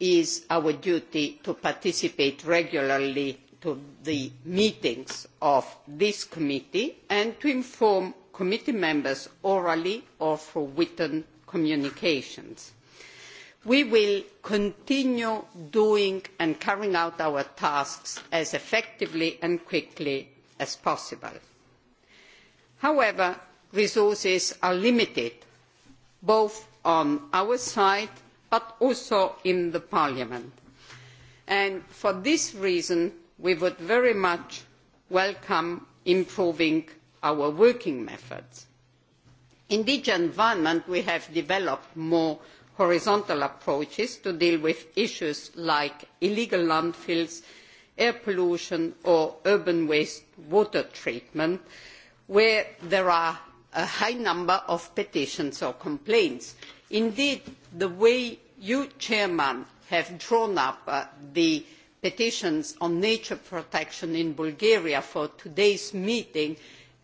is our duty to participate regularly to the meetings of this committee and to inform committee members orally or through written communications. We will continue doing and carrying out our tasks as effectively and quickly as possible. However, resources are limited, both on our side but also in the parliament. And for this reason we would very much welcome improving our working methods. in dg environment we have developed more horizontal approaches to deal with issues like illegal landfills air pollution or urban waste water treatment where there are a high number of petitions or complaints. Indeed, the way you, Chairman, have drawn up uh, the petitions on nature protection in Bulgaria for today's meeting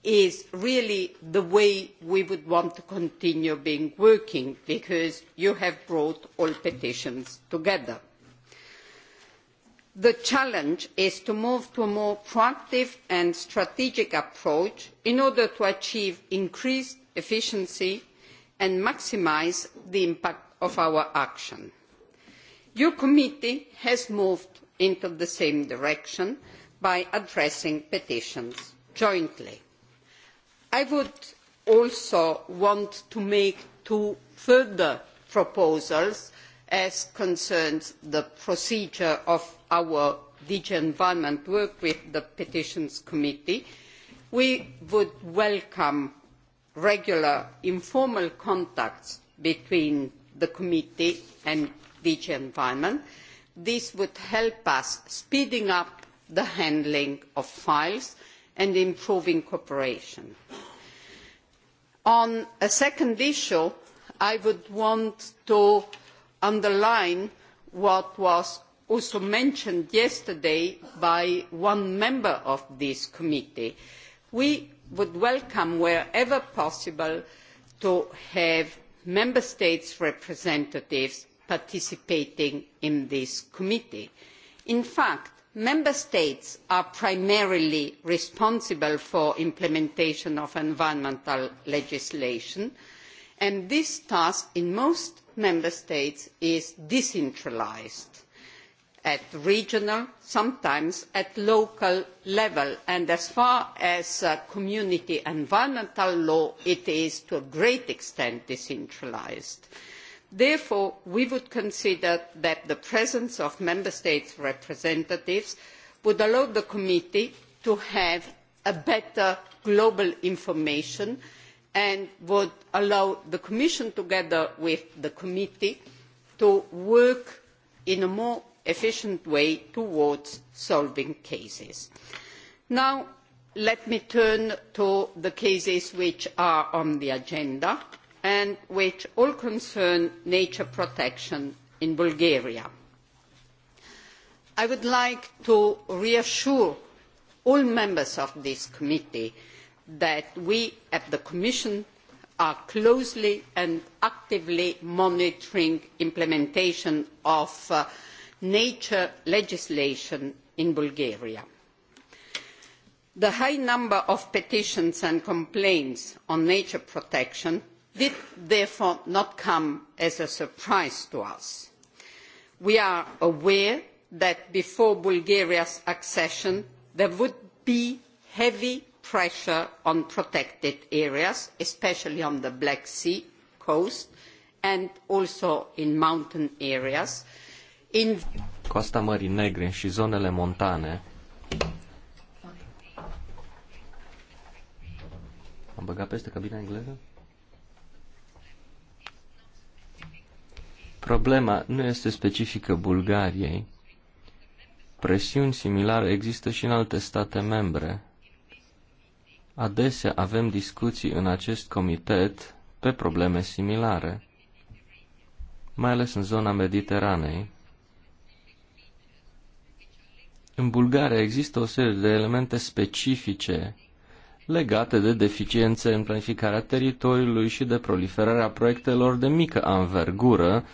is really the way we would want to continue being working because you have brought all petitions together. The challenge is to move to a more proactive and strategic approach in order to achieve increased efficiency and maximise the impact of our action. your committee has moved in the same direction by addressing petitions jointly. i would also want to make two further proposals as concerns the procedure of our dg environment work with the petitions committee. we would welcome regular informal contacts between the committee and DG Environment. This would help us speeding up the handling of files and improving cooperation. On a second issue, I would want to underline what was also mentioned yesterday by one member of this committee. We would welcome wherever possible to have member states' representatives participating in this committee. in fact member states are primarily responsible for implementation of environmental legislation and this task in most member states is decentralised at regional sometimes at local level and as far as uh, community environmental law it is to a great extent decentralised. therefore we would consider that the presence of member states' representatives would allow the committee to have a better global information and would allow the commission together with the committee to work in a more efficient way towards solving cases. Now, let me turn to the cases which are on the agenda and which all concern nature protection in Bulgaria. I would like to reassure all members of this committee that we at the Commission are closely and actively monitoring implementation of uh, nature legislation in Bulgaria. The high number of petitions and complaints on nature protection did therefore not come as a surprise to us. We are aware that before Bulgaria's accession there would be heavy pressure on protected areas, especially on the Black Sea coast and also in mountain areas, in... Coasta Mării Negre și zonele montane Am băgat peste cabina engleză? Problema nu este specifică Bulgariei. Presiuni similare există și în alte state membre. Adesea avem discuții în acest comitet pe probleme similare, mai ales în zona Mediteranei. În Bulgaria există o serie de elemente specifice legate de deficiențe în planificarea teritoriului și de proliferarea proiectelor de mică anvergură,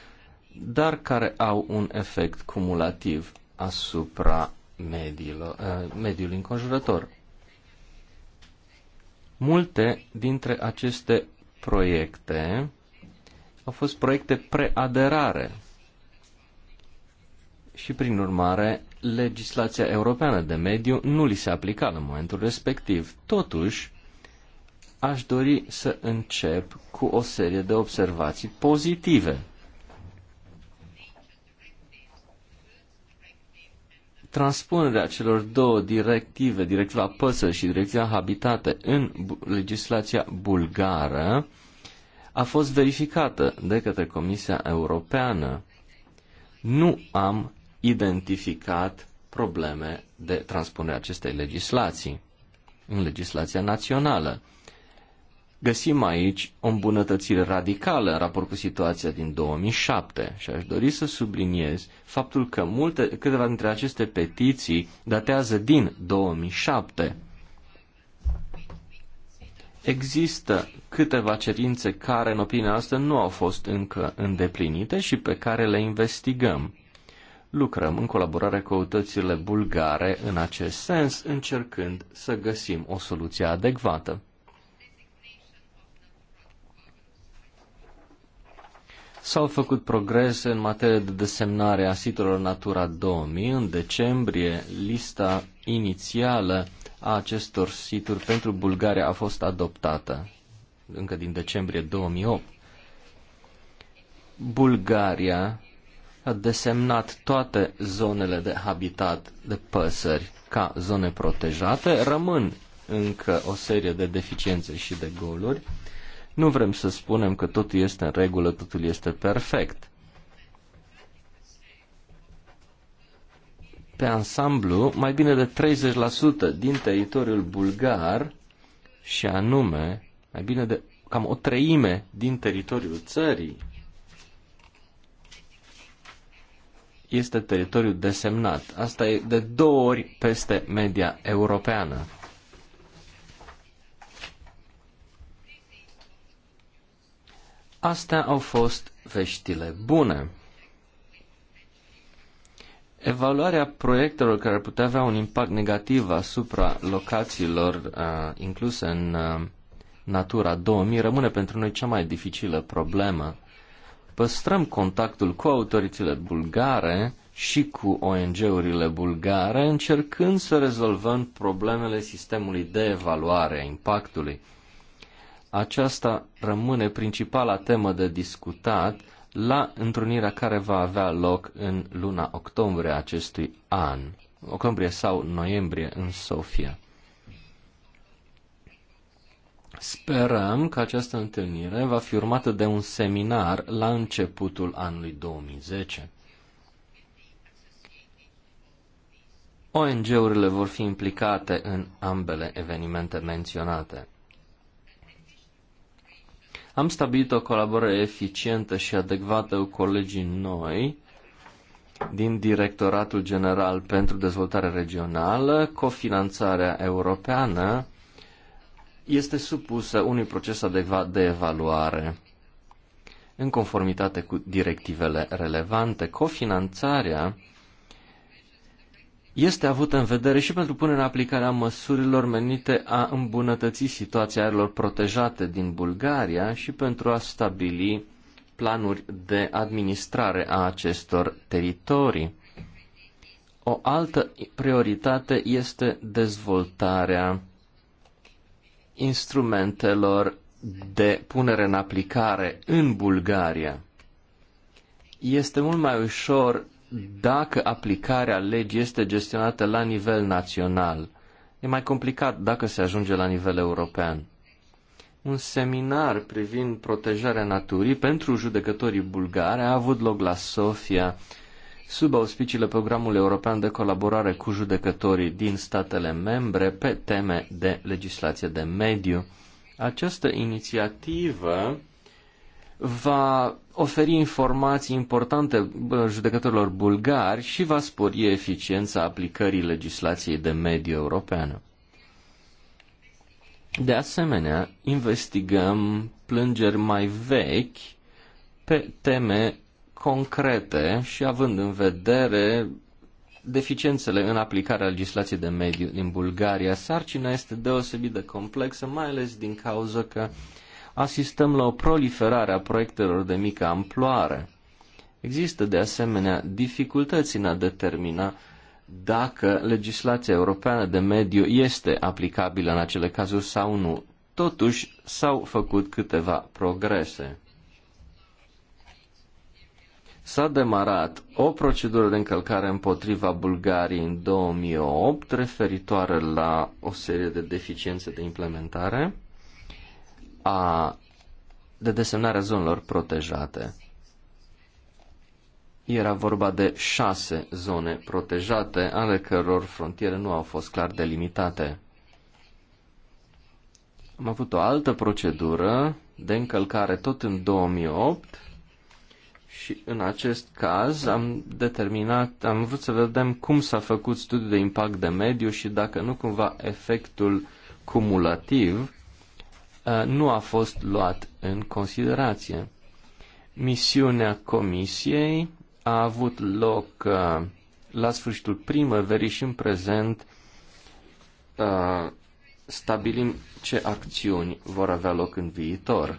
dar care au un efect cumulativ asupra mediilor, eh, mediului înconjurător. Multe dintre aceste proiecte au fost proiecte preaderare, și, prin urmare, legislația europeană de mediu nu li se aplica în momentul respectiv. Totuși, aș dori să încep cu o serie de observații pozitive. Transpunerea celor două directive, directiva păsări și directiva habitate, în legislația bulgară a fost verificată de către Comisia Europeană. Nu am identificat probleme de transpunere acestei legislații în legislația națională. Găsim aici o îmbunătățire radicală în raport cu situația din 2007 și aș dori să subliniez faptul că multe, câteva dintre aceste petiții datează din 2007. Există câteva cerințe care, în opinia noastră, nu au fost încă îndeplinite și pe care le investigăm lucrăm în colaborare cu autoritățile bulgare în acest sens, încercând să găsim o soluție adecvată. S-au făcut progrese în materie de desemnare a siturilor Natura 2000. În decembrie, lista inițială a acestor situri pentru Bulgaria a fost adoptată încă din decembrie 2008. Bulgaria a desemnat toate zonele de habitat de păsări ca zone protejate. Rămân încă o serie de deficiențe și de goluri. Nu vrem să spunem că totul este în regulă, totul este perfect. Pe ansamblu, mai bine de 30% din teritoriul bulgar, și anume, mai bine de cam o treime din teritoriul țării, este teritoriu desemnat. Asta e de două ori peste media europeană. Astea au fost veștile bune. Evaluarea proiectelor care ar putea avea un impact negativ asupra locațiilor uh, incluse în uh, Natura 2000 rămâne pentru noi cea mai dificilă problemă păstrăm contactul cu autoritățile bulgare și cu ONG-urile bulgare, încercând să rezolvăm problemele sistemului de evaluare a impactului. Aceasta rămâne principala temă de discutat la întrunirea care va avea loc în luna octombrie acestui an, octombrie sau noiembrie în Sofia. Sperăm că această întâlnire va fi urmată de un seminar la începutul anului 2010. ONG-urile vor fi implicate în ambele evenimente menționate. Am stabilit o colaborare eficientă și adecvată cu colegii noi din Directoratul General pentru Dezvoltare Regională, cofinanțarea europeană este supusă unui proces adecvat de evaluare. În conformitate cu directivele relevante, cofinanțarea este avută în vedere și pentru punerea aplicarea măsurilor menite a îmbunătăți situația aerilor protejate din Bulgaria și pentru a stabili planuri de administrare a acestor teritorii. O altă prioritate este dezvoltarea instrumentelor de punere în aplicare în Bulgaria. Este mult mai ușor dacă aplicarea legii este gestionată la nivel național. E mai complicat dacă se ajunge la nivel european. Un seminar privind protejarea naturii pentru judecătorii bulgare a avut loc la Sofia sub auspiciile Programului European de Colaborare cu Judecătorii din statele membre pe teme de legislație de mediu. Această inițiativă va oferi informații importante judecătorilor bulgari și va spori eficiența aplicării legislației de mediu europeană. De asemenea, investigăm plângeri mai vechi pe teme concrete și având în vedere deficiențele în aplicarea legislației de mediu din Bulgaria. Sarcina este deosebit de complexă, mai ales din cauza că asistăm la o proliferare a proiectelor de mică amploare. Există de asemenea dificultăți în a determina dacă legislația europeană de mediu este aplicabilă în acele cazuri sau nu. Totuși, s-au făcut câteva progrese s-a demarat o procedură de încălcare împotriva Bulgariei în 2008 referitoare la o serie de deficiențe de implementare a, de desemnarea zonelor protejate. Era vorba de șase zone protejate, ale căror frontiere nu au fost clar delimitate. Am avut o altă procedură de încălcare tot în 2008 și în acest caz am determinat, am vrut să vedem cum s-a făcut studiul de impact de mediu și dacă nu cumva efectul cumulativ uh, nu a fost luat în considerație. Misiunea comisiei a avut loc uh, la sfârșitul primăverii și în prezent uh, stabilim ce acțiuni vor avea loc în viitor.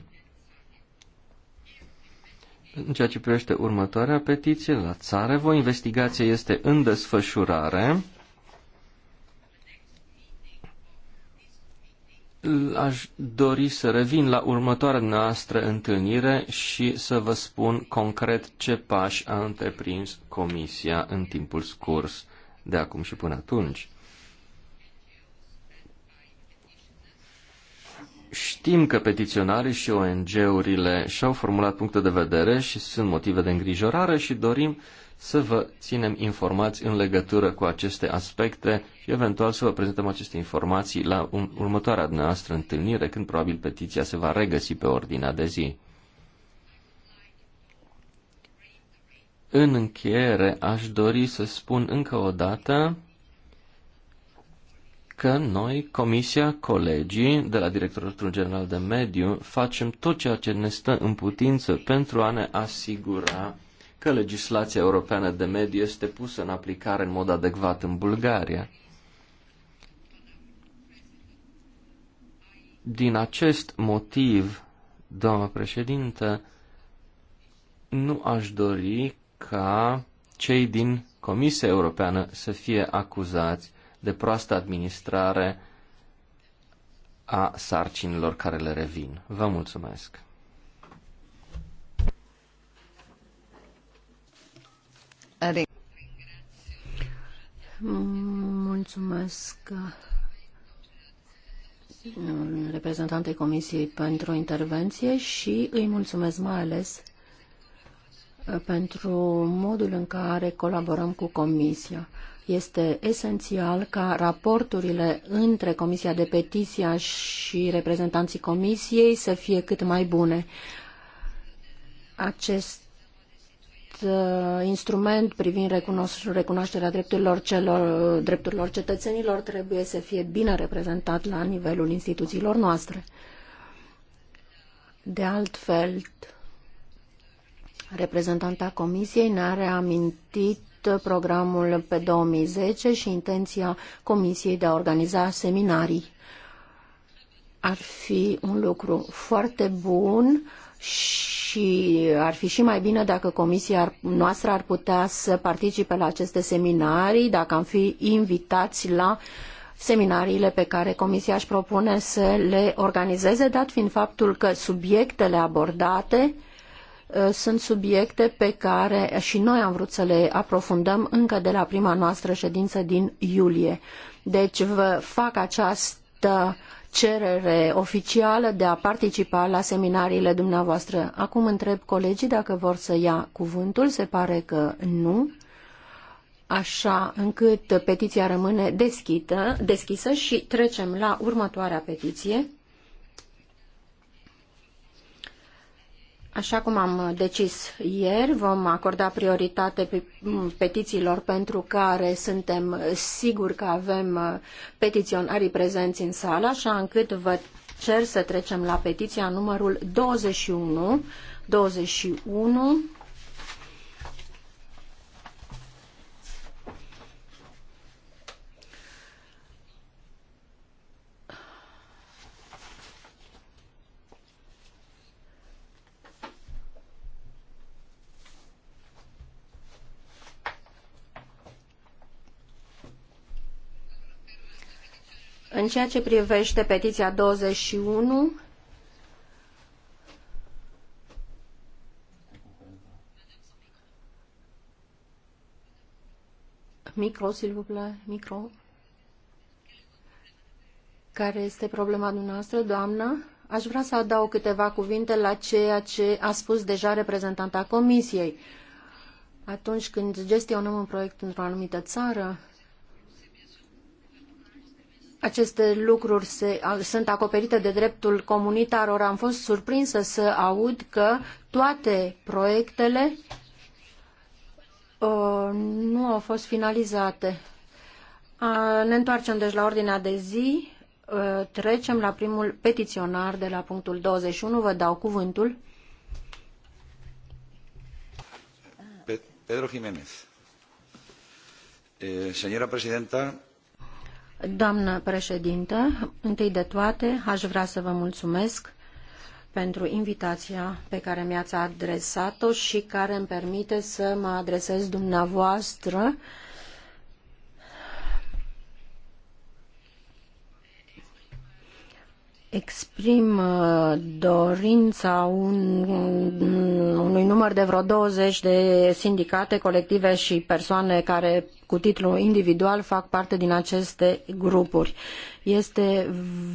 În ceea ce privește următoarea petiție la țară, o investigație este în desfășurare. Aș dori să revin la următoarea noastră întâlnire și să vă spun concret ce pași a întreprins Comisia în timpul scurs de acum și până atunci. Știm că petiționarii și ONG-urile și-au formulat puncte de vedere și sunt motive de îngrijorare și dorim să vă ținem informați în legătură cu aceste aspecte și eventual să vă prezentăm aceste informații la următoarea noastră întâlnire, când probabil petiția se va regăsi pe ordinea de zi. În încheiere, aș dori să spun încă o dată că noi, Comisia, colegii de la Directoratul General de Mediu, facem tot ceea ce ne stă în putință pentru a ne asigura că legislația europeană de mediu este pusă în aplicare în mod adecvat în Bulgaria. Din acest motiv, doamnă președinte, nu aș dori ca cei din Comisia Europeană să fie acuzați de proastă administrare a sarcinilor care le revin. Vă mulțumesc! Mulțumesc reprezentantei Comisiei pentru intervenție și îi mulțumesc mai ales pentru modul în care colaborăm cu Comisia. Este esențial ca raporturile între Comisia de Petiția și reprezentanții Comisiei să fie cât mai bune. Acest uh, instrument privind recunoașterea drepturilor, celor, drepturilor cetățenilor trebuie să fie bine reprezentat la nivelul instituțiilor noastre. De altfel, reprezentanta Comisiei ne-a reamintit programul pe 2010 și intenția Comisiei de a organiza seminarii. Ar fi un lucru foarte bun și ar fi și mai bine dacă comisia noastră ar putea să participe la aceste seminarii, dacă am fi invitați la seminariile pe care comisia își propune să le organizeze, dat fiind faptul că subiectele abordate uh, Uh, sunt subiecte pe care și noi am vrut să le aprofundăm încă de la prima noastră ședință din iulie. Deci vă fac această cerere oficială de a participa la seminariile dumneavoastră. Acum întreb colegii dacă vor să ia cuvântul. Se pare că nu așa încât petiția rămâne deschită, deschisă și trecem la următoarea petiție. Așa cum am decis ieri, vom acorda prioritate pe mm, petițiilor pentru care suntem siguri că avem uh, petiționarii prezenți în sală, așa încât vă cer să trecem la petiția numărul 21, 21 În ceea ce privește petiția 21, micro, s'il vous plaît, micro. Care este problema dumneavoastră, doamnă? Aș vrea să adaug câteva cuvinte la ceea ce a spus deja reprezentanta Comisiei. Atunci când gestionăm un proiect într-o anumită țară, aceste lucruri se, sunt acoperite de dreptul comunitar, ori am fost surprinsă să aud că toate proiectele uh, nu au fost finalizate. Uh, ne întoarcem deci la ordinea de zi. Uh, trecem la primul petiționar de la punctul 21. Vă dau cuvântul. Pedro Jiménez. Eh, señora presidenta, Doamnă președintă, întâi de toate aș vrea să vă mulțumesc pentru invitația pe care mi-ați adresat-o și care îmi permite să mă adresez dumneavoastră uh, exprim uh, dorința un, unui număr de vreo 20 de sindicate, colective și persoane care cu titlu individual fac parte din aceste grupuri. Este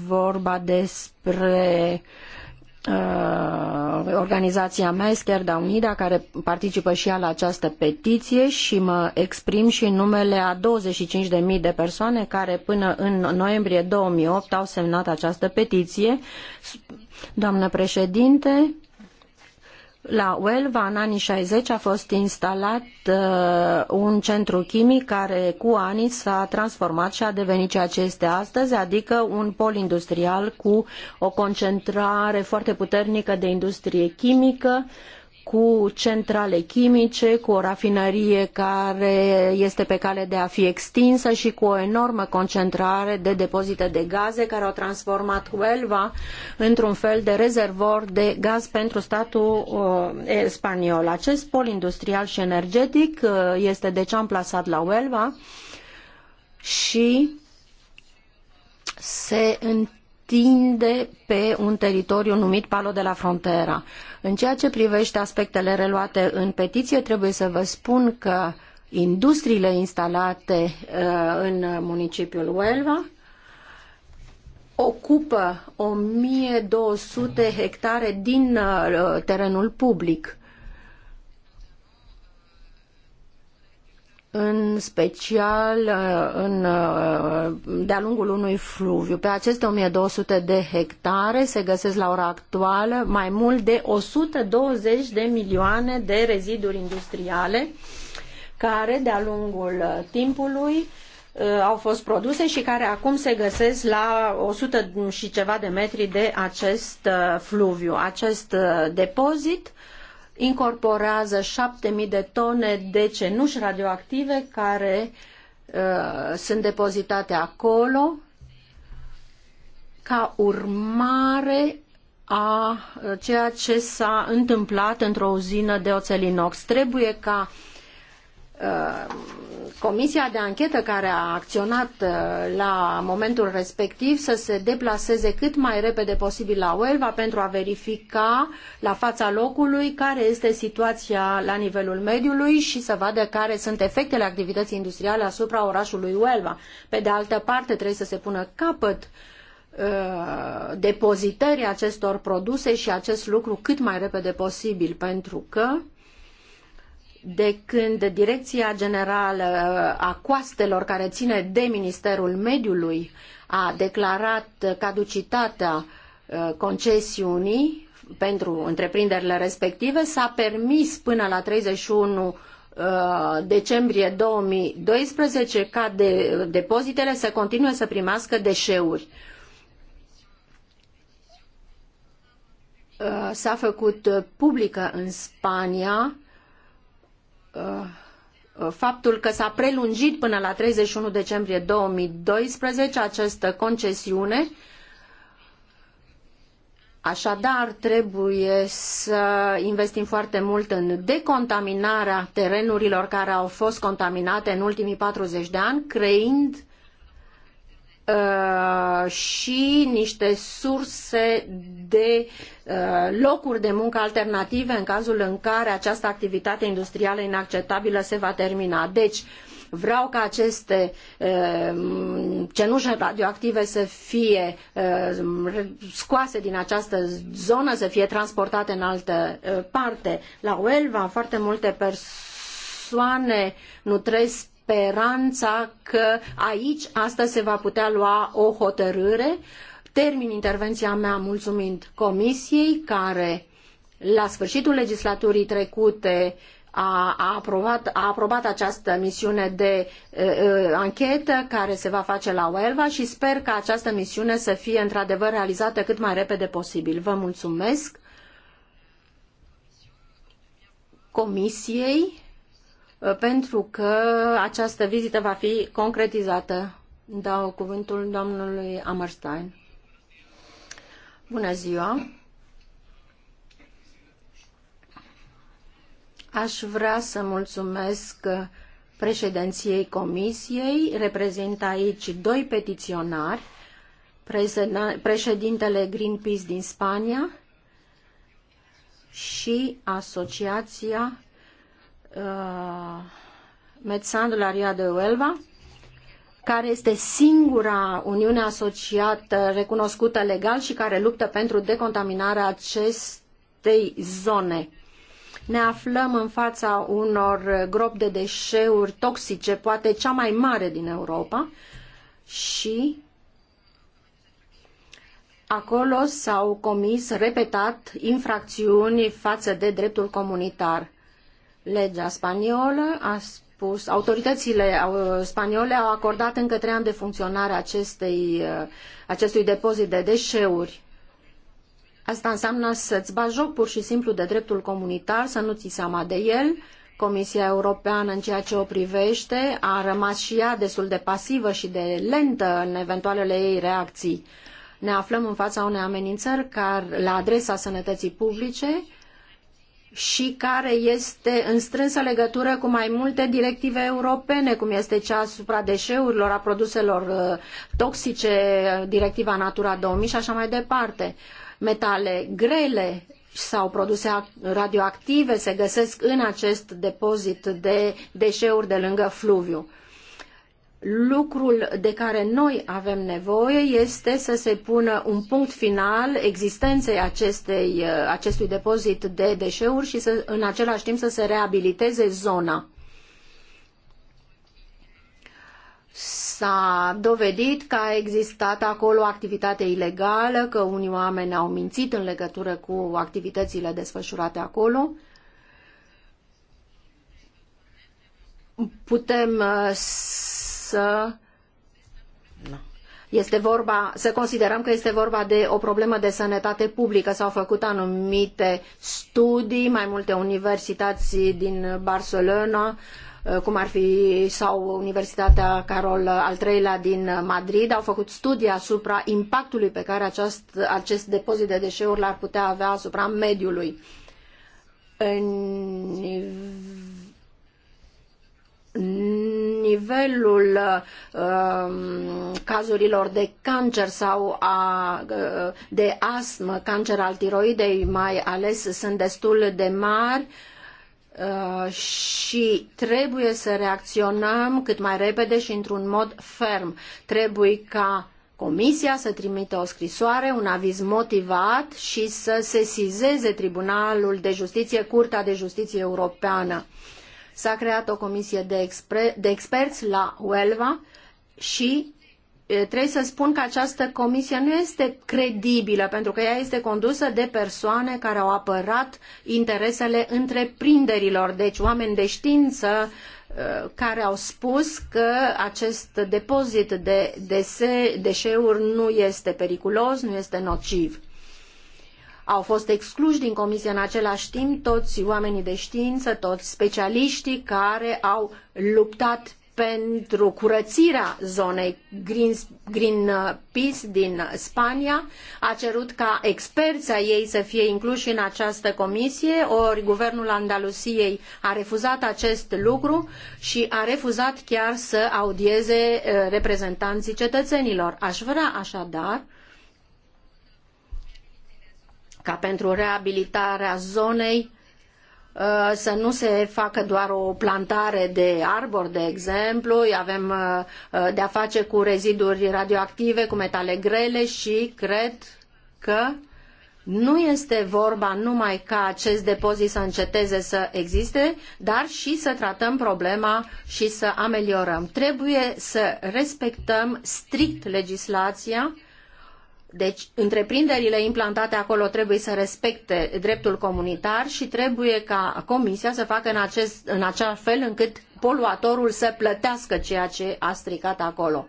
vorba despre uh, Uh, organizația mea, Escherda Unida, care participă și ea la această petiție și mă exprim și în numele a 25.000 de persoane care până în noiembrie 2008 au semnat această petiție. Doamnă președinte, la Uelva, în anii 60, a fost instalat uh, un centru chimic care cu anii s-a transformat și a devenit ceea ce este astăzi, adică un pol industrial cu o concentrare foarte puternică de industrie chimică, uh, cu centrale chimice, cu o rafinărie care este pe cale de a fi extinsă și cu o enormă concentrare de depozite de gaze care au transformat Huelva într-un fel de rezervor de gaz pentru statul uh, spaniol. Acest pol industrial și energetic uh, este deci amplasat la Huelva și se întâmplă extinde pe un teritoriu numit Palo de la Frontera. În ceea ce privește aspectele reluate în petiție, trebuie să vă spun că industriile instalate uh, în municipiul Huelva ocupă 1200 hectare din uh, terenul public în special uh, în, uh, de-a lungul unui fluviu. Pe aceste 1200 de hectare se găsesc la ora actuală mai mult de 120 de milioane de reziduri industriale care de-a lungul uh, timpului au fost produse și care acum se găsesc la 100 și ceva de metri de acest fluviu. Acest depozit uh, incorporează 7000 de tone de cenuși radioactive care uh, sunt depozitate acolo ca urmare a uh, ceea ce s-a întâmplat într-o uzină de oțelinox. Trebuie ca uh, comisia de anchetă care a acționat uh, la momentul respectiv să se deplaseze cât mai repede posibil la Uelva pentru a verifica la fața locului care este situația la nivelul mediului și să vadă care sunt efectele activității industriale asupra orașului Uelva. Pe de altă parte, trebuie să se pună capăt uh, depozitării acestor produse și acest lucru cât mai repede posibil, pentru că de când Direcția Generală uh, a Coastelor, care ține de Ministerul Mediului, a declarat caducitatea uh, concesiunii pentru întreprinderile respective, s-a permis până la 31 uh, decembrie 2012 ca de, depozitele să continue să primească deșeuri. S-a făcut publică în Spania Uh, uh, faptul că s-a prelungit până la 31 decembrie 2012 această concesiune. Așadar, trebuie să investim foarte mult în decontaminarea terenurilor care au fost contaminate în ultimii 40 de ani, creând Uh, și niște surse de uh, locuri de muncă alternative în cazul în care această activitate industrială inacceptabilă se va termina. Deci, vreau ca aceste uh, cenușe radioactive să fie scoase din această zonă, să fie transportate în altă parte. La Uelva foarte multe persoane nutresc speranța că aici astăzi se va putea lua o hotărâre. Termin intervenția mea mulțumind Comisiei care la sfârșitul legislaturii trecute a, a, aprobat, a aprobat această misiune de anchetă care se va face la Uelva și sper că această misiune să fie într-adevăr realizată cât mai repede posibil. Vă mulțumesc Comisiei Uh, pentru că această vizită va fi concretizată. Dau cuvântul domnului Amerstein. Bună ziua! Aș vrea să mulțumesc președinției comisiei. Reprezint aici doi petiționari, președintele Greenpeace din Spania și Asociația Uh, Medsan de la Ria de Uelva, care este singura uniune asociată recunoscută legal și care luptă pentru decontaminarea acestei zone. Ne aflăm în fața unor gropi de deșeuri toxice, poate cea mai mare din Europa, și acolo s-au comis repetat infracțiuni față de dreptul comunitar. Legea spaniolă a spus, autoritățile uh, spaniole au acordat încă trei ani de funcționare acestei, uh, acestui depozit de deșeuri. Asta înseamnă să-ți bagi joc pur și simplu de dreptul comunitar, să nu ți seama de el. Comisia Europeană, în ceea ce o privește, a rămas și ea destul de pasivă și de lentă în eventualele ei reacții. Ne aflăm în fața unei amenințări care, la adresa sănătății publice, și care este în strânsă legătură cu mai multe directive europene, cum este cea asupra deșeurilor, a produselor uh, toxice, uh, directiva Natura 2000 și așa mai departe. Metale grele sau produse radioactive se găsesc în acest depozit de deșeuri de lângă fluviu lucrul de care noi avem nevoie este să se pună un punct final existenței acestei, uh, acestui depozit de deșeuri și să, în același timp să se reabiliteze zona. S-a dovedit că a existat acolo o activitate ilegală, că unii oameni au mințit în legătură cu activitățile desfășurate acolo. Putem uh, să este vorba, să considerăm că este vorba de o problemă de sănătate publică. S-au făcut anumite studii, mai multe universități din Barcelona, uh, cum ar fi sau Universitatea Carol al III-lea din Madrid, au făcut studii asupra impactului pe care acest, acest depozit de deșeuri l-ar putea avea asupra mediului. În nivelul uh, cazurilor de cancer sau a, uh, de astm, cancer al tiroidei mai ales sunt destul de mari uh, și trebuie să reacționăm cât mai repede și într-un mod ferm. Trebuie ca Comisia să trimită o scrisoare, un aviz motivat și să sesizeze Tribunalul de Justiție, Curtea de Justiție Europeană. S-a creat o comisie de, expre- de experți la Uelva și trebuie să spun că această comisie nu este credibilă, pentru că ea este condusă de persoane care au apărat interesele întreprinderilor, deci oameni de știință care au spus că acest depozit de deșeuri nu este periculos, nu este nociv au fost excluși din comisie în același timp toți oamenii de știință, toți specialiștii care au luptat pentru curățirea zonei Green, din Spania. A cerut ca experța ei să fie incluși în această comisie, ori guvernul Andalusiei a refuzat acest lucru și a refuzat chiar să audieze eh, reprezentanții cetățenilor. Aș vrea așadar ca pentru reabilitarea zonei uh, să nu se facă doar o plantare de arbori, de exemplu, avem uh, uh, de-a face cu reziduri radioactive, cu metale grele și cred că nu este vorba numai ca acest depozit să înceteze să existe, dar și să tratăm problema și să ameliorăm. Trebuie să respectăm strict legislația uh, deci, întreprinderile implantate acolo trebuie să respecte dreptul comunitar și trebuie ca Comisia să facă în, acest, în acea fel încât poluatorul să plătească ceea ce a stricat acolo.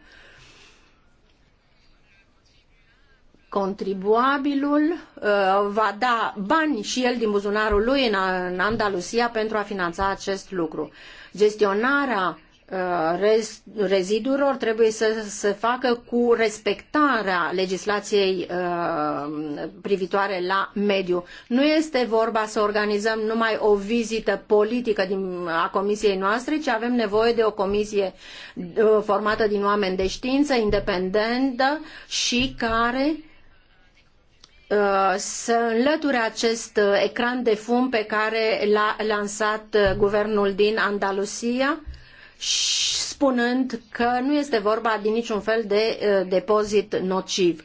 Contribuabilul uh, va da bani și el din buzunarul lui în, în Andalusia pentru a finanța acest lucru. Gestionarea Uh, rezidurilor trebuie să se facă cu respectarea legislației uh, privitoare la mediu. Nu este vorba să organizăm numai o vizită politică din, a comisiei noastre, ci avem nevoie de o comisie uh, formată din oameni de știință, independentă și care să înlăture acest ecran de fum pe care l-a lansat guvernul din Andalusia spunând că nu este vorba de niciun fel de uh, depozit nociv.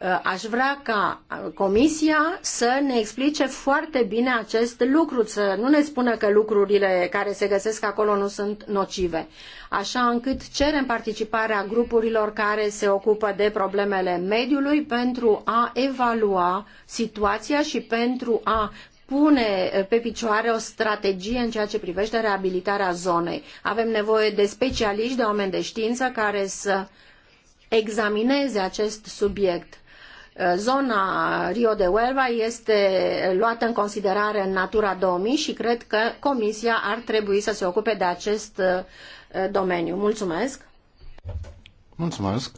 Uh, aș vrea ca Comisia să ne explice foarte bine acest lucru, să nu ne spună că lucrurile care se găsesc acolo nu sunt nocive, așa încât cerem participarea grupurilor care se ocupă de problemele mediului pentru a evalua situația și pentru a pune eh, pe picioare o strategie în ceea ce privește reabilitarea zonei. Avem nevoie de specialiști, de oameni de știință care să examineze acest subiect. Eh, zona Rio de Huelva este luată în considerare în Natura 2000 și cred că Comisia ar trebui să se ocupe de acest eh, domeniu. Mulțumesc! Mulțumesc!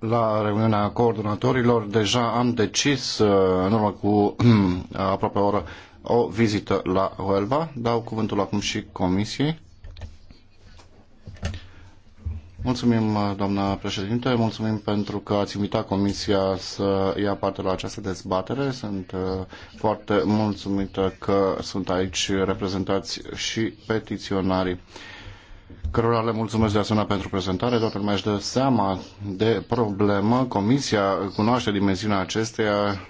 la reuniunea coordonatorilor deja am decis, uh, în urmă cu aproape o oră, o vizită la Huelva. Dau cuvântul acum și comisiei. Mulțumim, uh, doamna președinte, mulțumim pentru că ați invitat Comisia să ia parte la această dezbatere. Sunt uh, foarte mulțumită că sunt aici reprezentați și petiționarii cărora le mulțumesc de asemenea pentru prezentare. Toată lumea își dă seama de problemă. Comisia cunoaște dimensiunea acesteia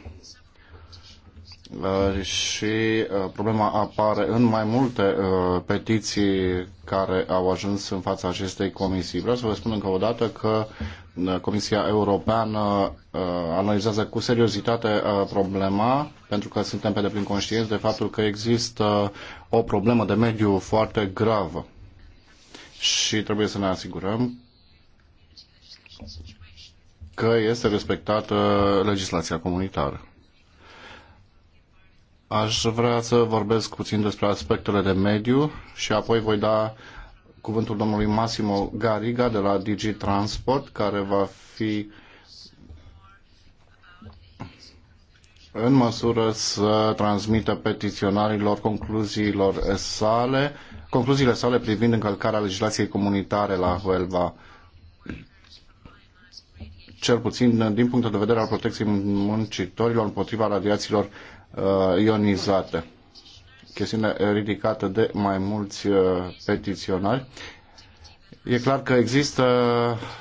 uh, și uh, problema apare în mai multe uh, petiții care au ajuns în fața acestei comisii. Vreau să vă spun încă o dată că Comisia Europeană analizează cu seriozitate problema, pentru că suntem pe deplin conștienți de faptul că există o problemă de mediu foarte gravă și trebuie să ne asigurăm că este respectată legislația comunitară. Aș vrea să vorbesc puțin despre aspectele de mediu și apoi voi da cuvântul domnului Massimo Gariga de la DG Transport, care va fi uh, în măsură să transmită petiționarilor concluziilor sale, concluziile sale privind încălcarea legislației comunitare la Huelva cel puțin din punctul de vedere al protecției muncitorilor împotriva radiațiilor uh, ionizate. Chestiune ridicată de mai mulți uh, petiționari. E clar că există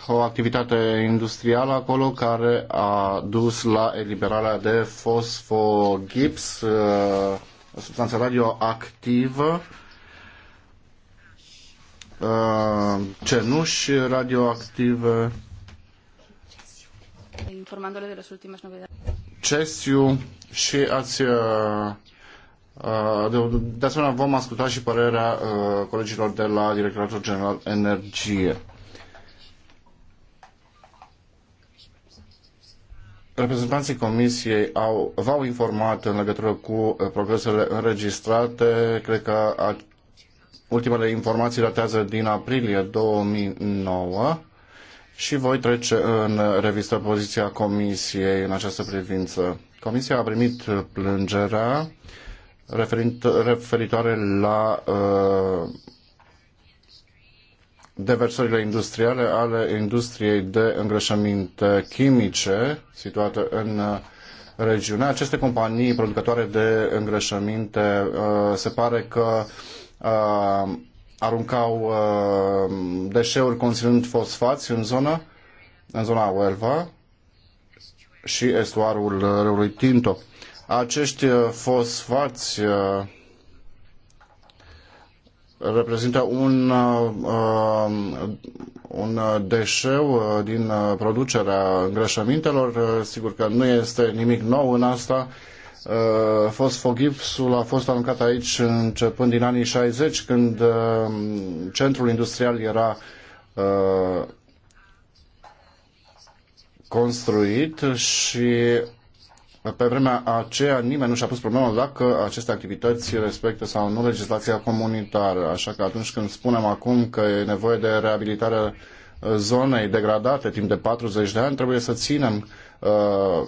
o activitate industrială acolo care a dus la eliberarea de fosfogips, o uh, substanță radioactivă, uh, cenuși radioactive, informándole de las novedades. Cesiu și ați uh, Uh, de, de asemenea, vom asculta și părerea uh, colegilor de la Directoratul General Energie. Reprezentanții Comisiei au, v-au informat în legătură cu uh, progresele înregistrate. Cred că a, ultimele informații datează din aprilie 2009 și voi trece în revistă poziția Comisiei în această privință. Comisia a primit plângerea referitoare la uh, deversările industriale ale industriei de îngrășăminte chimice situate în uh, regiune. Aceste companii producătoare de îngrășăminte uh, se pare că aruncau deșeuri conținând fosfați în zonă, în zona Uelva și estuarul râului Tinto. Acești uh, fosfați uh, reprezintă un, uh, um, un deșeu din producerea îngrășămintelor. Sigur că nu este nimic nou în asta. Fosfogipsul a fost aruncat aici începând din anii 60, când centrul industrial era construit și pe vremea aceea nimeni nu și-a pus problema dacă aceste activități respectă sau nu legislația comunitară. Așa că atunci când spunem acum că e nevoie de reabilitarea zonei degradate timp de 40 de ani, trebuie să ținem, uh,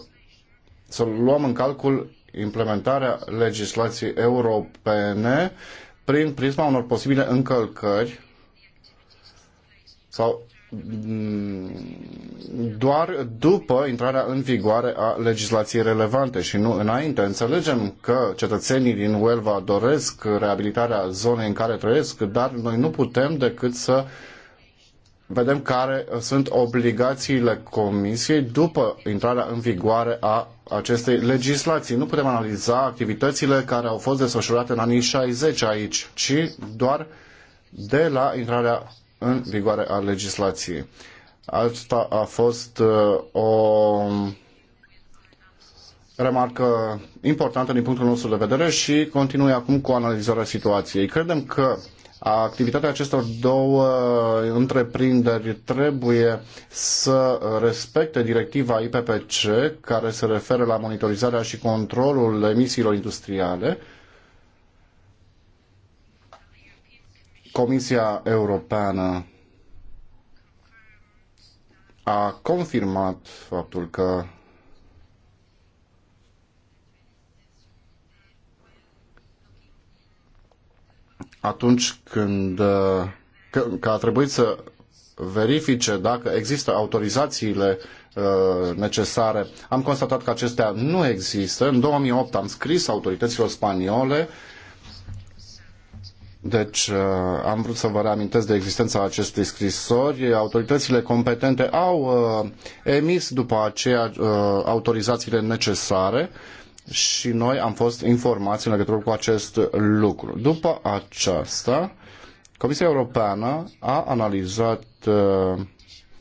să luăm în calcul implementarea legislației europene prin prisma unor posibile încălcări sau Mm, doar după intrarea în vigoare a legislației relevante și nu înainte. Înțelegem că cetățenii din Uelva doresc reabilitarea zonei în care trăiesc, dar noi nu putem decât să vedem care sunt obligațiile Comisiei după intrarea în vigoare a acestei legislații. Nu putem analiza activitățile care au fost desfășurate în anii 60 aici, ci doar de la intrarea în vigoare a legislației. Asta a fost uh, o remarcă importantă din punctul nostru de vedere și continui acum cu analizarea situației. Credem că activitatea acestor două întreprinderi trebuie să respecte directiva IPPC care se referă la monitorizarea și controlul emisiilor industriale Comisia Europeană a confirmat faptul că atunci când că, că a trebuit să verifice dacă există autorizațiile uh, necesare. Am constatat că acestea nu există. În 2008 am scris autorităților spaniole uh, deci uh, am vrut să vă reamintesc de existența acestei scrisori. Autoritățile competente au uh, emis după aceea uh, autorizațiile necesare și noi am fost informați în legătură cu acest lucru. După aceasta, Comisia Europeană a analizat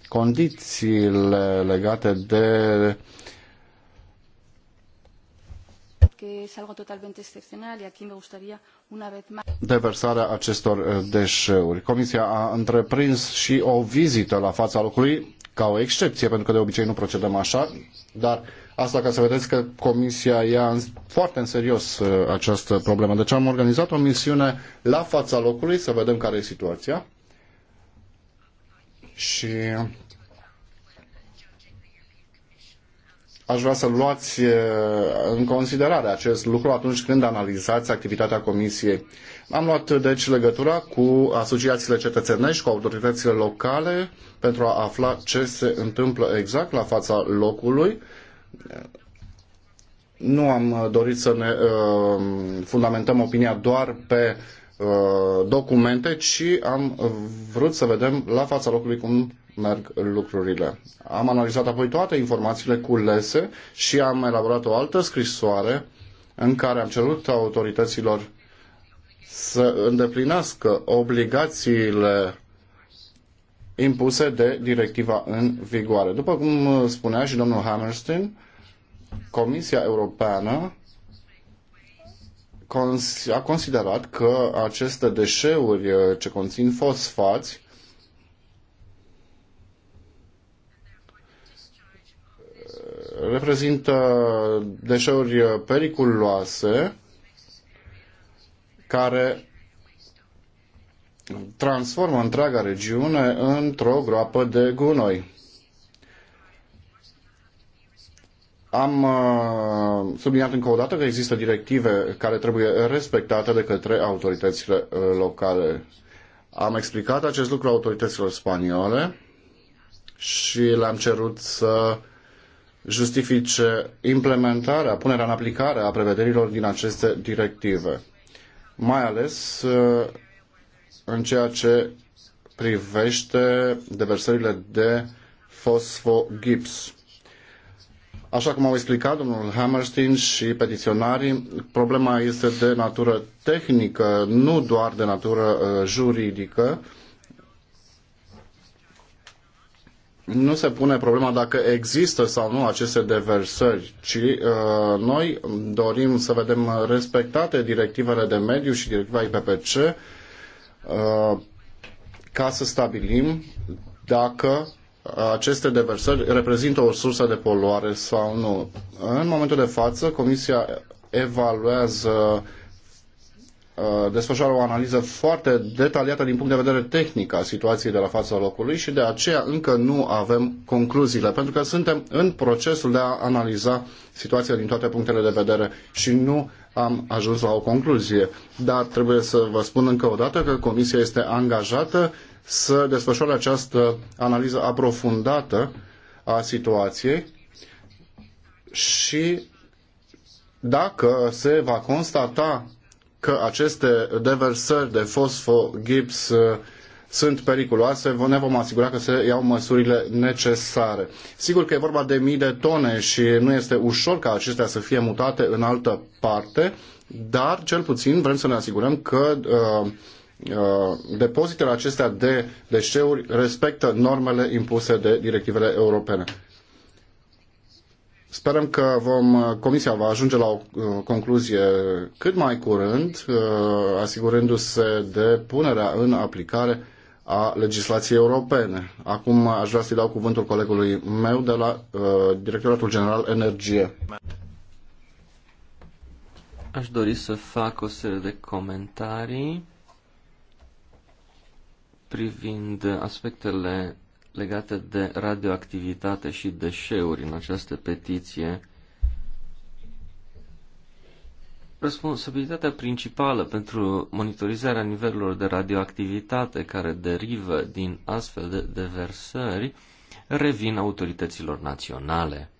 condițiile legate de que es algo totalmente excepcional y aquí me gustaría una vez más deversarea acestor eh, deșeuri. Comisia a întreprins și o vizită la fața locului ca o excepție, pentru că de obicei nu procedăm așa, dar asta ca să vedeți că Comisia ia foarte în serios eh, această problemă. Deci am organizat o misiune la fața locului să vedem care e situația și aș vrea să luați în considerare acest lucru atunci când analizați activitatea Comisiei. Am luat deci legătura cu asociațiile cetățenești, cu autoritățile locale, pentru a afla ce se întâmplă exact la fața locului. Nu am dorit să ne fundamentăm opinia doar pe documente, ci am vrut să vedem la fața locului cum merg lucrurile. Am analizat apoi toate informațiile culese și am elaborat o altă scrisoare în care am cerut autorităților să îndeplinească obligațiile impuse de directiva în vigoare. După cum spunea și domnul Hammerstein, Comisia Europeană a considerat că aceste deșeuri ce conțin fosfați reprezintă deșeuri periculoase care transformă întreaga regiune într-o groapă de gunoi. Am uh, subliniat încă o dată că există directive care trebuie respectate de către autoritățile uh, locale. Am explicat acest lucru autorităților spaniole și le-am cerut să justifice implementarea, punerea în aplicare a prevederilor din aceste directive, mai ales uh, în ceea ce privește deversările de fosfogips. Așa cum au explicat domnul Hammerstein și petiționarii, problema este de natură tehnică, nu doar de natură uh, juridică, nu se pune problema dacă există sau nu aceste deversări, ci uh, noi dorim să vedem respectate directivele de mediu și directiva IPPC uh, ca să stabilim dacă aceste deversări reprezintă o sursă de poluare sau nu. În momentul de față, Comisia evaluează Uh, desfășoară o analiză foarte detaliată din punct de vedere tehnic a situației de la fața locului și de aceea încă nu avem concluziile, pentru că suntem în procesul de a analiza situația din toate punctele de vedere și nu am ajuns la o concluzie. Dar trebuie să vă spun încă o dată că Comisia este angajată să desfășoare această analiză aprofundată a situației și dacă se va constata că aceste deversări de fosfogips uh, sunt periculoase, ne vom asigura că se iau măsurile necesare. Sigur că e vorba de mii de tone și nu este ușor ca acestea să fie mutate în altă parte, dar cel puțin vrem să ne asigurăm că uh, uh, depozitele acestea de deșeuri respectă normele impuse de directivele europene. Sperăm că vom, uh, Comisia va ajunge la o uh, concluzie cât mai curând, uh, asigurându-se de punerea în aplicare a legislației europene. Acum aș vrea să-i dau cuvântul colegului meu de la Directoratul General Energie. Aș dori să fac o serie de comentarii privind aspectele legate de radioactivitate și deșeuri în această petiție. Responsabilitatea principală pentru monitorizarea nivelurilor de radioactivitate care derivă din astfel de deversări revin autorităților naționale.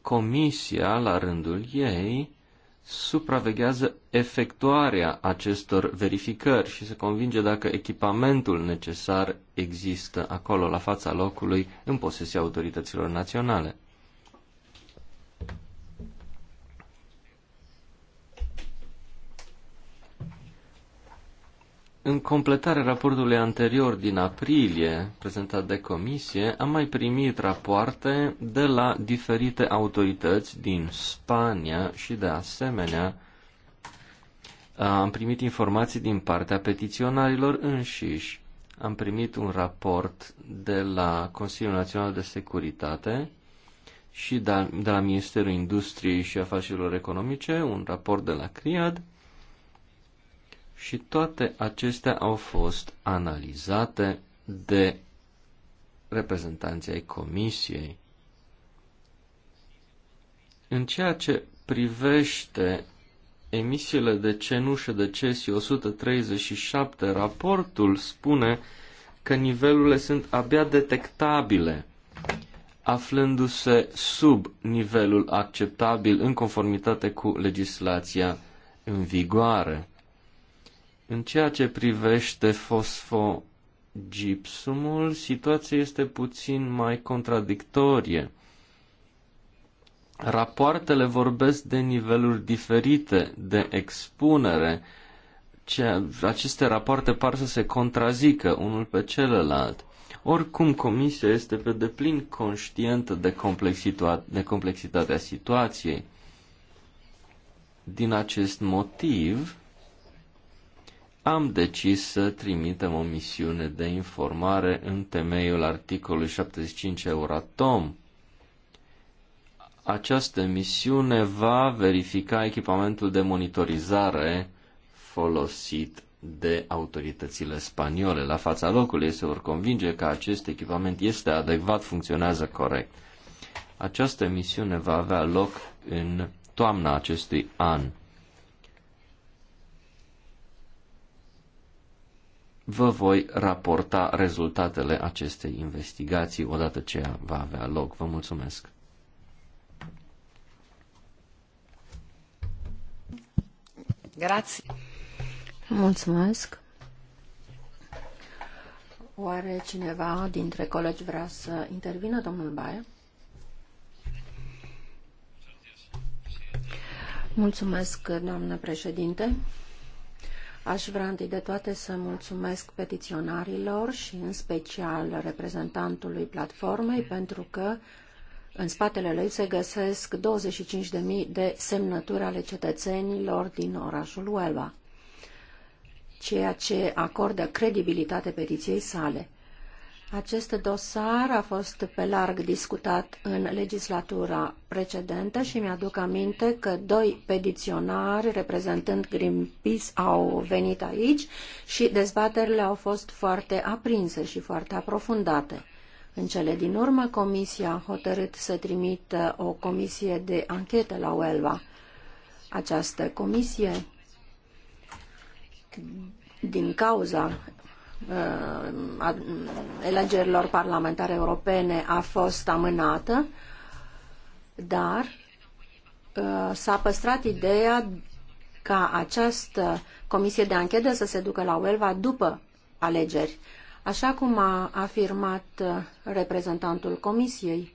Comisia, la rândul ei, supraveghează efectuarea acestor verificări și se convinge dacă echipamentul necesar există acolo, la fața locului, în posesia autorităților naționale. În completarea raportului anterior din aprilie, prezentat de comisie, am mai primit rapoarte de la diferite autorități din Spania și, de asemenea, am primit informații din partea petiționarilor înșiși. Am primit un raport de la Consiliul Național de Securitate și de la Ministerul Industriei și Afacerilor Economice, un raport de la CRIAD, și toate acestea au fost analizate de reprezentanții ai comisiei. În ceea ce privește emisiile de cenușă de cesi 137, raportul spune că nivelurile sunt abia detectabile, aflându-se sub nivelul acceptabil în conformitate cu legislația în vigoare. În ceea ce privește fosfogipsumul, situația este puțin mai contradictorie. Rapoartele vorbesc de niveluri diferite de expunere. Ce, aceste rapoarte par să se contrazică unul pe celălalt. Oricum, Comisia este pe deplin conștientă de, de complexitatea situației. Din acest motiv, am decis să trimitem o misiune de informare în temeiul articolului 75 Euratom. Această misiune va verifica echipamentul de monitorizare folosit de autoritățile spaniole. La fața locului se vor convinge că acest echipament este adecvat, funcționează corect. Această misiune va avea loc în toamna acestui an. vă voi raporta rezultatele acestei investigații odată ce ea va avea loc. Vă mulțumesc! Grazie. Mulțumesc. Oare cineva dintre colegi vrea să intervină, domnul Baie? Mulțumesc, doamnă președinte. Aș vrea întâi de toate să mulțumesc petiționarilor și în special reprezentantului platformei pentru că în spatele lui se găsesc 25.000 de semnături ale cetățenilor din orașul Uelva, ceea ce acordă credibilitate petiției sale. Acest dosar a fost pe larg discutat în legislatura precedentă și mi-aduc aminte că doi pediționari reprezentând Greenpeace au venit aici și dezbaterile au fost foarte aprinse și foarte aprofundate. În cele din urmă, Comisia a hotărât să trimită o comisie de anchetă la Uelva. Această comisie din cauza elegerilor uh, parlamentare europene a fost amânată, dar uh, s-a păstrat ideea ca această comisie de anchetă să se ducă la Uelva după alegeri, așa cum a afirmat uh, reprezentantul comisiei.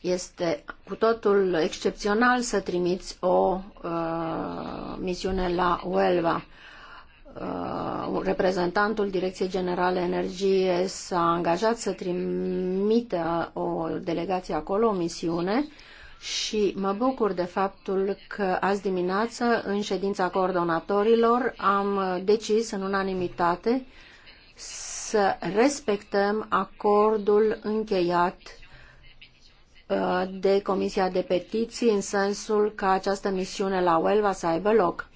Este cu totul excepțional să trimiți o uh, misiune la Uelva. Uh, Uh, reprezentantul Direcției Generale Energie s-a angajat să trimită o delegație acolo, o misiune, și mă bucur de faptul că azi dimineață, în ședința coordonatorilor, am decis în unanimitate să respectăm acordul încheiat uh, de Comisia de Petiții în sensul că această misiune la Huelva să aibă loc.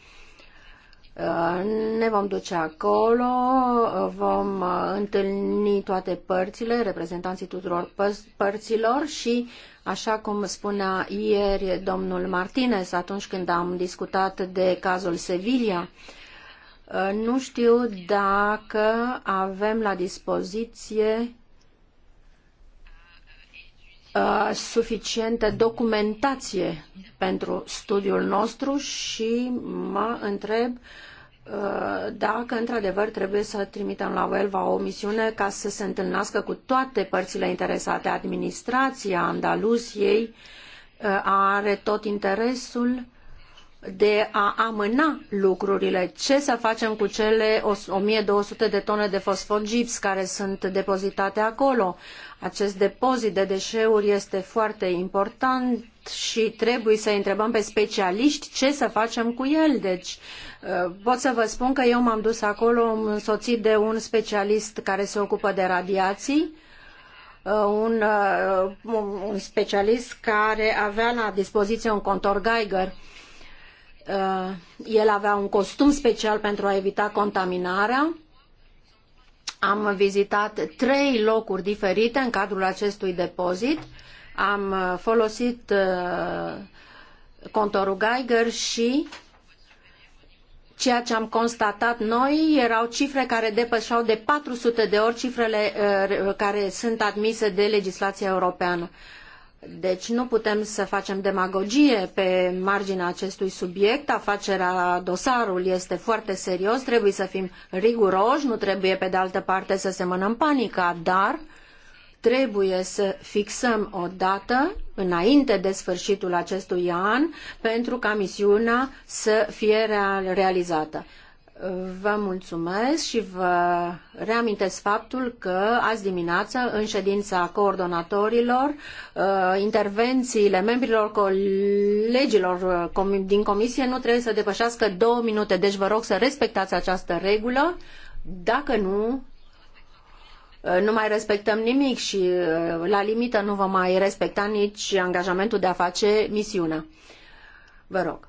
Uh, ne vom duce acolo, uh, vom uh, întâlni toate părțile, reprezentanții tuturor părților și, așa cum spunea ieri domnul Martinez atunci când am discutat de cazul Sevilla, nu știu dacă avem la dispoziție Uh, suficientă documentație pentru studiul nostru și mă întreb uh, dacă într-adevăr trebuie să trimitem la Uelva o misiune ca să se întâlnească cu toate părțile interesate. Administrația Andaluziei uh, are tot interesul de a amâna lucrurile. Ce să facem cu cele 1200 de tone de gips care sunt depozitate acolo? Acest depozit de deșeuri este foarte important și trebuie să întrebăm pe specialiști ce să facem cu el. Deci uh, pot să vă spun că eu m-am dus acolo însoțit de un specialist care se ocupă de radiații, uh, un, uh, un specialist care avea la dispoziție un contor Geiger Uh, el avea un costum special pentru a evita contaminarea. Am vizitat trei locuri diferite în cadrul acestui depozit. Am uh, folosit uh, contorul Geiger și ceea ce am constatat noi erau cifre care depășeau de 400 de ori cifrele care sunt admise de legislația europeană. Deci nu putem să facem demagogie pe marginea acestui subiect. Afacerea, dosarul este foarte serios, trebuie să fim riguroși, nu trebuie pe de altă parte să semănăm panica, dar trebuie să fixăm o dată înainte de sfârșitul acestui an pentru ca misiunea să fie realizată. Vă mulțumesc și vă reamintesc faptul că azi dimineață, în ședința coordonatorilor, uh, intervențiile membrilor colegilor uh, din comisie nu trebuie să depășească două minute. Deci vă rog să respectați această regulă. Dacă nu, uh, nu mai respectăm nimic și la limită nu vă mai respecta nici angajamentul de a face misiunea. Vă rog.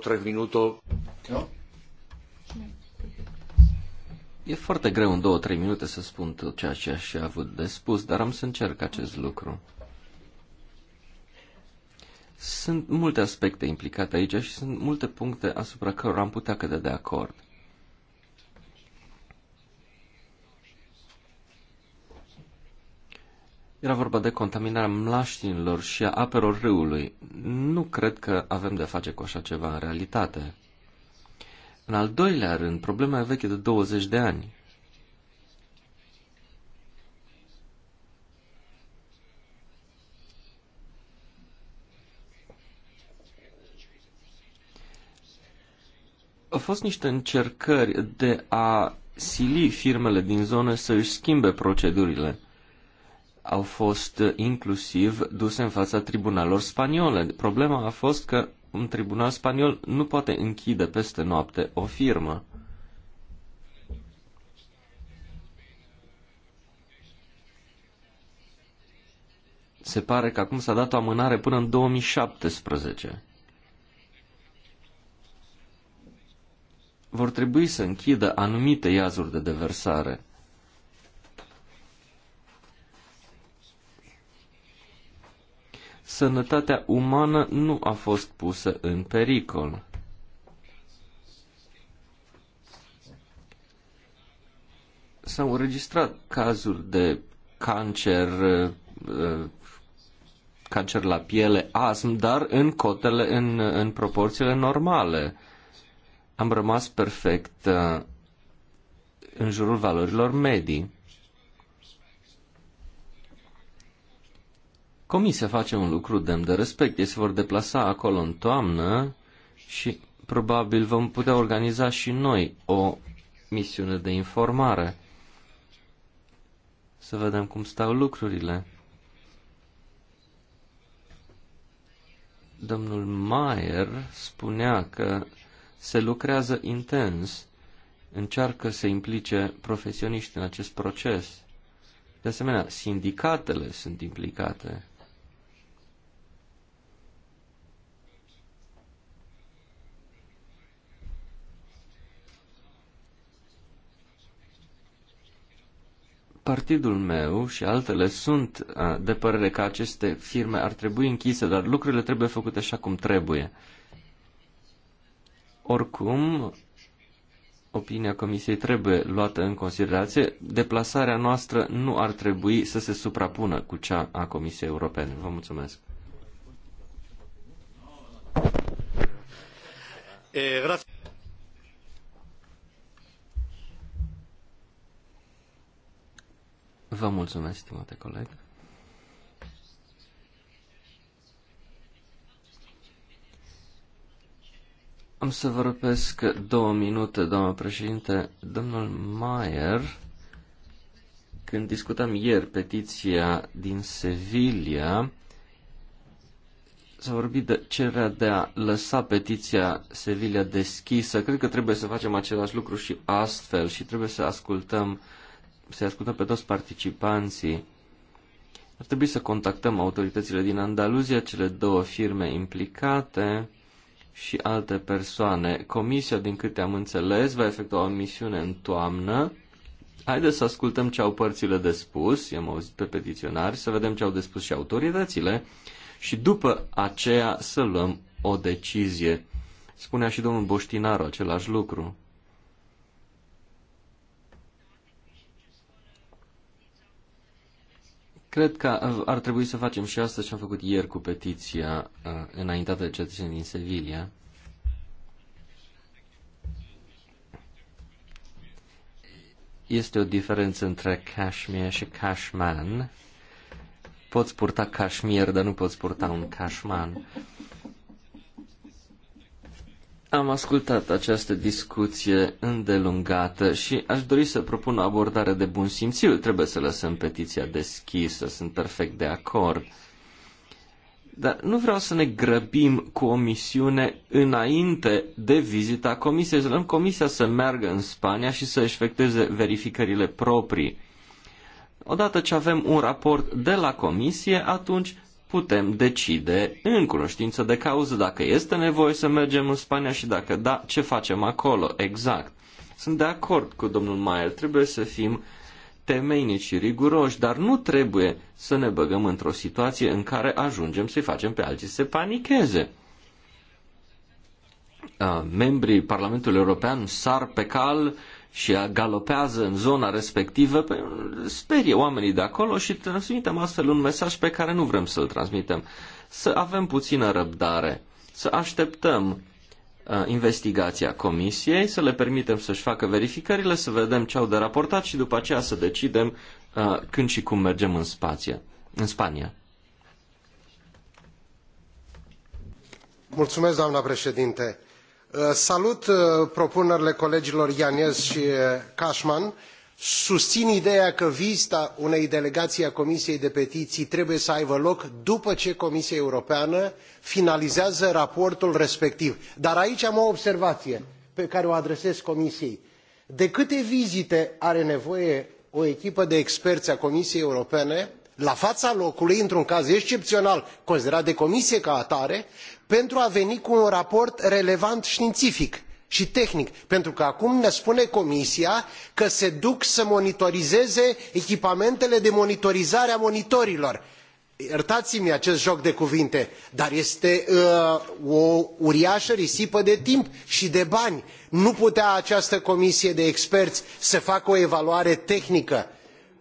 Trei minute. E foarte greu în două, trei minute să spun tot ceea ce aș avut de spus, dar am să încerc acest lucru. Sunt multe aspecte implicate aici și sunt multe puncte asupra cărora am putea cădea de acord. Era vorba de contaminarea mlaștinilor și a apelor râului. Nu cred că avem de face cu așa ceva în realitate. În al doilea rând, problema e veche de 20 de ani. Au fost niște încercări de a sili firmele din zone să își schimbe procedurile – au fost uh, inclusiv duse în fața tribunalelor spaniole. Problema a fost că un tribunal spaniol nu poate închide peste noapte o firmă. Se pare că acum s-a dat o amânare până în 2017. Vor trebui să închidă anumite iazuri de deversare. sănătatea umană nu a fost pusă în pericol. S-au înregistrat cazuri de cancer, uh, cancer la piele, asm, dar în cotele, în, în proporțiile normale. Am rămas perfect uh, în jurul valorilor medii. Comisia face un lucru demn de respect. Ei se vor deplasa acolo în toamnă și probabil vom putea organiza și noi o misiune de informare. Să vedem cum stau lucrurile. Domnul Mayer spunea că se lucrează intens, încearcă să implice profesioniști în acest proces. De asemenea, sindicatele sunt implicate. partidul meu și altele sunt de părere că aceste firme ar trebui închise, dar lucrurile trebuie făcute așa cum trebuie. Oricum, opinia Comisiei trebuie luată în considerație. Deplasarea noastră nu ar trebui să se suprapună cu cea a Comisiei Europene. Vă mulțumesc. E, eh, Vă mulțumesc, stimate coleg. Am să vă răpesc două minute, doamnă președinte. Domnul Mayer, când discutam ieri petiția din Sevilla, s-a vorbit de cererea de a lăsa petiția Sevilla deschisă. Cred că trebuie să facem același lucru și astfel și trebuie să ascultăm uh, să ascultăm pe toți participanții, ar trebui să contactăm autoritățile din Andaluzia, cele două firme implicate și alte persoane. Comisia, din câte am înțeles, va efectua o misiune în toamnă. Haideți să ascultăm ce au părțile de spus, i-am auzit pe petiționari, să vedem ce au de spus și autoritățile și după aceea să luăm o decizie. Spunea și domnul Boștinaru același lucru. Cred că ar trebui să facem și asta ce am făcut ieri cu petiția uh, înaintată de cetățenii din Sevilla. Este o diferență între cashmere și cashman. Poți purta cashmere, dar nu poți purta un cashman. Am ascultat această discuție îndelungată și aș dori să propun o abordare de bun simț. Eu trebuie să lăsăm petiția deschisă, sunt perfect de acord. Dar nu vreau să ne grăbim cu o misiune înainte de vizita comisiei, să lăsăm comisia să meargă în Spania și să efectueze verificările proprii. Odată ce avem un raport de la comisie, atunci putem decide în cunoștință de cauză dacă este nevoie să mergem în Spania și dacă da, ce facem acolo exact. Sunt de acord cu domnul Maier, trebuie să fim temeinici și riguroși, dar nu trebuie să ne băgăm într-o situație în care ajungem să-i facem pe alții să se panicheze. Membrii Parlamentului European sar pe cal și galopează în zona respectivă, pe, sperie oamenii de acolo și transmitem astfel un mesaj pe care nu vrem să-l transmitem. Să avem puțină răbdare, să așteptăm uh, investigația comisiei, să le permitem să-și facă verificările, să vedem ce au de raportat și după aceea să decidem uh, când și cum mergem în, spație, în Spania. Mulțumesc, doamna președinte Uh, salut uh, propunerile colegilor Ianiez i uh, cashman susin ideea că vizita unei delegaii a comisiei pentru petiii trebuie să aibă loc după ce comisia europeană finalizează raportul respectiv dar aici am o observaie pe care o adresez comisiei de câte vizite are nevoie o echipă de experi a comisiei europene la faa locului într un caz excepional considerat de comisie ca atare pentru a veni cu un raport relevant tiinific i tehnic pentru că acum ne spune comisia că se duc să monitorizeze echipamentele de monitorizare a monitorilor iertai mi acest joc de cuvinte dar este uh, o uriaă risipă de timp i de bani nu putea această comisie de experi să facă o evaluare tehnică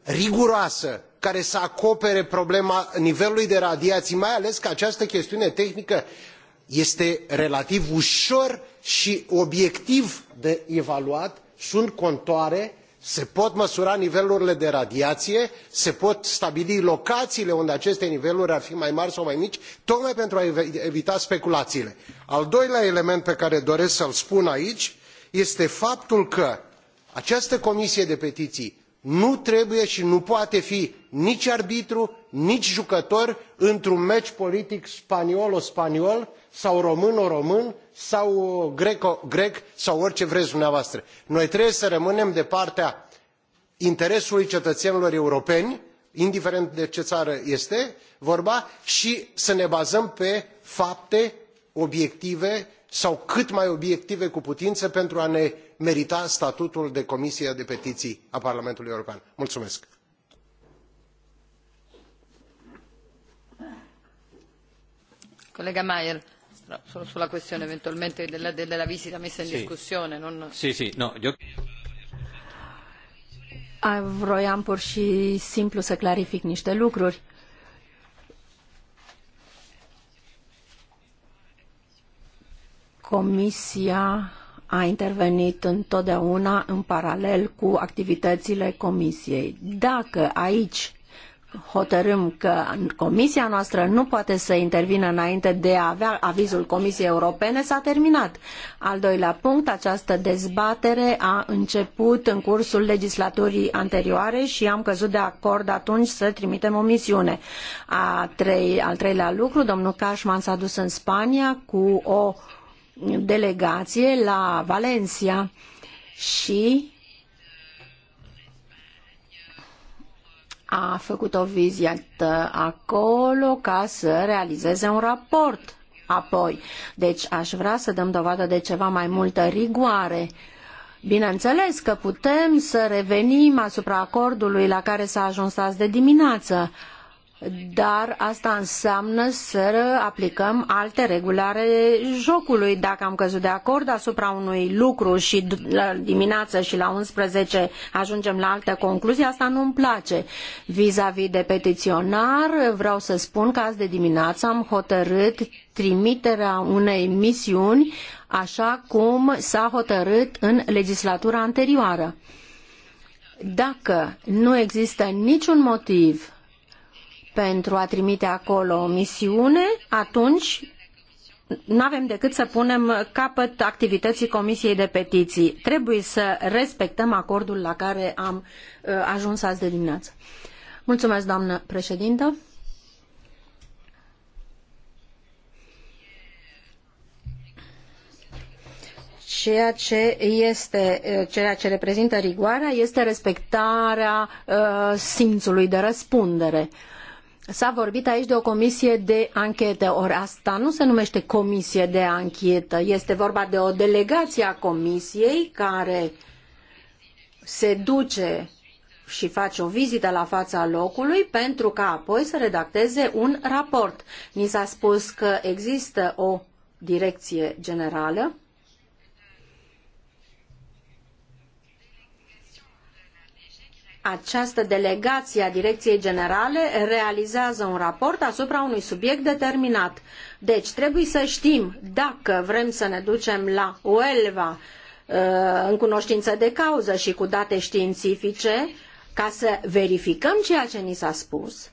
riguroasă care să acopere problema nivelului de radiaii mai ales că această chestiune tehnică este relativ uor i obiectiv de evaluat sunt contoare se pot măsura nivelurile de radiaie se pot stabili locaiile unde aceste niveluri ar fi mai mari sau mai mici tocmai pentru a evita speculaiile. al doilea element pe care doresc să l spun aici este faptul că această comisie pentru petiii nu trebuie i nu poate fi nici arbitru nici jucător într un meci politic spaniolo spaniol sau româno român sau greco grec sau orice vrei dumneavoastră. noi trebuie să rămânem de partea interesului cetăenilor europeni indiferent de ce ară este vorba i să ne bazăm pe fapte obiective sau cât mai obiective cu putină pentru a ne merita statutul de comisie de petiții a Parlamentului European. Mulțumesc! Maier, eventualmente ah, Vroiam pur simplu să clarific niște lucruri. Comisia a intervenit întotdeauna în paralel cu activitățile Comisiei. Dacă aici hotărâm că comisia noastră nu poate să intervină înainte de a avea avizul Comisiei Europene, s-a terminat. Al doilea punct, această dezbatere a început în cursul legislaturii anterioare și am căzut de acord atunci să trimitem o misiune. A trei, al treilea lucru, domnul Cashman s-a dus în Spania cu o delegație la Valencia și a făcut o vizită acolo ca să realizeze un raport apoi. Deci aș vrea să dăm dovadă de ceva mai multă rigoare. Bineînțeles că putem să revenim asupra acordului la care s-a ajuns azi de dimineață dar asta înseamnă să aplicăm alte regulare jocului. Dacă am căzut de acord asupra unui lucru și la dimineață și la 11 ajungem la altă concluzie, asta nu îmi place. Vis-a-vis de petiționar, vreau să spun că azi de dimineață am hotărât trimiterea unei misiuni așa cum s-a hotărât în legislatura anterioară. Dacă nu există niciun motiv pentru a trimite acolo o misiune, atunci nu avem decât să punem capăt activității Comisiei de Petiții. Trebuie să respectăm acordul la care am uh, ajuns azi de dimineață. Mulțumesc, doamnă președintă. ceea ce este, uh, ceea ce reprezintă rigoarea este respectarea uh, simțului de răspundere. Uh, S-a vorbit aici de o comisie de anchetă, ori asta nu se numește comisie de anchetă, este vorba de o delegație a comisiei care se duce și face o vizită la fața locului pentru ca apoi să redacteze un raport. Ni s-a spus că există o direcție generală Această delegație a Direcției Generale realizează un raport asupra unui subiect determinat. Deci trebuie să știm dacă vrem să ne ducem la Uelva uh, în cunoștință de cauză și cu date științifice ca să verificăm ceea ce ni s-a spus.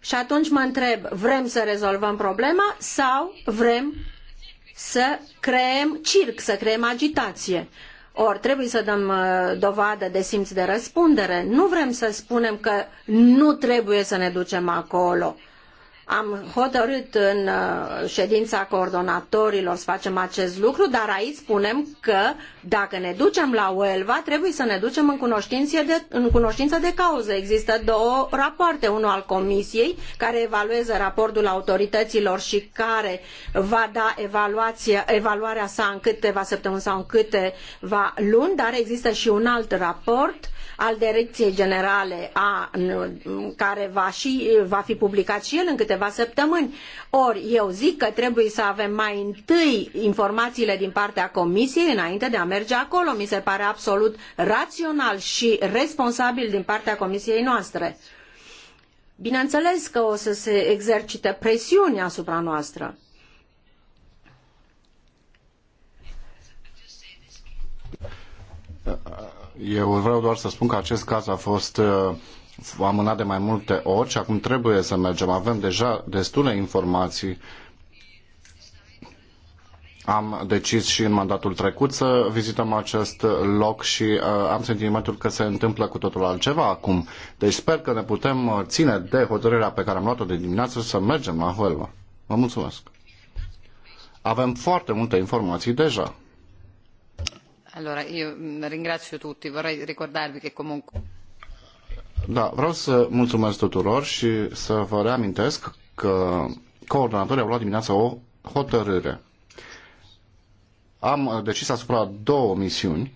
Și atunci mă întreb, vrem să rezolvăm problema sau vrem să creăm circ, să creăm agitație? Ori trebuie să dăm uh, dovadă de simț de răspundere. Nu vrem să spunem că nu trebuie să ne ducem acolo. Am hotărât în uh, ședința coordonatorilor să facem acest lucru, dar aici spunem că dacă ne ducem la Uelva, trebuie să ne ducem în cunoștință de, în cunoștință de cauză. Există două rapoarte, unul al Comisiei, care evaluează raportul autorităților și care va da evaluarea sa în câteva săptămâni sau în câteva luni, dar există și un alt raport al Direcției Generale a, care va, și, va fi publicat și el în câteva săptămâni. Ori eu zic că trebuie să avem mai întâi informațiile din partea Comisiei înainte de a merge acolo. Mi se pare absolut rațional și responsabil din partea Comisiei noastre. Bineînțeles că o să se exercite presiuni asupra noastră. Eu vreau doar să spun că acest caz a fost uh, amânat de mai multe ori și acum trebuie să mergem. Avem deja destule informații. Am decis și în mandatul trecut să vizităm acest loc și uh, am sentimentul că se întâmplă cu totul altceva acum. Deci sper că ne putem uh, ține de hotărârea pe care am luat-o de dimineață să mergem la Huelva. Vă mulțumesc! Avem foarte multe informații deja. Allora, io mm, ringrazio tutti, vorrei ricordarvi che comunque... Da, vreau să mulțumesc tuturor și să vă reamintesc că coordonatorii au luat dimineața o hotărâre. Am uh, decis asupra două misiuni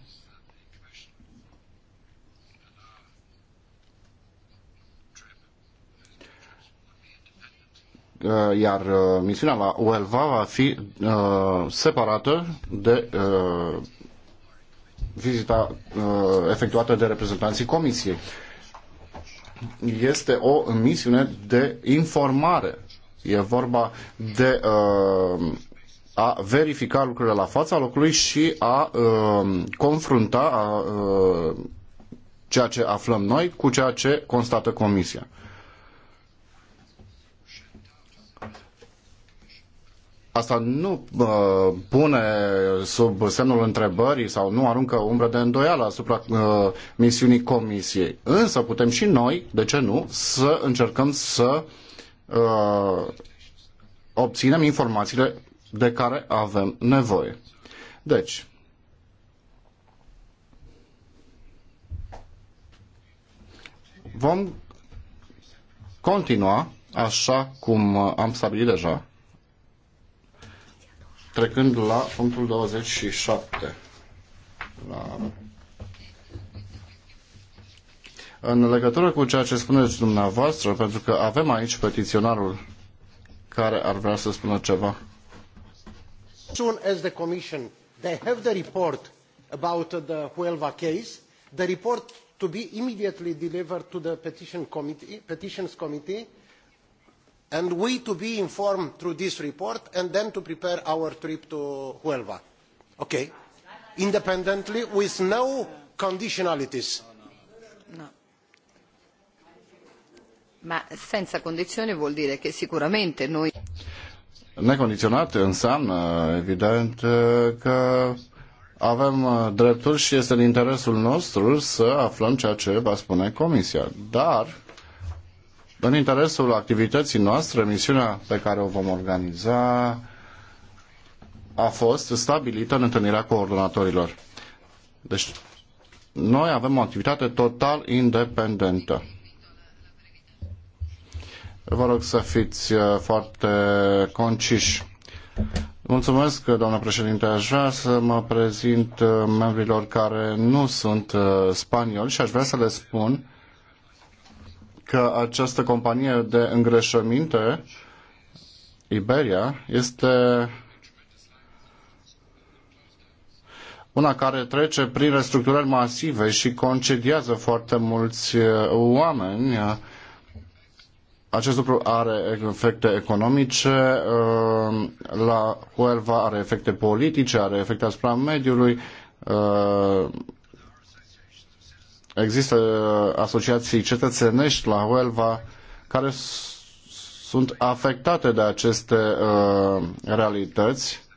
uh, iar uh, misiunea la Uelva va fi separată de vizita uh, efectuată de reprezentanții Comisiei. Este o misiune de informare. E vorba de uh, a verifica lucrurile la fața locului și a uh, confrunta uh, ceea ce aflăm noi cu ceea ce constată Comisia. Asta nu uh, pune sub semnul întrebării sau nu aruncă umbră de îndoială asupra uh, misiunii comisiei. Însă putem și noi, de ce nu, să încercăm să uh, obținem informațiile de care avem nevoie. Deci, vom continua așa cum am stabilit deja Trecând la punctul 27. La... În legătură cu ceea ce spuneți dumneavoastră, pentru că avem aici petiționarul care ar vrea să spună ceva. Soon as the commission they have the report about the Huelva case, the report to be immediately delivered to the petition committee, petitions committee and we to be informed through this report and then to prepare our trip to Huelva. Okay. Independently, with no conditionalities. No. Ma senza condizioni vuol dire che sicuramente noi... Necondiționat înseamnă, evident, că avem drepturi și este în interesul nostru să aflăm ceea ce va spune Comisia. Dar, în interesul activității noastre, misiunea pe care o vom organiza a fost stabilită în întâlnirea coordonatorilor. Deci, noi avem o activitate total independentă. Vă rog să fiți uh, foarte conciși. Mulțumesc, doamnă președinte. Aș vrea să mă prezint uh, membrilor care nu sunt uh, spanioli și aș vrea să le spun că această companie de îngrășăminte, Iberia, este una care trece prin restructurări masive și concediază foarte mulți uh, oameni. Acest lucru are efecte economice, uh, la Huelva are efecte politice, are efecte asupra mediului, uh, există uh, asociații cetățenești la Huelva care sunt afectate de aceste uh, realități.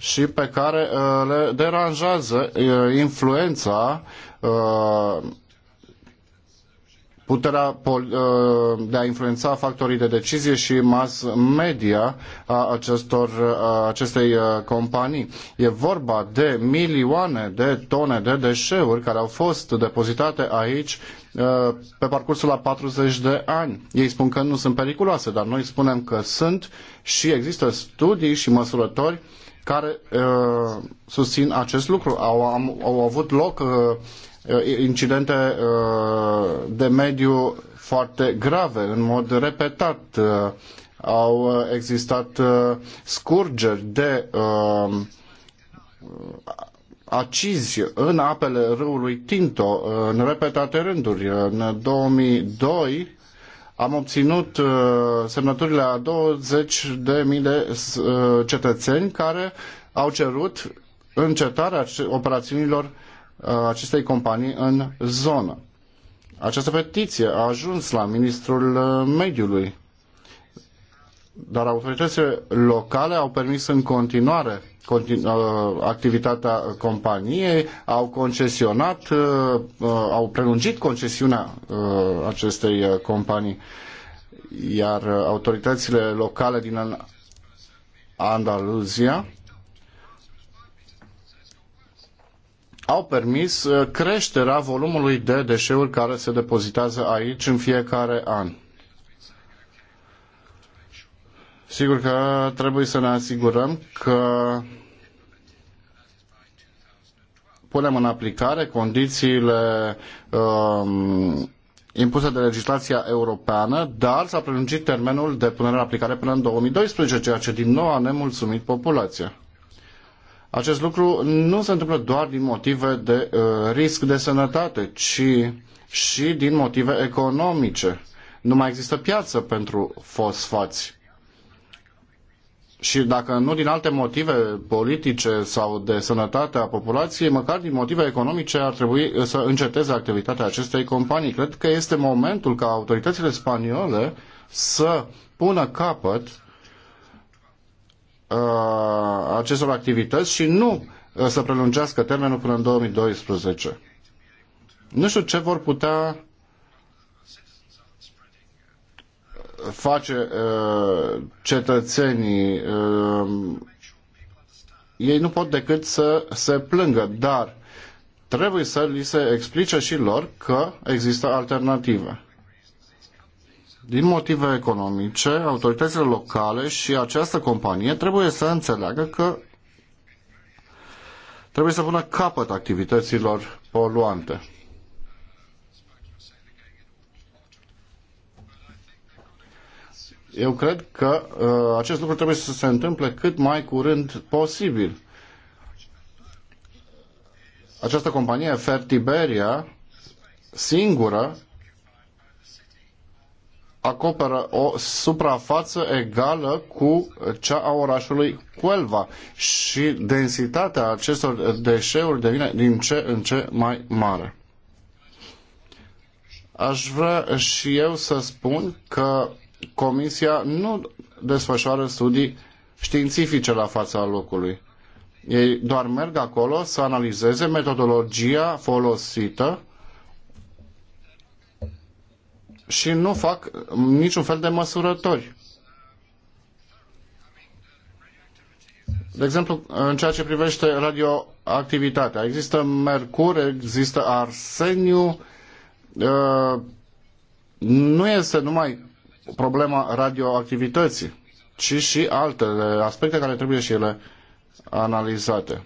și pe care uh, le deranjează uh, influența uh, Puterea uh, de a influența factorii de decizie și mass media a acestor, acestei uh, companii. E vorba de milioane de tone de deșeuri care au fost depozitate aici uh, pe parcursul a 40 de ani. Ei spun că nu sunt periculoase, dar noi spunem că sunt și există studii și măsurători care uh, susțin acest lucru. Au, am, au avut loc uh, Uh, incidente uh, de mediu foarte grave, în mod repetat. Uh, au existat scurgeri de acizi în apele râului Tinto în repetate rânduri. În 2002 am obținut semnăturile a 20.000 de cetățeni care au cerut încetarea operațiunilor Uh, acestei companii în zonă. Această petiție a ajuns la Ministrul uh, Mediului, dar autoritățile locale au permis în continuare continu uh, activitatea companiei, au concesionat, au prelungit concesiunea acestei companii, iar autoritățile locale din Andaluzia au permis uh, creșterea volumului de deșeuri care se depozitează aici în fiecare an. Sigur că trebuie să ne asigurăm că punem în aplicare condițiile um, impuse de legislația europeană, dar s-a prelungit termenul de punere în aplicare până în 2012, ceea ce din nou a nemulțumit populația. Acest lucru nu se întâmplă doar din motive de uh, risc de sănătate, ci și din motive economice. Nu mai există piață pentru fosfați. Și dacă nu din alte motive politice sau de sănătate a populației, măcar din motive economice ar trebui uh, să înceteze activitatea acestei companii. Cred că este momentul ca autoritățile spaniole să pună capăt Uh, acestor activități și nu uh, să prelungească termenul până în 2012. Nu știu ce vor putea face uh, cetățenii. Ei nu pot decât să se plângă, dar trebuie să li se explice și lor că există alternativă. Din motive economice, autoritățile locale și această companie trebuie să înțeleagă că trebuie să pună capăt activităților poluante. Eu cred că uh, acest lucru trebuie să se întâmple cât mai curând posibil. Această companie, Fertiberia, singură, acoperă o suprafață egală cu cea a orașului Cuelva și densitatea acestor deșeuri devine din ce în ce mai mare. Aș vrea și eu să spun că Comisia nu desfășoară studii științifice la fața locului. Ei doar merg acolo să analizeze metodologia folosită și nu fac niciun fel de măsurători. De exemplu, în ceea ce privește radioactivitatea, există mercur, există arseniu, uh, nu este numai problema radioactivității, ci și alte aspecte care trebuie și ele analizate.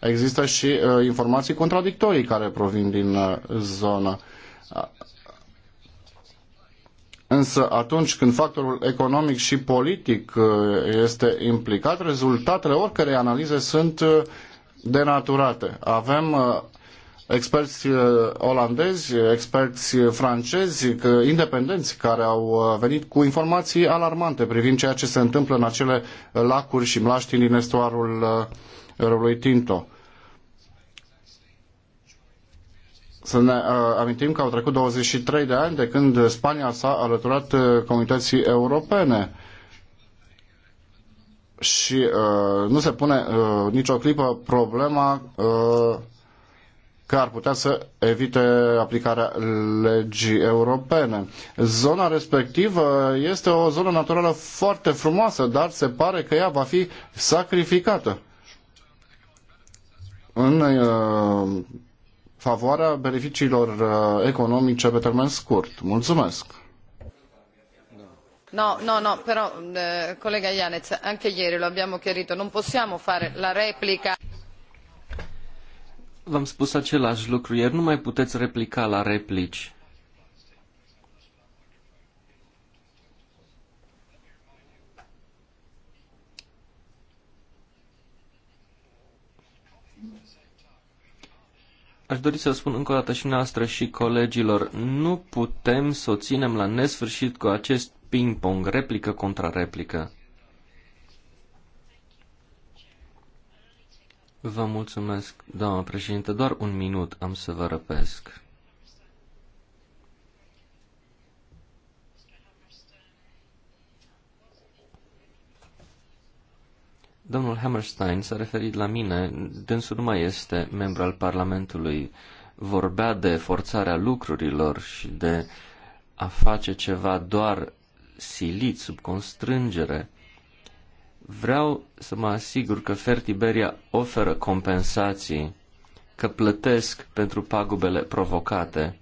Există și uh, informații contradictorii care provin din uh, zonă. Însă atunci când factorul economic și politic uh, este implicat, rezultatele oricărei analize sunt uh, denaturate. Avem uh, experți olandezi, experți francezi, independenți, care au venit cu informații alarmante privind ceea ce se întâmplă în acele lacuri și mlaștini din estuarul râului Tinto. Să ne uh, amintim că au trecut 23 de ani de când Spania s-a alăturat uh, comunității europene și uh, nu se pune uh, nicio clipă problema uh, că ar putea să evite aplicarea legii europene. Zona respectivă este o zonă naturală foarte frumoasă, dar se pare că ea va fi sacrificată. În uh, favoarea beneficiilor uh, economice pe termen scurt. Mulțumesc! No, no, no, però eh, collega Ianez, anche ieri lo abbiamo chiarito, non possiamo fare la replica. V-am spus același lucru, ieri nu mai puteți replica la replici. Aș dori să spun încă o dată și noastră și colegilor, nu putem să o ținem la nesfârșit cu acest ping-pong, replică contra replică. Vă mulțumesc, doamnă președinte, doar un minut am să vă răpesc. Domnul Hammerstein s-a referit la mine, dânsul nu mai este membru al Parlamentului, vorbea de forțarea lucrurilor și de a face ceva doar silit, sub constrângere. Vreau să mă asigur că Fertiberia oferă compensații, că plătesc pentru pagubele provocate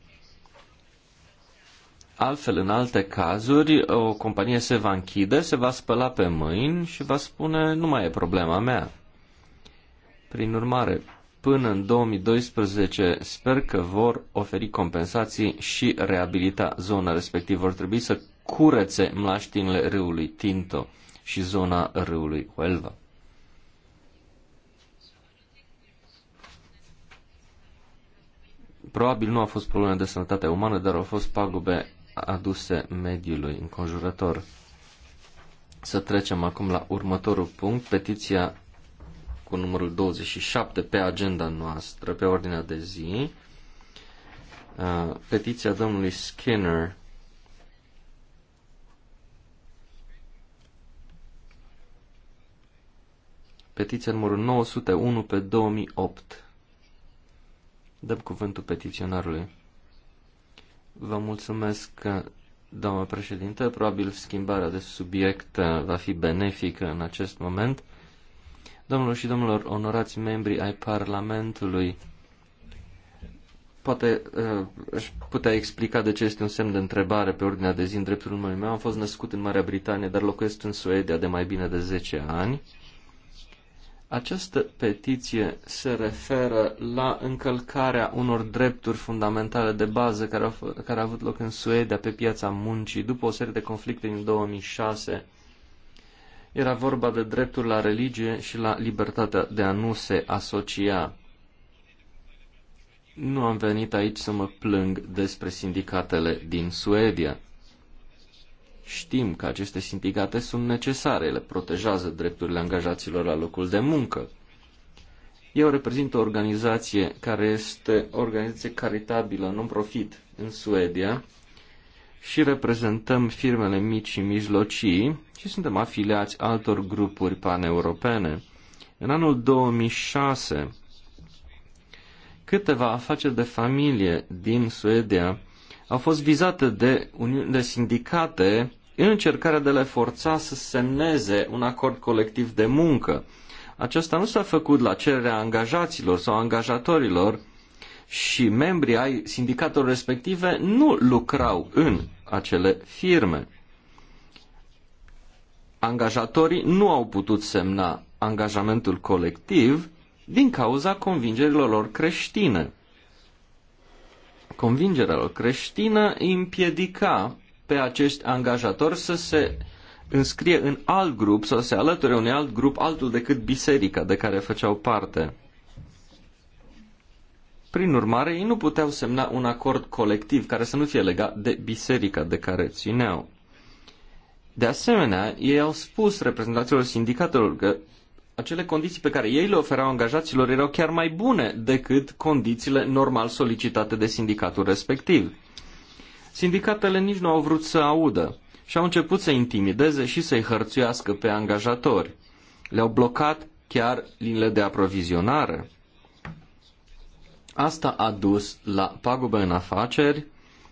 Altfel, în alte cazuri, o companie se va închide, se va spăla pe mâini și va spune, nu mai e problema mea. Prin urmare, până în 2012 sper că vor oferi compensații și reabilita zona respectivă. Vor trebui să curețe mlaștinile râului Tinto și zona râului Huelva. Probabil nu a fost probleme de sănătate umană, dar au fost pagube aduse mediului înconjurător. Să trecem acum la următorul punct, petiția cu numărul 27 pe agenda noastră, pe ordinea de zi. Uh, petiția domnului Skinner petiția numărul 901 pe 2008. Dăm cuvântul petiționarului. Vă mulțumesc, doamnă președinte. Probabil schimbarea de subiect va fi benefică în acest moment. Domnilor și domnilor, onorați membri ai Parlamentului, poate uh, aș putea explica de ce este un semn de întrebare pe ordinea de zi în dreptul meu. Am fost născut în Marea Britanie, dar locuiesc în Suedia de mai bine de 10 ani. Această petiție se referă la încălcarea unor drepturi fundamentale de bază care, au, care au avut loc în Suedia pe piața muncii după o serie de conflicte din 2006. Era vorba de dreptul la religie și la libertatea de a nu se asocia. Nu am venit aici să mă plâng despre sindicatele din Suedia. Știm că aceste sindicate sunt necesare, le protejează drepturile angajaților la locul de muncă. Eu reprezint o organizație care este o organizație caritabilă, non-profit, în Suedia și reprezentăm firmele mici și mijlocii și suntem afiliați altor grupuri paneuropene. În anul 2006, câteva afaceri de familie din Suedia au fost vizate de, de sindicate în încercarea de a le forța să semneze un acord colectiv de muncă. Aceasta nu s-a făcut la cererea angajaților sau angajatorilor și membrii ai sindicatelor respective nu lucrau în acele firme. Angajatorii nu au putut semna angajamentul colectiv din cauza convingerilor lor creștine. Convingerea lor creștină împiedica pe acești angajatori să se înscrie în alt grup sau să se alăture unui alt grup altul decât biserica de care făceau parte. Prin urmare, ei nu puteau semna un acord colectiv care să nu fie legat de biserica de care țineau. De asemenea, ei au spus reprezentanților sindicatelor că acele condiții pe care ei le oferau angajaților erau chiar mai bune decât condițiile normal solicitate de sindicatul respectiv. Sindicatele nici nu au vrut să audă și au început să intimideze și să-i hărțuiască pe angajatori. Le-au blocat chiar liniile de aprovizionare. Asta a dus la pagube în afaceri,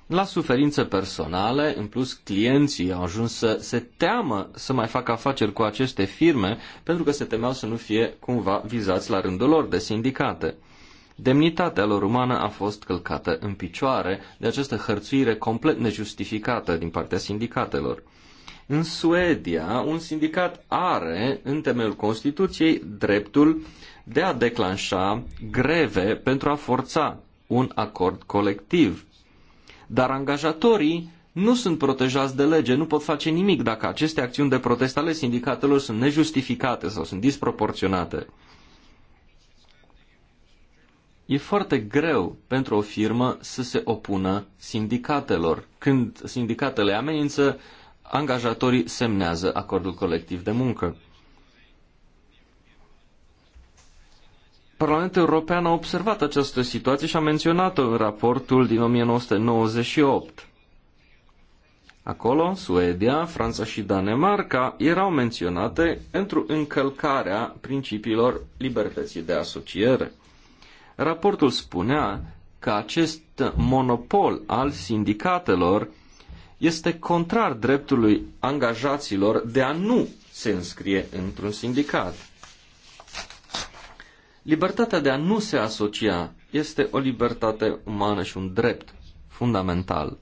la suferințe personale, în plus clienții au ajuns să se teamă să mai facă afaceri cu aceste firme pentru că se temeau să nu fie cumva vizați la rândul lor de sindicate. Demnitatea lor umană a fost călcată în picioare de această hărțuire complet nejustificată din partea sindicatelor. În Suedia, un sindicat are, în temeiul Constituției, dreptul de a declanșa greve pentru a forța un acord colectiv. Dar angajatorii nu sunt protejați de lege, nu pot face nimic dacă aceste acțiuni de protest ale sindicatelor sunt nejustificate sau sunt disproporționate. E foarte greu pentru o firmă să se opună sindicatelor. Când sindicatele amenință, angajatorii semnează acordul colectiv de muncă. Parlamentul European a observat această situație și a menționat-o în raportul din 1998. Acolo, Suedia, Franța și Danemarca erau menționate pentru încălcarea principiilor libertății de asociere. Raportul spunea că acest monopol al sindicatelor este contrar dreptului angajaților de a nu se înscrie într-un sindicat. Libertatea de a nu se asocia este o libertate umană și un drept fundamental.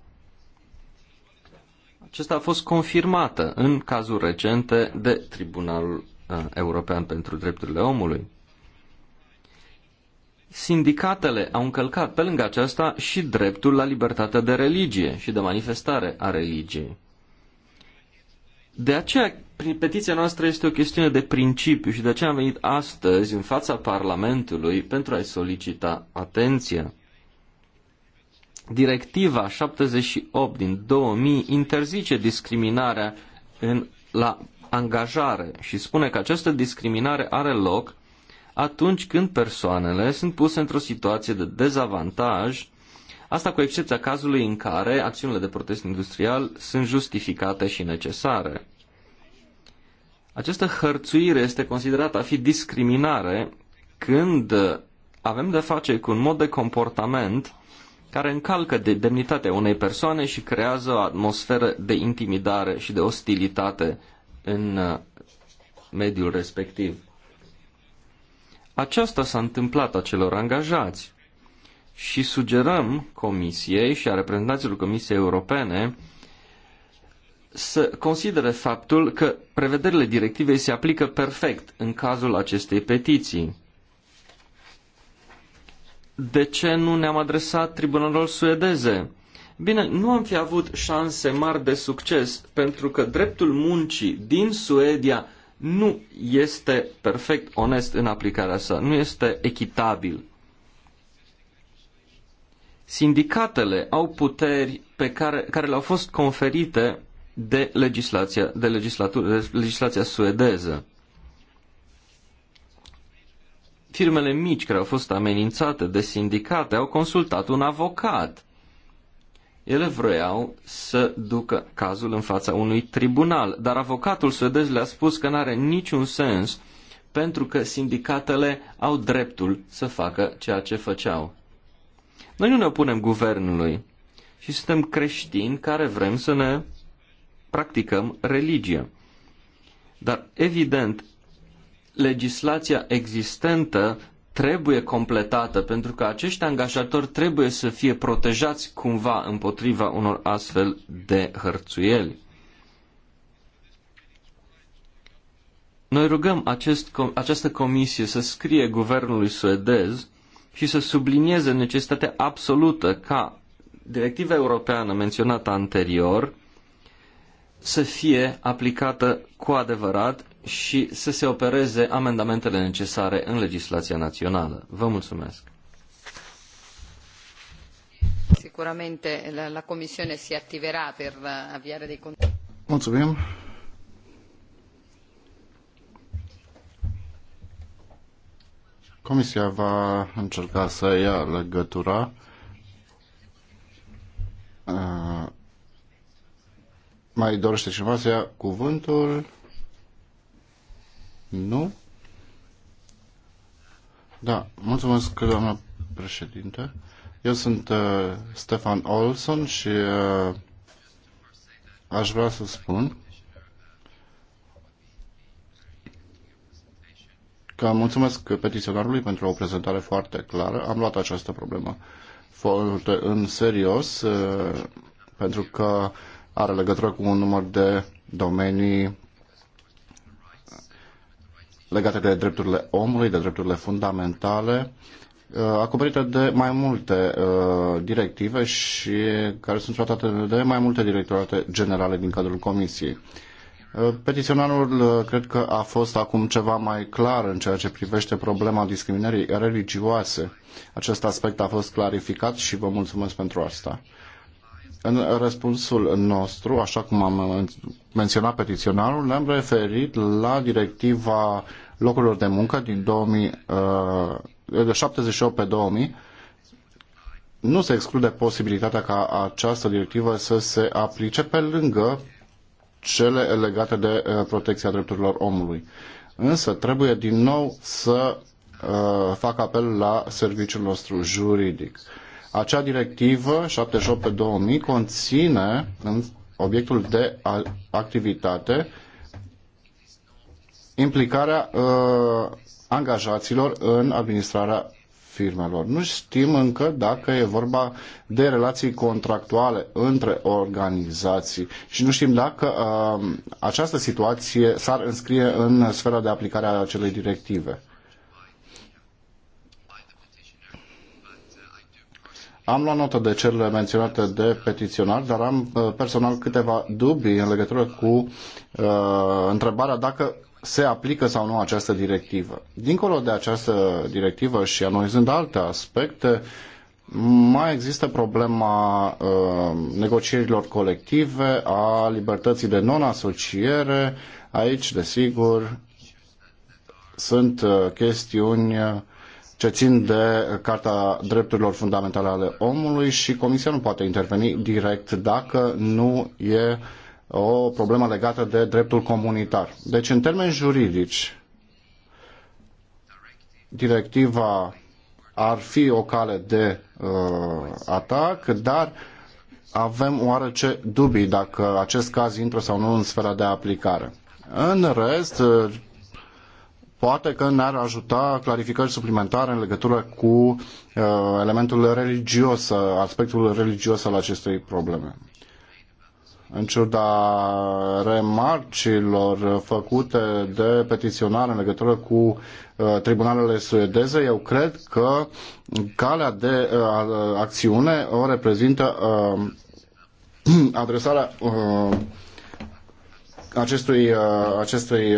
Acesta a fost confirmată în cazuri recente de Tribunalul uh, European pentru Drepturile Omului. Sindicatele au încălcat, pe lângă aceasta, și dreptul la libertatea de religie și de manifestare a religiei. De aceea, petiția noastră este o chestiune de principiu și de aceea am venit astăzi în fața Parlamentului pentru a-i solicita atenția. Directiva 78 din 2000 interzice discriminarea în, la angajare și spune că această discriminare are loc atunci când persoanele sunt puse într-o situație de dezavantaj, asta cu excepția cazului în care acțiunile de protest industrial sunt justificate și necesare. Această hărțuire este considerată a fi discriminare când avem de face cu un mod de comportament care încalcă de demnitatea unei persoane și creează o atmosferă de intimidare și de ostilitate în uh, mediul respectiv. Aceasta s-a întâmplat acelor angajați și sugerăm Comisiei și a reprezentanților Comisiei Europene să considere faptul că prevederile directivei se aplică perfect în cazul acestei petiții. De ce nu ne-am adresat tribunalul suedeze? Bine, nu am fi avut șanse mari de succes, pentru că dreptul muncii din Suedia nu este perfect onest în aplicarea sa, nu este echitabil. Sindicatele au puteri pe care, care le-au fost conferite de legislația, de, de legislația suedeză. Firmele mici care au fost amenințate de sindicate au consultat un avocat ele vroiau să ducă cazul în fața unui tribunal, dar avocatul suedez le-a spus că nu are niciun sens pentru că sindicatele au dreptul să facă ceea ce făceau. Noi nu ne opunem guvernului și suntem creștini care vrem să ne practicăm religia. Dar, evident, legislația existentă trebuie completată, pentru că acești angajatori trebuie să fie protejați cumva împotriva unor astfel de hărțuieli. Noi rugăm acest, această comisie să scrie guvernului suedez și să sublinieze necesitatea absolută ca directiva europeană menționată anterior să fie aplicată cu adevărat și să se opereze amendamentele necesare în legislația națională. Vă mulțumesc. Sicuramente la, la Comisione si attiverà per eh, avviare dei contatti. Mulțumim. Comisia va încerca să ia legătura eh, mai dorește cineva să ia cuvântul? Nu? Da, mulțumesc, doamna președinte. Eu sunt uh, Stefan Olson și uh, aș vrea să spun că mulțumesc petiționarului pentru o prezentare foarte clară. Am luat această problemă foarte în serios uh, pentru că are legătură cu un număr de domenii legate de drepturile omului, de drepturile fundamentale, uh, acoperite de mai multe uh, directive și care sunt tratate de mai multe directorate generale din cadrul Comisiei. Uh, petiționarul cred că a fost acum ceva mai clar în ceea ce privește problema discriminării religioase. Acest aspect a fost clarificat și vă mulțumesc pentru asta. În răspunsul nostru, așa cum am menționat petiționarul, ne-am referit la directiva locurilor de muncă din 2000, uh, de 78 pe 2000. Nu se exclude posibilitatea ca această directivă să se aplice pe lângă cele legate de uh, protecția drepturilor omului. Însă trebuie din nou să uh, fac apel la serviciul nostru juridic. Uh, acea directivă 78-2000 conține în obiectul de activitate implicarea uh, angajaților în administrarea firmelor. Nu știm încă dacă e vorba de relații contractuale între organizații și nu știm dacă uh, această situație s-ar înscrie în sfera de aplicare a acelei directive. Am luat notă de cele menționate de petiționar, dar am uh, personal câteva dubii în legătură cu uh, întrebarea dacă se aplică sau nu această directivă. Dincolo de această directivă și analizând alte aspecte, mai există problema uh, negocierilor colective, a libertății de non-asociere. Aici, desigur, sunt uh, chestiuni uh, ce țin de Carta Drepturilor Fundamentale ale Omului și Comisia nu poate interveni direct dacă nu e o problemă legată de dreptul comunitar. Deci, în termeni juridici, directiva ar fi o cale de uh, atac, dar avem oarece dubii dacă acest caz intră sau nu în sfera de aplicare. În rest, poate că ne-ar ajuta clarificări suplimentare în legătură cu uh, elementul religios, aspectul religios al acestei probleme. În ciuda remarcilor făcute de petiționar în legătură cu uh, tribunalele suedeze, eu cred că calea de uh, acțiune o reprezintă uh, adresarea acestui, acestui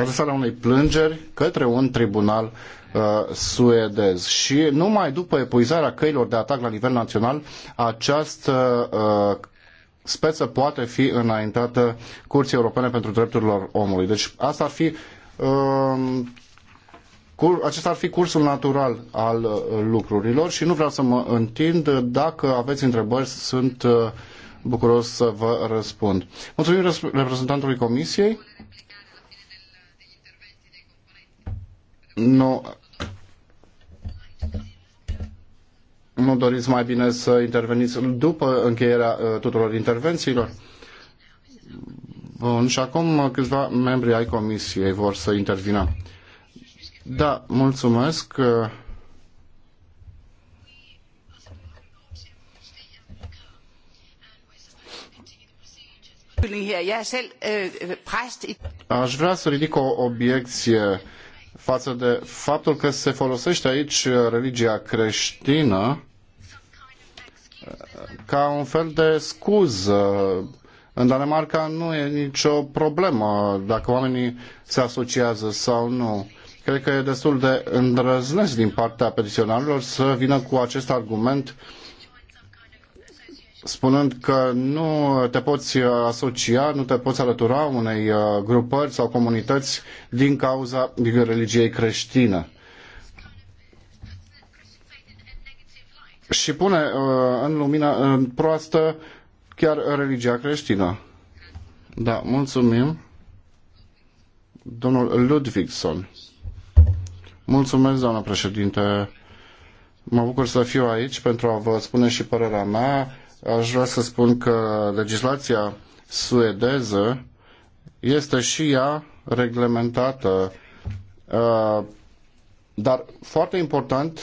adresarea unei plângeri către un tribunal uh, suedez. Și numai după epuizarea căilor de atac la nivel național, această uh, speță poate fi înaintată Curții Europene pentru Drepturile Omului. Deci asta ar fi, uh, acesta ar fi cursul natural al uh, lucrurilor și nu vreau să mă întind. Dacă aveți întrebări, sunt uh, bucuros să vă răspund. Mulțumim reprezentantului Comisiei. Nu, nu doriți mai bine să interveniți după încheierea uh, tuturor intervențiilor? Bun, și acum câțiva membri ai comisiei vor să intervină. Da, mulțumesc. Er øh, Aș vrea să ridic o obiecție față de faptul că se folosește aici uh, religia creștină uh, ca un fel de scuză. În Danemarca nu e nicio problemă dacă oamenii se asociază sau nu. Cred că e destul de îndrăznesc din partea petiționarilor să vină cu acest argument uh, spunând că nu te poți asocia, nu te poți alătura unei uh, grupări sau comunități din cauza religiei creștine. Și pune uh, în lumină proastă chiar religia creștină. Da, mulțumim. Domnul Ludvigson. Mulțumesc, doamnă președinte. Mă bucur să fiu aici pentru a vă spune și părerea mea aș vrea să spun că legislația suedeză este și ea reglementată, uh, dar foarte important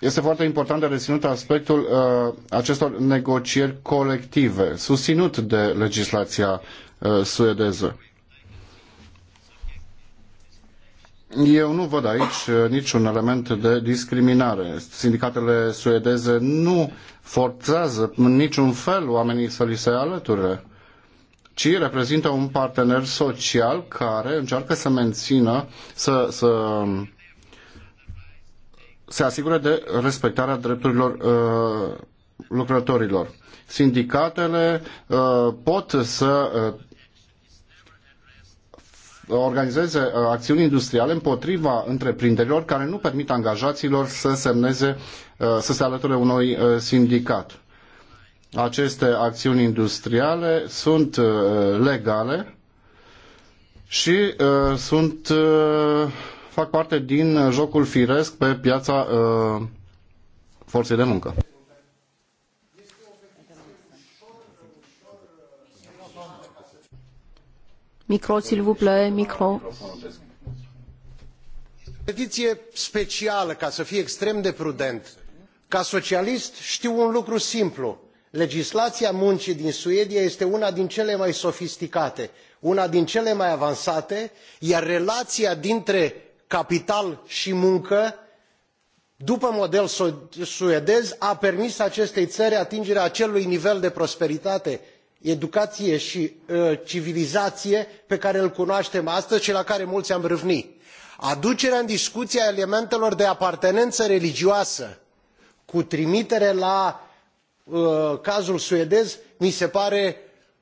este foarte important de reținut aspectul uh, acestor negocieri colective, susținut de legislația uh, suedeză. Eu nu văd aici uh, niciun element de discriminare. Sindicatele suedeze nu forțează în niciun fel oamenii să li se alăture, ci reprezintă un partener social care încearcă să mențină, să, să um, se asigure de respectarea drepturilor uh, lucrătorilor. Sindicatele uh, pot să uh, organizeze uh, acțiuni industriale împotriva întreprinderilor care nu permit angajaților să semneze, uh, să se alăture unui uh, sindicat. Aceste acțiuni industriale sunt legale și sunt, fac parte din jocul firesc pe piața forței de muncă. Micro, s'il vous plaît, micro. Petiție specială, ca să fii extrem de prudent. Ca socialist știu un lucru simplu. Legislația muncii din Suedia este una din cele mai sofisticate, una din cele mai avansate, iar relația dintre capital și muncă după model suedez a permis acestei țări atingerea acelui nivel de prosperitate educaie i ă, civilizaie pe care îl cunoatem astăzi i la care muli am râvni. aducerea în discuie a elementelor de apartenenă religioasă cu trimitere la ă, cazul suedez mi se pare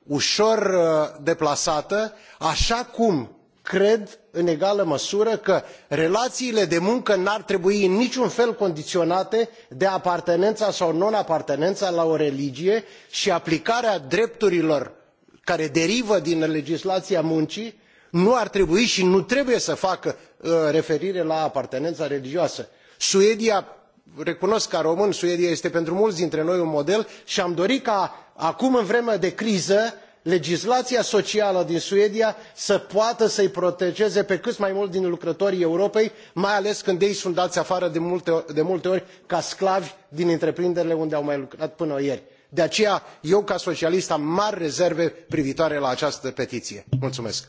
uor ă, deplasată aa cum cred în egală măsură că relaiile de muncă nu ar trebui în niciun fel condiionate de apartenena sau non la o religie i aplicarea drepturilor care derivă din legislaia muncii nu ar trebui i nu trebuie să facă uh, referire la apartenena religioasă. suedia recunosc ca român suedia este pentru muli dintre noi un model i am dori ca acum în vremea de criză legislația socială din suedia să poată să îi protejeze pe cât mai muli din lucrătorii europei mai ales când ei sunt dai afară de multe, ori ca sclavi din întreprinderile unde au mai lucrat până ieri. de aceea eu ca socialist am mari rezerve privitoare la această petiție. mulțumesc.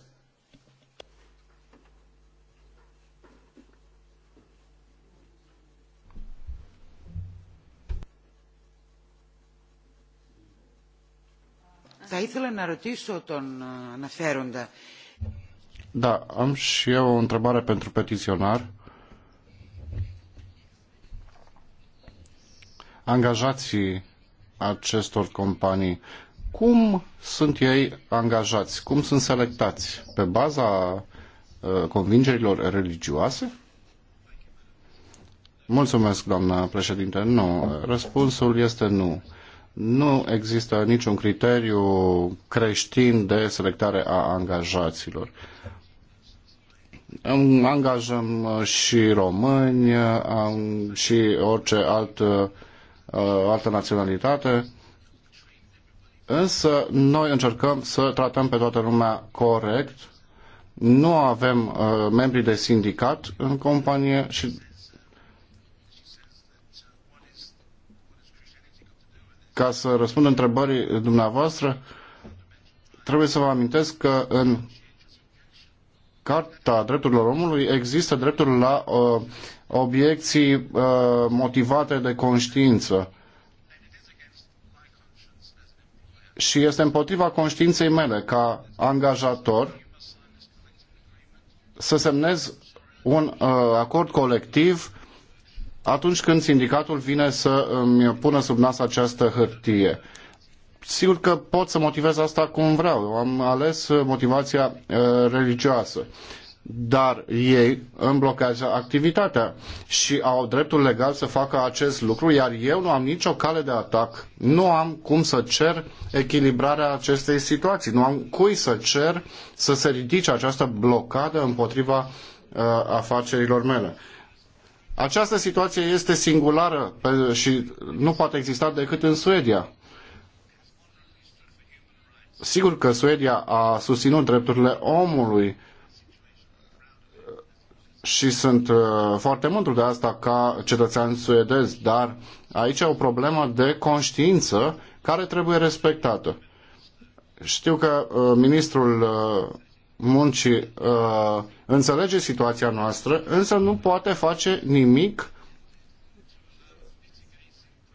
Θα ήθελα να ρωτήσω τον αναφέροντα. Da, am și eu o întrebare pentru petiționar. Angajații acestor companii, cum sunt ei angajați? Cum sunt selectați? Pe baza uh, convingerilor religioase? Mulțumesc, doamna președinte. Nu. Răspunsul este nu nu există niciun criteriu creștin de selectare a angajaților. Angajăm uh, și români uh, și orice altă, uh, altă naționalitate, însă noi încercăm să tratăm pe toată lumea corect. Nu avem membri de sindicat în companie și ca să răspund întrebării dumneavoastră, trebuie să vă amintesc că în Carta Drepturilor Omului există dreptul la uh, obiecții uh, motivate de conștiință. Și este împotriva conștiinței mele ca angajator să semnez un uh, acord colectiv atunci când sindicatul vine să îmi pună sub nas această hârtie. Sigur că pot să motivez asta cum vreau. Am ales motivația uh, religioasă dar ei îmi blochează activitatea și au dreptul legal să facă acest lucru, iar eu nu am nicio cale de atac, nu am cum să cer echilibrarea acestei situații, nu am cui să cer să se ridice această blocadă împotriva uh, afacerilor mele. Această situație este singulară și nu poate exista decât în Suedia. Sigur că Suedia a susținut drepturile omului și sunt uh, foarte mândru de asta ca cetățean suedez, dar aici e o problemă de conștiință care trebuie respectată. Știu că uh, ministrul uh, muncii uh, înțelege situația noastră, însă nu poate face nimic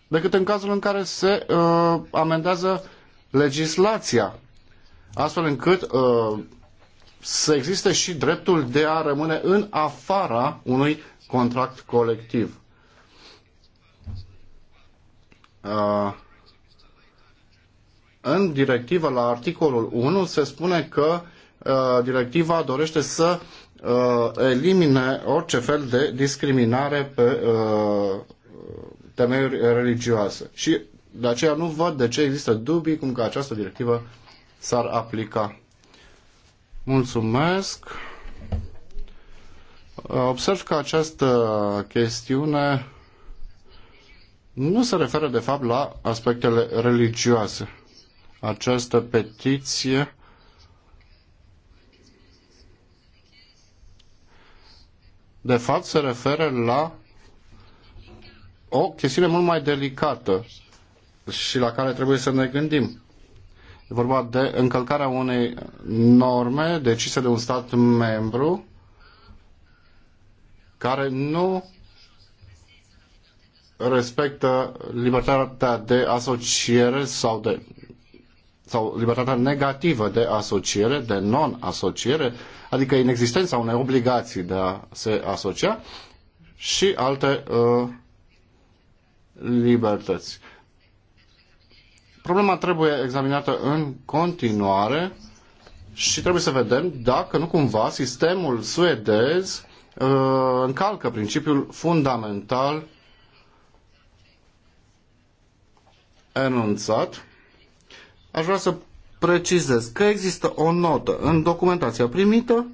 decât în cazul în care se uh, amendează legislația, astfel încât uh, să existe și dreptul de a rămâne în afara unui contract colectiv. Uh, în directivă la articolul 1 se spune că uh, Uh, directiva dorește să uh, elimine orice fel de discriminare pe uh, temeiuri religioase. Și de aceea nu văd de ce există dubii cum că această directivă s-ar aplica. Mulțumesc. Observ că această chestiune nu se referă de fapt la aspectele religioase. Această petiție de fapt se referă la o chestiune mult mai delicată și la care trebuie să ne gândim. E vorba de încălcarea unei norme decise de un stat membru care nu respectă libertatea de asociere sau de sau libertatea negativă de asociere, de non-asociere, adică inexistența unei obligații de a se asocia și alte uh, libertăți. Problema trebuie examinată în continuare și trebuie să vedem dacă nu cumva sistemul suedez uh, încalcă principiul fundamental enunțat Aș vrea să precizez că există o notă în documentația primită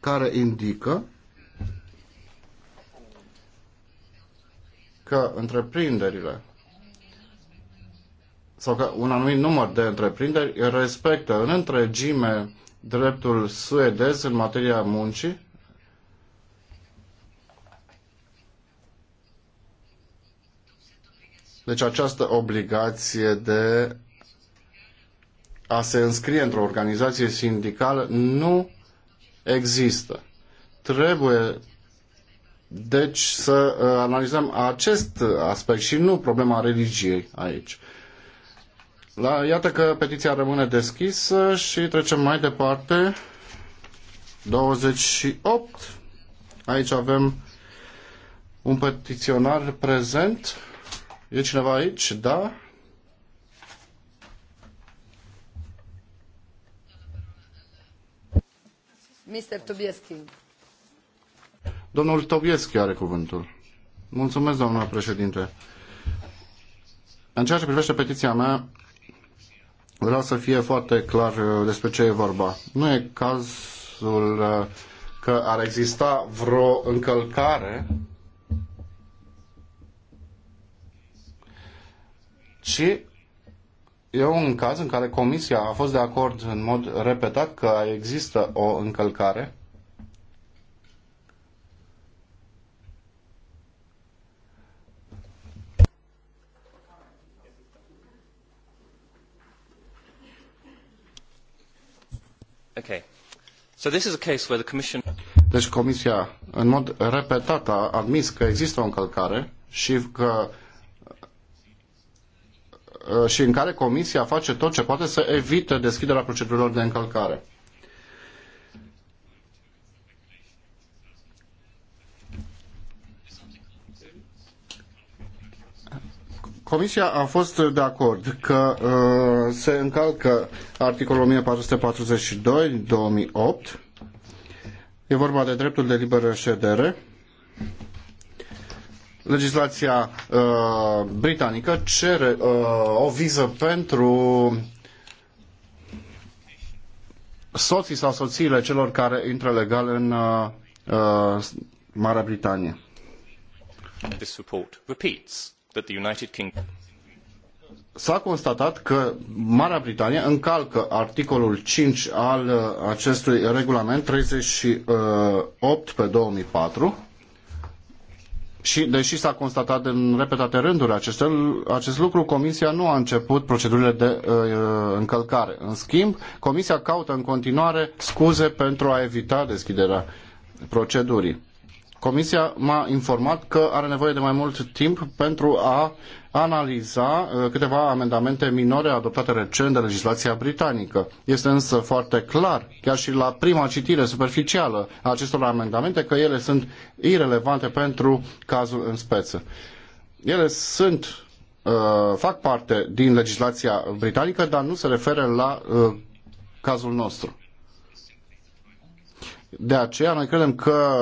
care indică că întreprinderile sau că un anumit număr de întreprinderi respectă în întregime dreptul suedez în materia muncii Deci această obligație de a se înscrie într-o organizație sindicală nu există. Trebuie deci să uh, analizăm acest aspect și nu problema religiei aici. La, iată că petiția rămâne deschisă și trecem mai departe. 28. Aici avem un petiționar prezent. E cineva aici? Da? Mr. Tobieschi. Domnul Tobieschi are cuvântul. Mulțumesc, doamna președinte. În ceea ce privește petiția mea, vreau să fie foarte clar uh, despre ce e vorba. Nu e cazul uh, că ar exista vreo încălcare ci e un caz în care Comisia a fost de acord în mod repetat că există o încălcare Okay. So this is a case where the commission... Deci Comisia, în mod repetat, a admis că există o încălcare și că Uh, și în care Comisia face tot ce poate să evite deschiderea procedurilor de încălcare. Comisia a fost de acord că uh, se încalcă articolul 1442-2008. E vorba de dreptul de liberă ședere legislația uh, britanică cere uh, o viză pentru soții sau soțiile celor care intră legal în uh, uh Marea Britanie. This report repeats that the United Kingdom s-a constatat că Marea Britanie încalcă articolul 5 al uh, acestui regulament 38 uh, pe 2004 și deși s-a constatat în repetate rânduri acest, acest lucru, Comisia nu a început procedurile de uh, uh, încălcare. În schimb, Comisia caută în continuare scuze pentru a evita deschiderea procedurii. Comisia m-a informat că are nevoie de mai mult timp pentru a analiza uh, câteva amendamente minore adoptate recent de legislația britanică. Este însă foarte clar, chiar și la prima citire superficială a acestor amendamente, că ele sunt irelevante pentru cazul în speță. Ele sunt uh, fac parte din legislația britanică, dar nu se referă la uh, cazul nostru. De aceea noi credem că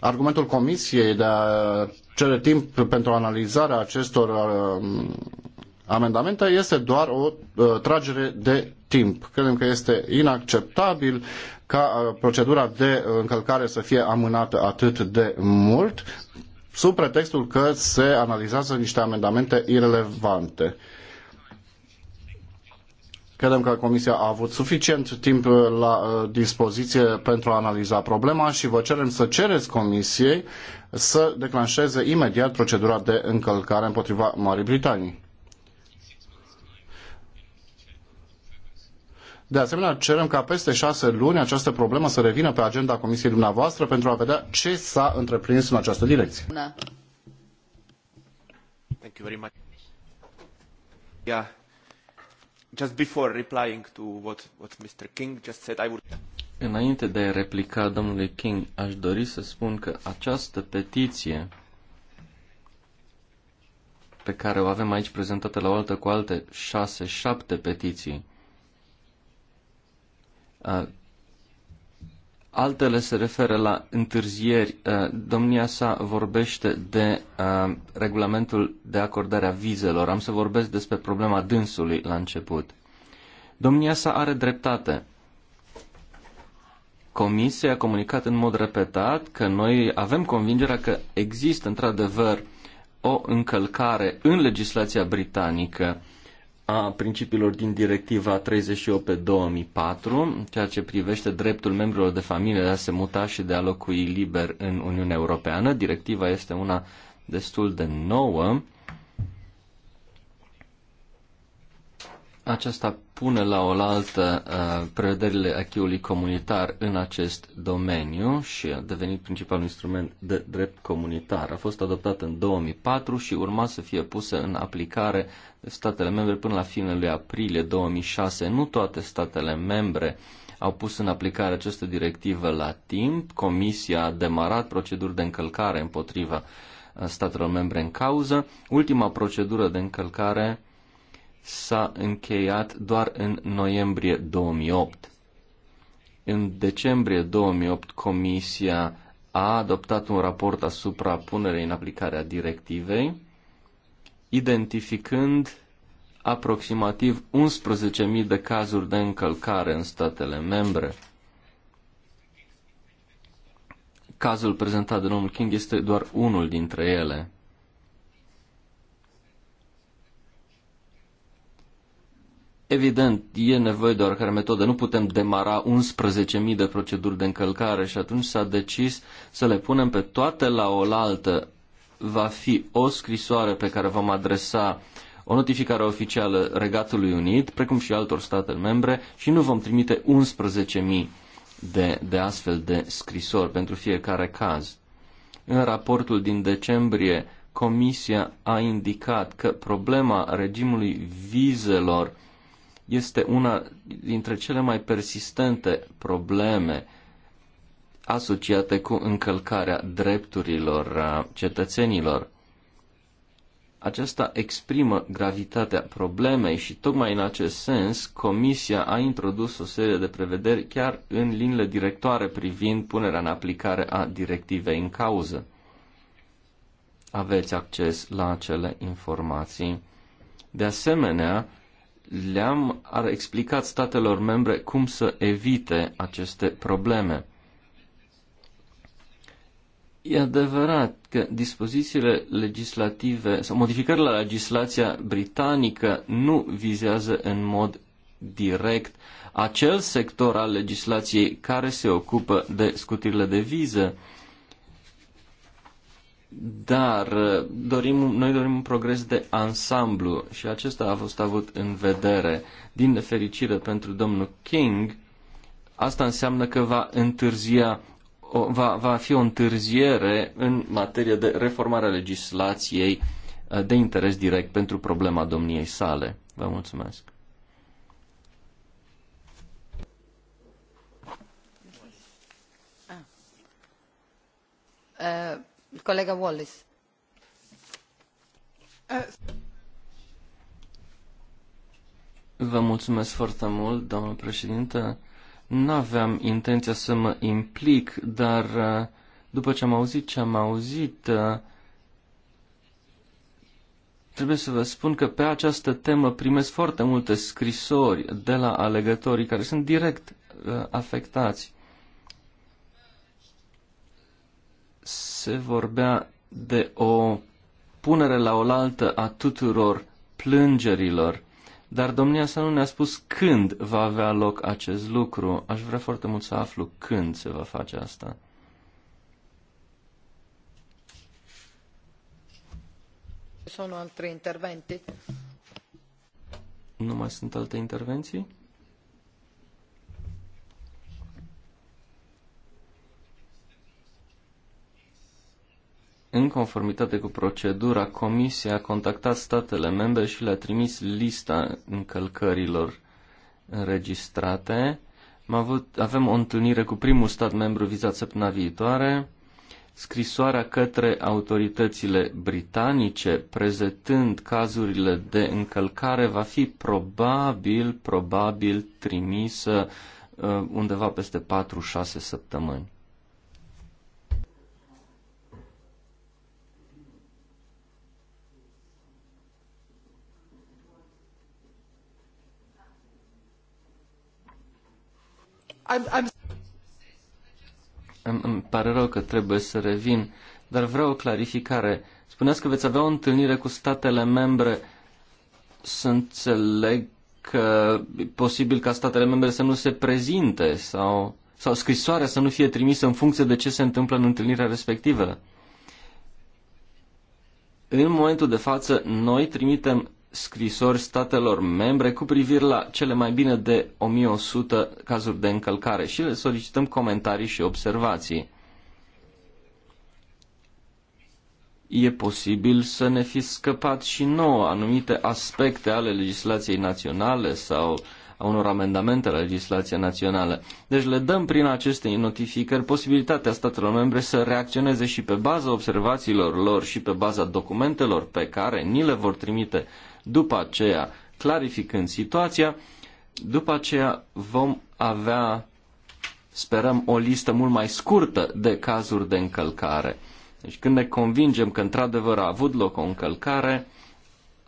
argumentul Comisiei de a cere timp pentru analizarea acestor uh, amendamente este doar o uh, tragere de timp. Credem că este inacceptabil ca uh, procedura de încălcare să fie amânată atât de mult sub pretextul că se analizează niște amendamente irelevante. Credem că Comisia a avut suficient timp uh, la uh, dispoziție pentru a analiza problema și vă cerem să cereți Comisiei să declanșeze imediat procedura de încălcare împotriva Marii Britanii. De asemenea, cerem ca peste șase luni această problemă să revină pe agenda Comisiei dumneavoastră pentru a vedea ce s-a întreprins în această direcție. Thank you very much. Yeah just before replying to what, what Mr. King just said, I would... Înainte de a replica domnului King, aș dori să spun că această petiție pe care o avem aici prezentată la oaltă cu alte șase, șapte petiții, Altele se referă la întârzieri. Uh, domnia sa vorbește de uh, regulamentul de acordare a vizelor. Am să vorbesc despre problema dânsului la început. Domnia sa are dreptate. Comisia a comunicat în mod repetat că noi avem convingerea că există într-adevăr o încălcare în legislația britanică a principiilor din directiva 38 pe 2004, ceea ce privește dreptul membrilor de familie de a se muta și de a locui liber în Uniunea Europeană. Directiva este una destul de nouă aceasta pune la oaltă uh, prevederile acheului comunitar în acest domeniu și a devenit principalul instrument de drept comunitar. A fost adoptat în 2004 și urma să fie pusă în aplicare de statele membre până la finele aprilie 2006. Nu toate statele membre au pus în aplicare această directivă la timp. Comisia a demarat proceduri de încălcare împotriva uh, statelor membre în cauză. Ultima procedură de încălcare s-a încheiat doar în noiembrie 2008. În decembrie 2008, Comisia a adoptat un raport asupra punerii în aplicare a directivei, identificând aproximativ 11.000 de cazuri de încălcare în statele membre. Cazul prezentat de domnul King este doar unul dintre ele. Evident, e nevoie de oricare metodă. Nu putem demara 11.000 de proceduri de încălcare și atunci s-a decis să le punem pe toate la oaltă. Va fi o scrisoare pe care vom adresa o notificare oficială Regatului Unit, precum și altor state membre, și nu vom trimite 11.000 de, de astfel de scrisori pentru fiecare caz. În raportul din decembrie, Comisia a indicat că problema regimului vizelor este una dintre cele mai persistente probleme asociate cu încălcarea drepturilor uh, cetățenilor. Aceasta exprimă gravitatea problemei și tocmai în acest sens Comisia a introdus o serie de prevederi chiar în liniile directoare privind punerea în aplicare a directivei în cauză. Aveți acces la acele informații. De asemenea, le-am ar explicat statelor membre cum să evite aceste probleme. E adevărat că dispozițiile legislative sau modificările la legislația britanică nu vizează în mod direct acel sector al legislației care se ocupă de scutirile de viză, dar uh, dorim, noi dorim un progres de ansamblu și acesta a fost avut în vedere. Din nefericire pentru domnul King, asta înseamnă că va întârzia o, va, va fi o întârziere în materie de reformare a legislației uh, de interes direct pentru problema domniei sale. Vă mulțumesc. colega wallis foarte mult, doamnă președintă. Nu aveam intenția să mă implic, dar uh, după ce am auzit ce am auzit, uh, trebuie să vă spun că pe această temă primesc foarte multe scrisori de la alegătorii care sunt direct uh, afectați. se vorbea de o punere la oaltă a tuturor plângerilor, dar domnia să nu ne-a spus când va avea loc acest lucru. Aș vrea foarte mult să aflu când se va face asta. Sunt alte intervenții? Nu mai sunt alte intervenții? în conformitate cu procedura, Comisia a contactat statele membre și le-a trimis lista încălcărilor înregistrate. Am avut, avem o întâlnire cu primul stat membru vizat săptămâna viitoare. Scrisoarea către autoritățile britanice prezentând cazurile de încălcare va fi probabil, probabil trimisă uh, undeva peste 4-6 săptămâni. Îmi, îmi pare rău că trebuie să revin, dar vreau o clarificare. Spuneați că veți avea o întâlnire cu statele membre. Să înțeleg că e posibil ca statele membre să nu se prezinte sau, sau scrisoarea să nu fie trimisă în funcție de ce se întâmplă în întâlnirea respectivă. În momentul de față, noi trimitem scrisori statelor membre cu privire la cele mai bine de 1100 cazuri de încălcare și le solicităm comentarii și observații. E posibil să ne fi scăpat și nouă anumite aspecte ale legislației naționale sau a unor amendamente la legislația națională. Deci le dăm prin aceste notificări posibilitatea statelor membre să reacționeze și pe baza observațiilor lor și pe baza documentelor pe care ni le vor trimite uh, după aceea, clarificând situația, după aceea vom avea, sperăm, o listă mult mai scurtă de cazuri de încălcare. Deci când ne convingem că într-adevăr a avut loc o încălcare,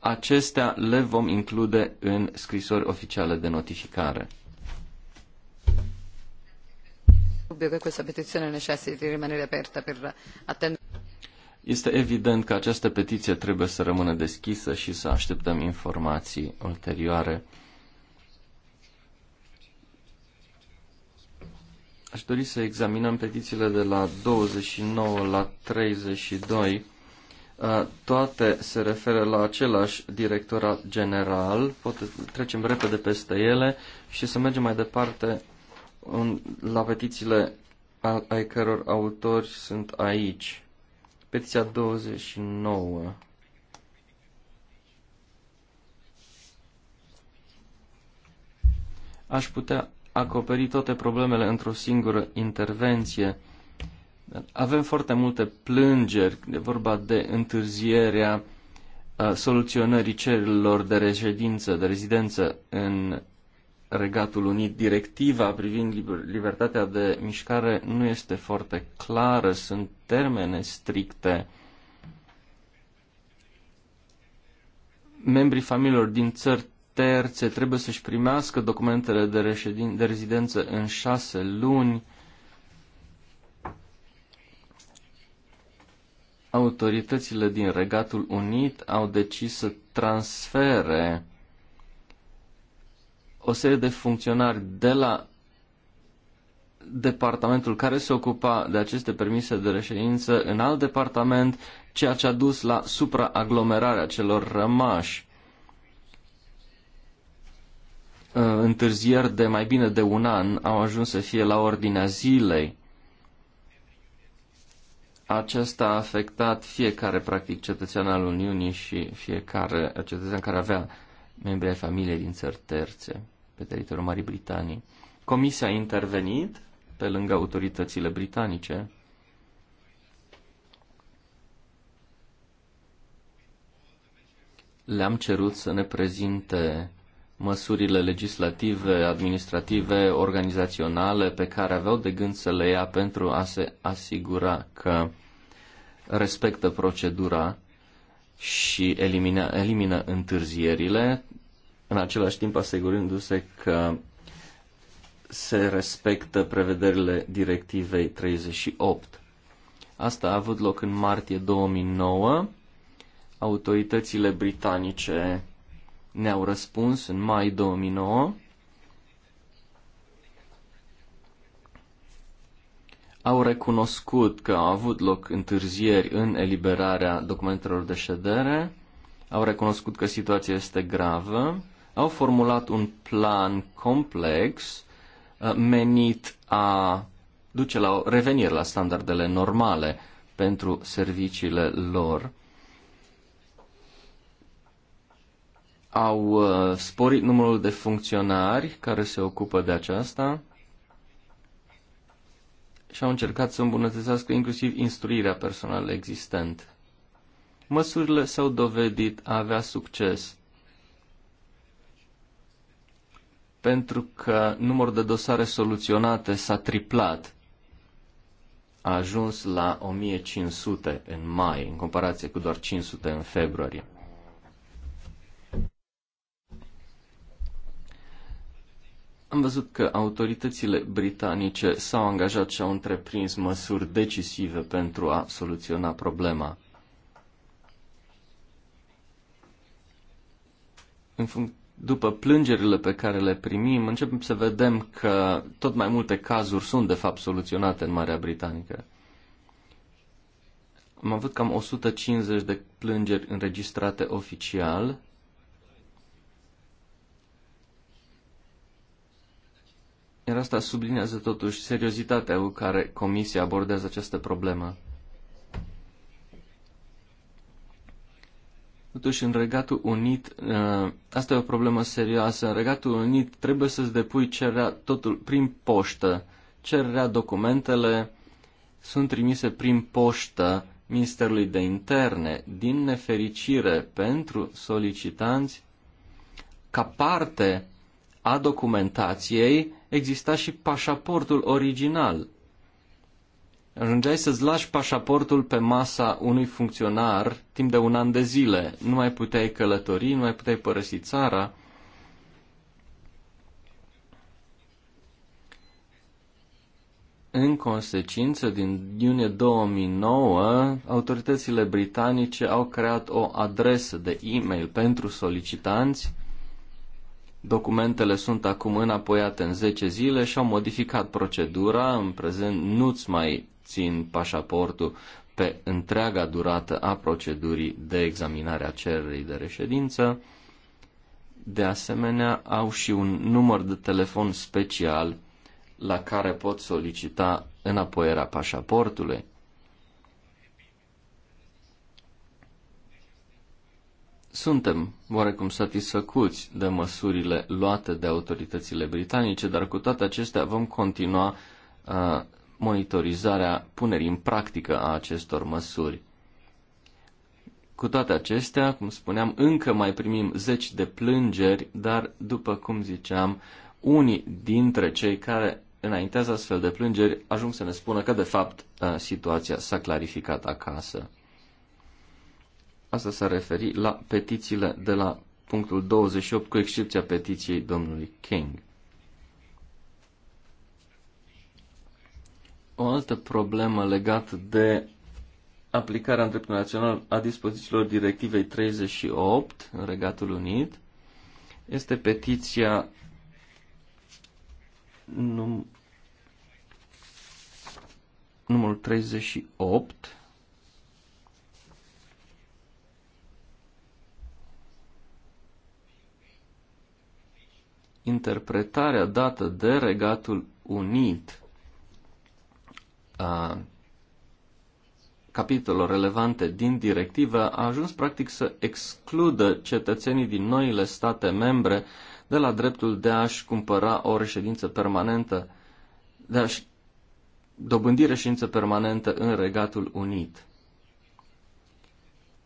acestea le vom include în scrisori oficiale de notificare. Dubbio che questa petizione necessita di rimanere aperta per attendere. Este evident că această petiție trebuie să rămână deschisă și să așteptăm informații ulterioare. Aș dori să examinăm petițiile de la 29 la 32. Toate se referă la același directorat general. Pot, trecem repede peste ele și să mergem mai departe la petițiile ai căror autori sunt aici. Petiția 29. Aș putea acoperi toate problemele într-o singură intervenție. Avem foarte multe plângeri, de vorba de întârzierea soluționării cererilor de reședință, de rezidență în Regatul Unit. Directiva privind libertatea de mișcare nu este foarte clară, sunt termene stricte. Membrii familiilor din țări terțe trebuie să-și primească documentele de, reședin, de rezidență în șase luni. Autoritățile din Regatul Unit au decis să transfere o serie de funcționari de la departamentul care se ocupa de aceste permise de reședință în alt departament, ceea ce a dus la supraaglomerarea celor rămași. Uh, întârzieri de mai bine de un an au ajuns să fie la ordinea zilei. Aceasta a afectat fiecare, practic, cetățean al Uniunii și fiecare cetățean care avea membri ai familiei din țări terțe pe teritoriul Marii Britanii. Comisia a intervenit pe lângă autoritățile britanice le-am cerut să ne prezinte măsurile legislative, administrative, organizaționale pe care aveau de gând să le ia pentru a se asigura că respectă procedura și elimina, elimină întârzierile, în același timp asigurându-se că se respectă prevederile directivei 38. Asta a avut loc în martie 2009. Autoritățile britanice ne-au răspuns în mai 2009. Au recunoscut că au avut loc întârzieri în eliberarea documentelor de ședere, au recunoscut că situația este gravă au formulat un plan complex uh, menit a duce la o revenire la standardele normale pentru serviciile lor. Au uh, sporit numărul de funcționari care se ocupă de aceasta și au încercat să îmbunătățească inclusiv instruirea personală existent. Măsurile s-au dovedit a avea succes pentru că numărul de dosare soluționate s-a triplat. A ajuns la 1500 în mai, în comparație cu doar 500 în februarie. Am văzut că autoritățile britanice s-au angajat și au întreprins măsuri decisive pentru a soluționa problema. În funcție după plângerile pe care le primim, începem să vedem că tot mai multe cazuri sunt, de fapt, soluționate în Marea Britanică. Am avut cam 150 de plângeri înregistrate oficial. Iar asta sublinează totuși seriozitatea cu care Comisia abordează această problemă. Totuși, în Regatul Unit, uh, asta e o problemă serioasă, în Regatul Unit trebuie să-ți depui cererea totul prin poștă. Cererea documentele sunt trimise prin poștă Ministerului de Interne. Din nefericire pentru solicitanți, ca parte a documentației exista și pașaportul original. Ajungeai să-ți lași pașaportul pe masa unui funcționar timp de un an de zile. Nu mai puteai călători, nu mai puteai părăsi țara. În consecință, din iunie 2009, autoritățile britanice au creat o adresă de e-mail pentru solicitanți. Documentele sunt acum înapoiate în 10 zile și au modificat procedura. În prezent nu-ți mai țin pașaportul pe întreaga durată a procedurii de examinare a cererii de reședință. De asemenea, au și un număr de telefon special la care pot solicita înapoierea pașaportului. Suntem oarecum satisfăcuți de măsurile luate de autoritățile britanice, dar cu toate acestea vom continua uh, monitorizarea punerii în practică a acestor măsuri. Cu toate acestea, cum spuneam, încă mai primim zeci de plângeri, dar, după cum ziceam, unii dintre cei care înaintează astfel de plângeri ajung să ne spună că, de fapt, situația s-a clarificat acasă. Asta s-a referi la petițiile de la punctul 28, cu excepția petiției domnului King. O altă problemă legată de aplicarea în dreptul național a dispozițiilor directivei 38 în Regatul Unit este petiția num- numărul 38 interpretarea dată de Regatul Unit capitolul relevante din directivă a ajuns practic să excludă cetățenii din noile state membre de la dreptul de a-și cumpăra o reședință permanentă, de a-și dobândi reședință permanentă în Regatul Unit.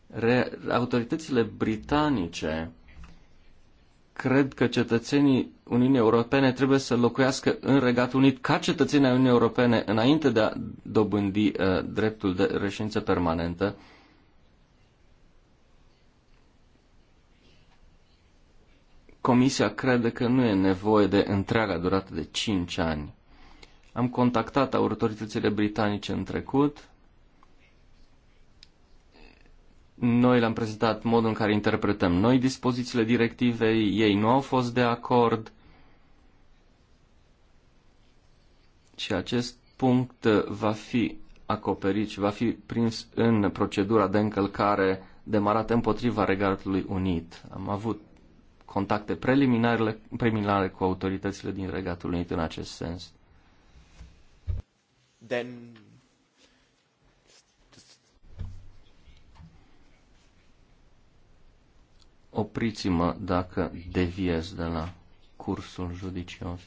Re- autoritățile britanice cred că cetățenii Uniunii Europene trebuie să locuiască în Regatul Unit ca cetățenii ai Uniunii Europene înainte de a dobândi uh, dreptul de reședință permanentă. Comisia crede că nu e nevoie de întreaga durată de 5 ani. Am contactat autoritățile britanice în trecut noi le-am prezentat modul în care interpretăm noi dispozițiile directivei, ei nu au fost de acord. Și acest punct va fi acoperit și va fi prins în procedura de încălcare demarată împotriva Regatului Unit. Am avut contacte preliminare, preliminare cu autoritățile din Regatul Unit în acest sens. Then opriți-mă dacă deviez de la cursul judicios.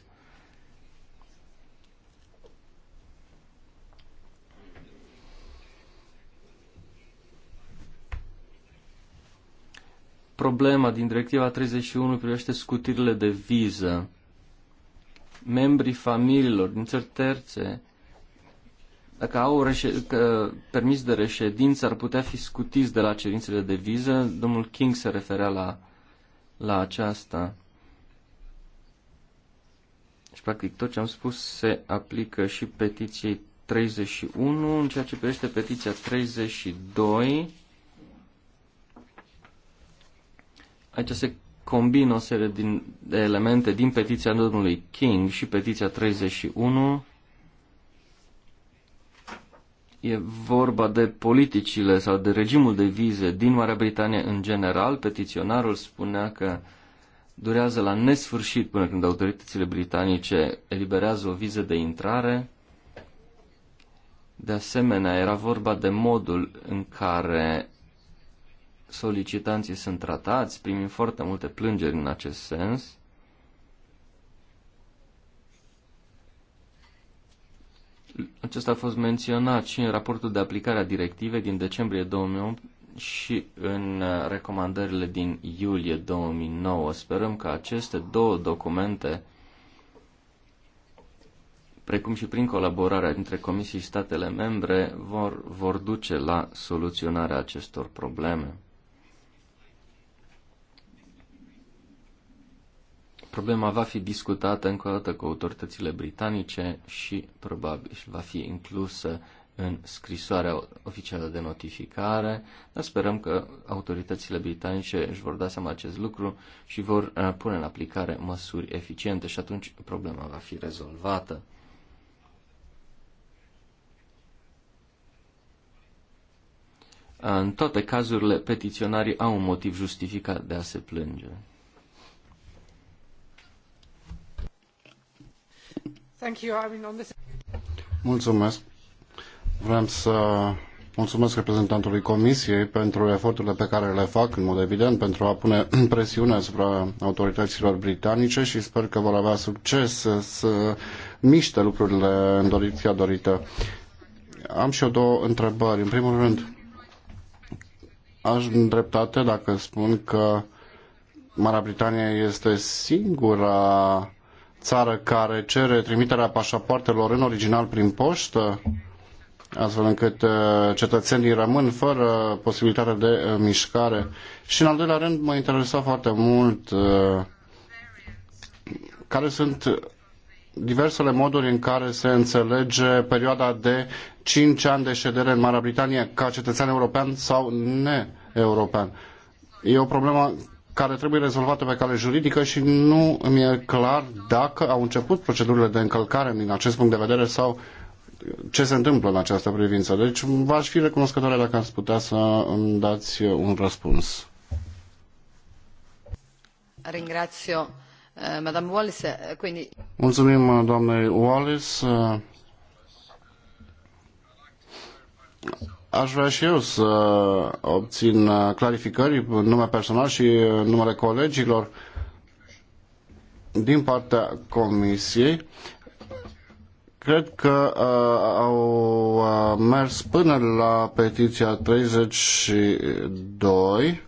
Problema din Directiva 31 privește scutirile de viză. Membrii familiilor din țări terțe dacă au reșe- că, permis de reședință, ar putea fi scutiți de la cerințele de viză. Domnul King se referea la, la aceasta. Și, practic, tot ce am spus se aplică și petiției 31, în ceea ce privește petiția 32. Aici se combină o serie din, de elemente din petiția domnului King și petiția 31. E vorba de politicile sau de regimul de vize din Marea Britanie în general. Petiționarul spunea că durează la nesfârșit până când autoritățile britanice eliberează o viză de intrare. De asemenea, era vorba de modul în care solicitanții sunt tratați, primim foarte multe plângeri în acest sens. Acesta a fost menționat și în raportul de aplicare a directivei din decembrie 2008 și în uh, recomandările din iulie 2009. Sperăm că aceste două documente, precum și prin colaborarea dintre Comisii și statele membre, vor, vor duce la soluționarea acestor probleme. Problema va fi discutată încă o dată cu autoritățile britanice și probabil va fi inclusă în scrisoarea oficială de notificare, dar sperăm că autoritățile britanice își vor da seama acest lucru și vor uh, pune în aplicare măsuri eficiente și atunci problema va fi rezolvată. În toate cazurile, petiționarii au un motiv justificat de a se plânge. Mulțumesc. Vreau să mulțumesc reprezentantului Comisiei pentru eforturile pe care le fac, în mod evident, pentru a pune presiune asupra autorităților britanice și sper că vor avea succes să, să miște lucrurile în direcția dorită. Am și eu două întrebări. În primul rând, aș dreptate dacă spun că Marea Britanie este singura țară care cere trimiterea pașapoartelor în original prin poștă, astfel încât uh, cetățenii rămân fără posibilitatea de uh, mișcare. Și în al doilea rând mă interesa foarte mult uh, care sunt diversele moduri în care se înțelege perioada de cinci ani de ședere în Marea Britanie ca cetățean european sau ne-european. E o problemă care trebuie rezolvate pe cale juridică și nu mi e clar dacă au început procedurile de încălcare din acest punct de vedere sau ce se întâmplă în această privință. Deci v-aș fi recunoscătoare dacă ați putea să îmi dați un răspuns. Ringrazio. Eh, Madame Wallace, eh, quindi... Mulțumim eh, doamnei Wallace. Aș vrea și eu să obțin uh, clarificări în nume personal și uh, în numele colegilor din partea Comisiei. Cred că uh, au uh, mers până la petiția 32.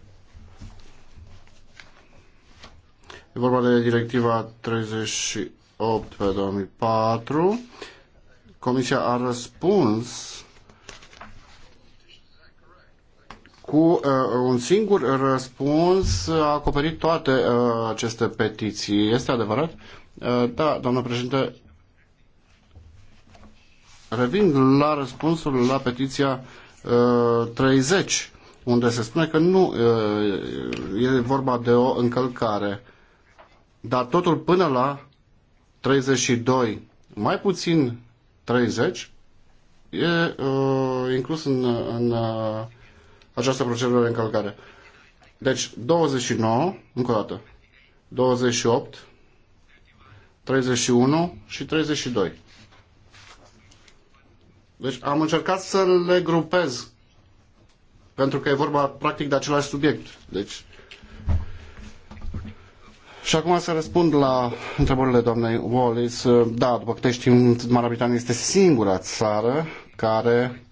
E vorba de directiva 38 pe 2004. Comisia a răspuns cu uh, un singur răspuns a acoperit toate uh, aceste petiții. Este adevărat? Uh, da, doamnă președinte. Revin la răspunsul la petiția uh, 30, unde se spune că nu uh, e vorba de o încălcare, dar totul până la 32, mai puțin 30, e uh, inclus în, în uh, această procedură de încălcare. Deci 29, încă o dată, 28, 31 și 32. Deci am încercat să le grupez, pentru că e vorba practic de același subiect. Deci... Și acum să răspund la întrebările doamnei Wallis. Da, după câte știm, Marea Britanie este singura țară care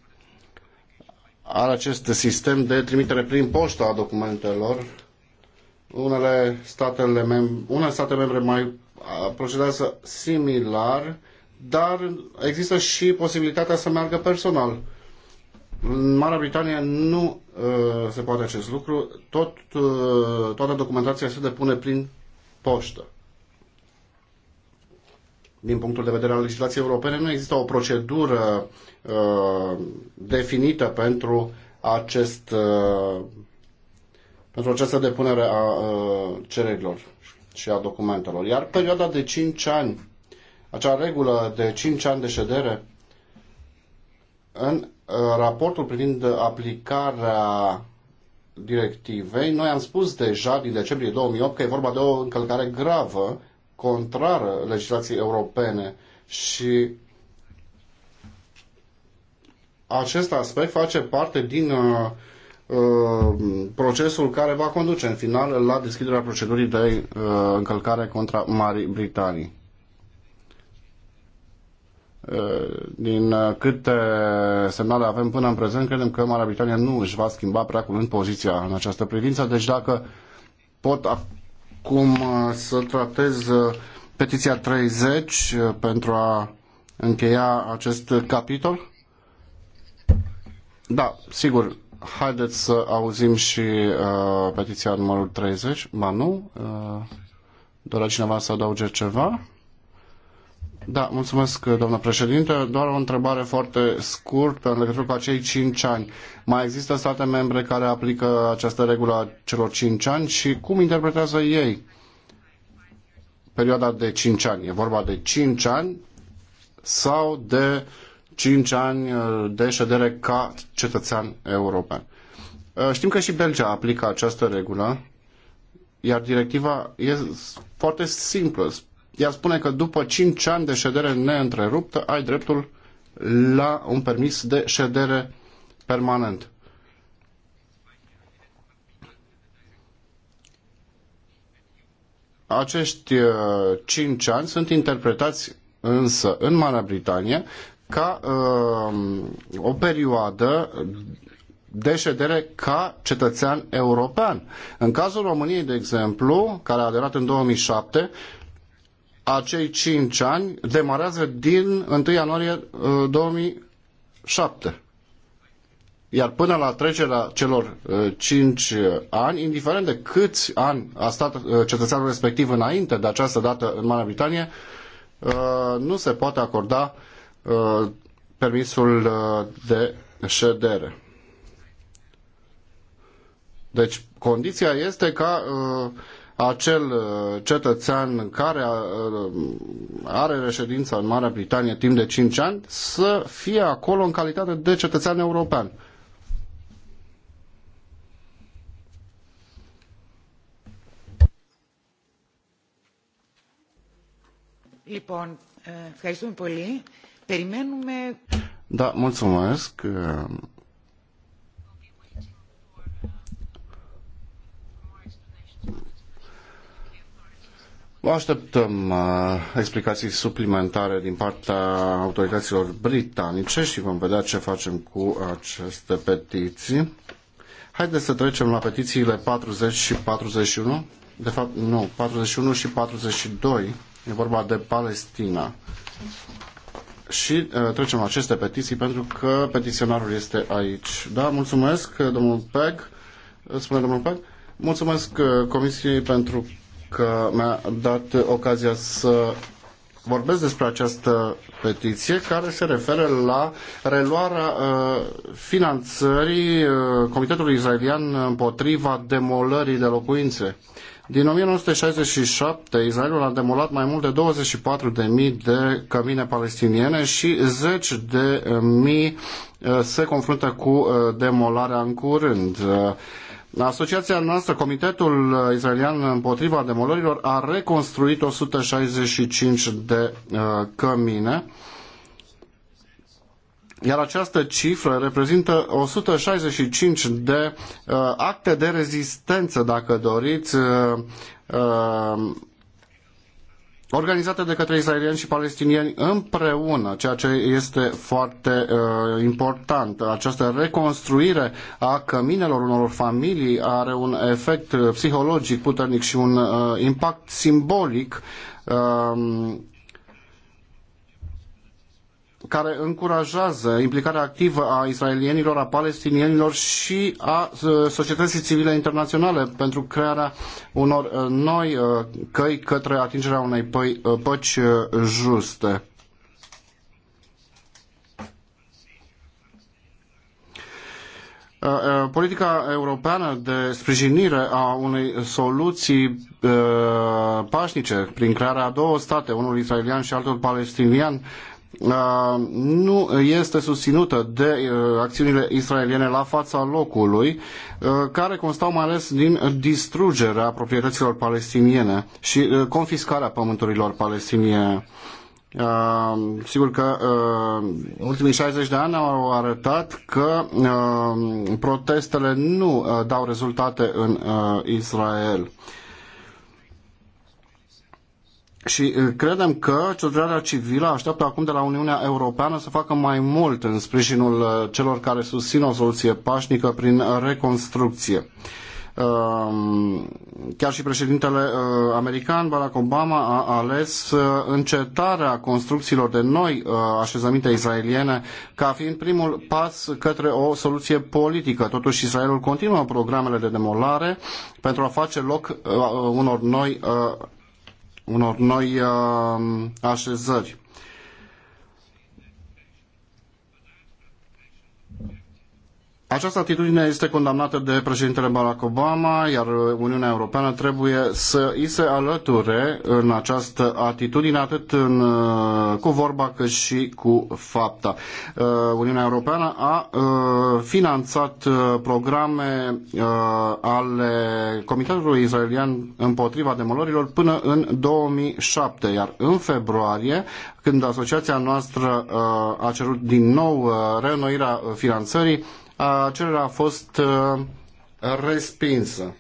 are acest sistem de trimitere prin poștă a documentelor. Unele, statele mem- unele state membre mai procedează similar, dar există și posibilitatea să meargă personal. În Marea Britanie nu uh, se poate acest lucru, tot, uh, toată documentația se depune prin poștă din punctul de vedere al legislației europene, nu există o procedură uh, definită pentru, acest, uh, pentru această depunere a uh, cererilor și a documentelor. Iar perioada de 5 ani, acea regulă de 5 ani de ședere, în uh, raportul privind aplicarea directivei, noi am spus deja din decembrie 2008 că e vorba de o încălcare gravă contrară legislației europene și acest aspect face parte din uh, uh, procesul care va conduce în final la deschiderea procedurii de uh, încălcare contra Marii Britanii. Uh, din uh, câte semnale avem până în prezent, credem că Marea Britanie nu își va schimba prea curând poziția în această privință, deci dacă pot cum uh, să tratez uh, petiția 30 uh, pentru a încheia acest capitol? Da, sigur. Haideți să auzim și uh, petiția numărul 30. Ba nu? Uh, dorea cineva să adauge ceva? Da, mulțumesc, doamnă președinte. Doar o întrebare foarte scurtă în legătură cu acei cinci ani. Mai există state membre care aplică această regulă a celor cinci ani și cum interpretează ei perioada de cinci ani? E vorba de cinci ani sau de cinci ani de ședere ca cetățean european? Uh, știm că și Belgia aplică această regulă, iar directiva e foarte simplă ea spune că după 5 ani de ședere neîntreruptă ai dreptul la un permis de ședere permanent. Acești 5 uh, ani sunt interpretați însă în Marea Britanie ca uh, o perioadă de ședere ca cetățean european. În cazul României, de exemplu, care a aderat în 2007, acei 5 ani demarează din 1 ianuarie 2007. Uh, Iar până la trecerea celor 5 uh, ani, indiferent de câți ani a stat uh, cetățeanul respectiv înainte de această dată în Marea Britanie, nu se poate acorda permisul de ședere. Deci, condiția este ca uh, acel uh, cetățean care uh, are reședința în Marea Britanie timp de 5 ani să fie acolo în calitate de cetățean european. Λοιπόν, uh, ευχαριστούμε πολύ. Περιμένουμε... Da, mulțumesc. Așteptăm uh, explicații suplimentare din partea autorităților britanice și vom vedea ce facem cu aceste petiții. Haideți să trecem la petițiile 40 și 41. De fapt, nu, 41 și 42. E vorba de Palestina. Și uh, trecem la aceste petiții pentru că petiționarul este aici. Da, mulțumesc, domnul Peck. Spune domnul Peck. Mulțumesc uh, Comisiei pentru că mi-a dat ocazia să vorbesc despre această petiție care se referă la reluarea uh, finanțării uh, Comitetului Israelian împotriva demolării de locuințe. Din 1967, Israelul a demolat mai mult de 24.000 de cămine palestiniene și 10 de mii uh, se confruntă cu demolarea în curând. Asociația noastră, Comitetul Israelian împotriva demolărilor, a reconstruit 165 de uh, cămine, iar această cifră reprezintă 165 de uh, acte de rezistență, dacă doriți, uh, uh organizate de către israelieni și palestinieni împreună, ceea ce este foarte uh, important. Această reconstruire a căminelor unor familii are un efect psihologic puternic și un uh, impact simbolic uh, care încurajează implicarea activă a israelienilor, a palestinienilor și a uh, societății civile internaționale pentru crearea unor uh, noi uh, căi către atingerea unei păi, păci juste. Politica europeană de sprijinire a unei soluții pașnice prin crearea a două state, unul israelian și altul palestinian, nu este susținută de acțiunile israeliene la fața locului, care constau mai ales din distrugerea proprietăților palestiniene și confiscarea pământurilor palestiniene. Uh, sigur că uh, ultimii 60 de ani au arătat că uh, protestele nu uh, dau rezultate în uh, Israel. Și uh, credem că societatea civilă așteaptă acum de la Uniunea Europeană să facă mai mult în sprijinul uh, celor care susțin o soluție pașnică prin reconstrucție. Um, chiar și președintele uh, american, Barack Obama, a ales încetarea construcțiilor de noi așezăminte israeliene ca fiind primul pas către o soluție politică. Totuși, Israelul continuă programele de demolare pentru a face loc unor noi unor noi uh, așezări. Această atitudine este condamnată de președintele Barack Obama, iar Uniunea Europeană trebuie să îi se alăture în această atitudine, atât în, uh, cu vorba cât și cu fapta. Uh, Uniunea Europeană a uh, finanțat programe ale Comitetului Israelian împotriva demolărilor până în 2007, iar în februarie, când asociația noastră a cerut din nou reînnoirea finanțării, Cererea a fost uh, respinsă.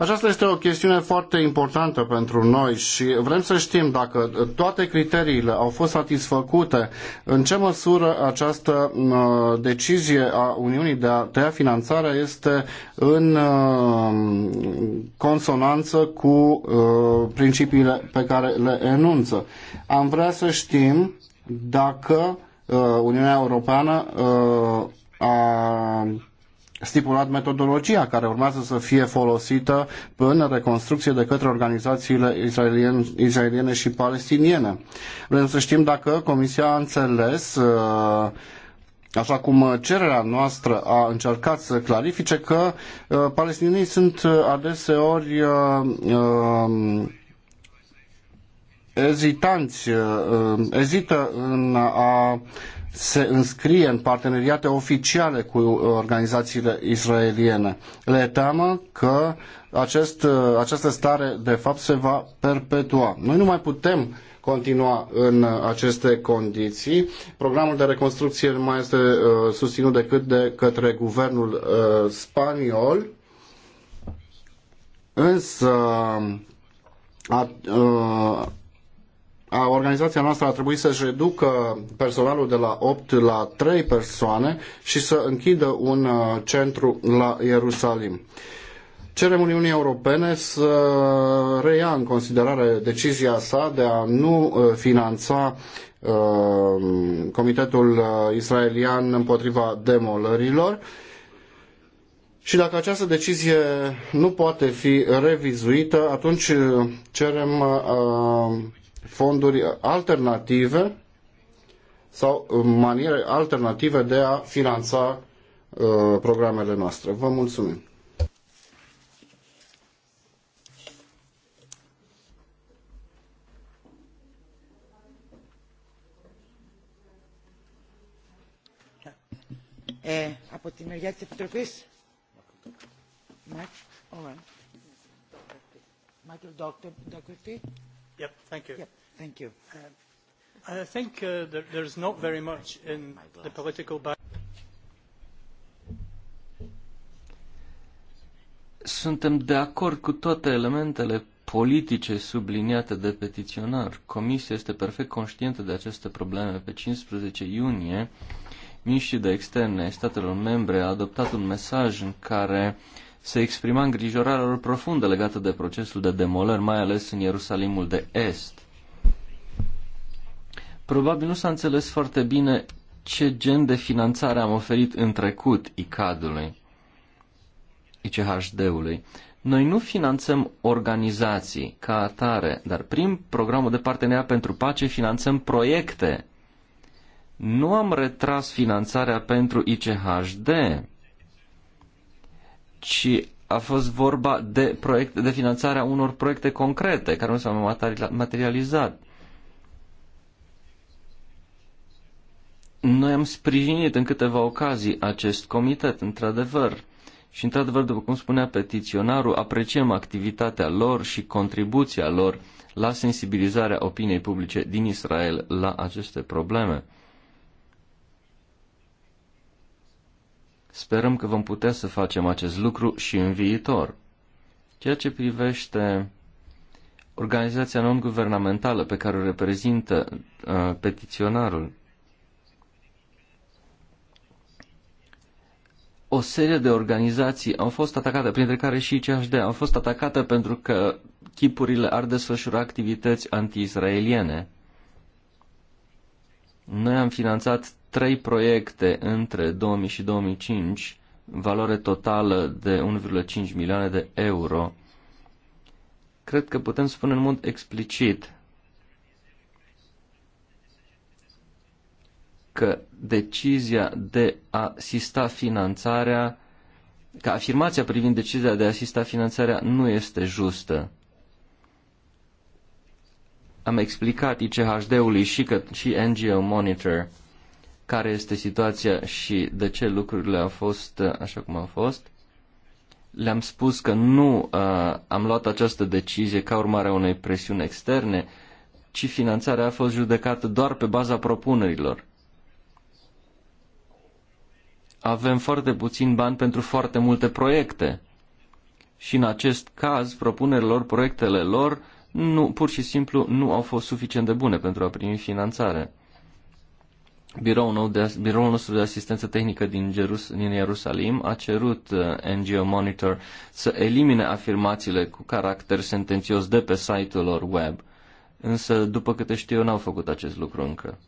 Aceasta este o chestiune foarte importantă pentru noi și vrem să știm dacă toate criteriile au fost satisfăcute, în ce măsură această uh, decizie a Uniunii de a tăia finanțarea este în uh, consonanță cu uh, principiile pe care le enunță. Am vrea să știm dacă Uniunea Europeană a stipulat metodologia care urmează să fie folosită în reconstrucție de către organizațiile israeliene, israeliene și palestiniene. Vrem să știm dacă Comisia a înțeles, uh, așa cum cererea noastră a încercat să clarifice, că uh, palestinienii sunt uh, adeseori um, ezitanți, ezită în a se înscrie în parteneriate oficiale cu organizațiile israeliene. Le teamă că acest, această stare de fapt se va perpetua. Noi nu mai putem continua în aceste condiții. Programul de reconstrucție nu mai este uh, susținut decât de către guvernul uh, spaniol, însă uh, organizația noastră a trebuit să-și reducă personalul de la opt la trei persoane și să închidă un uh, centru la Ierusalim. Cerem Uniunii Europene să reia în considerare decizia sa de a nu uh, finanța uh, Comitetul Israelian împotriva demolărilor și dacă această decizie nu poate fi revizuită, atunci cerem fonduri alternative sau maniere alternative de a finanța uh, programele noastre. Vă mulțumim! Ε, από τη μεριά της Επιτροπής. Uh, I think uh, there, not very much in the political Suntem de acord cu toate elementele politice subliniate de petiționar. Comisia este perfect conștientă de aceste probleme. Pe 15 iunie, miniștrii de externe ai statelor membre a adoptat un mesaj în care uh, se exprima îngrijorarea lor profundă legată de procesul de demolări, mai ales în Ierusalimul de Est. Probabil nu s-a înțeles foarte bine ce gen de finanțare am oferit în trecut ICAD-ului, ICHD-ului. Noi nu finanțăm organizații ca atare, dar prin programul de parteneriat pentru pace finanțăm proiecte. Nu am retras finanțarea pentru ICHD, ci a fost vorba de, proiect de finanțarea unor proiecte concrete care nu s-au materializat. Noi am sprijinit în câteva ocazii acest comitet, într-adevăr. Și, într-adevăr, după cum spunea petiționarul, apreciem activitatea lor și contribuția lor la sensibilizarea opiniei publice din Israel la aceste probleme. Sperăm că vom putea să facem acest lucru și în viitor. Ceea ce privește organizația non-guvernamentală pe care o reprezintă uh, petiționarul, o serie de organizații au fost atacate, printre care și CHD, au fost atacate pentru că chipurile ar desfășura activități anti-israeliene. Noi am finanțat trei proiecte între 2000 și 2005, valoare totală de 1,5 milioane de euro. Cred că putem spune în mod explicit că decizia de a asista finanțarea, că afirmația privind decizia de a asista finanțarea nu este justă. Am explicat ICHD-ului și, că, și NGO Monitor care este situația și de ce lucrurile au fost uh, așa cum au fost. Le-am spus că nu uh, am luat această decizie ca urmare a unei presiuni externe, ci finanțarea a fost judecată doar pe baza propunerilor. Avem foarte puțin bani pentru foarte multe proiecte și în acest caz propunerile lor, proiectele lor, nu, pur și simplu nu au fost suficient de bune pentru a primi finanțare biroul, nou de, biroul nostru de asistență tehnică din, Jerus, din Ierusalim a cerut uh, NGO Monitor să elimine afirmațiile cu caracter sentențios de pe site-ul lor web. Însă, după câte știu n-au făcut acest lucru încă.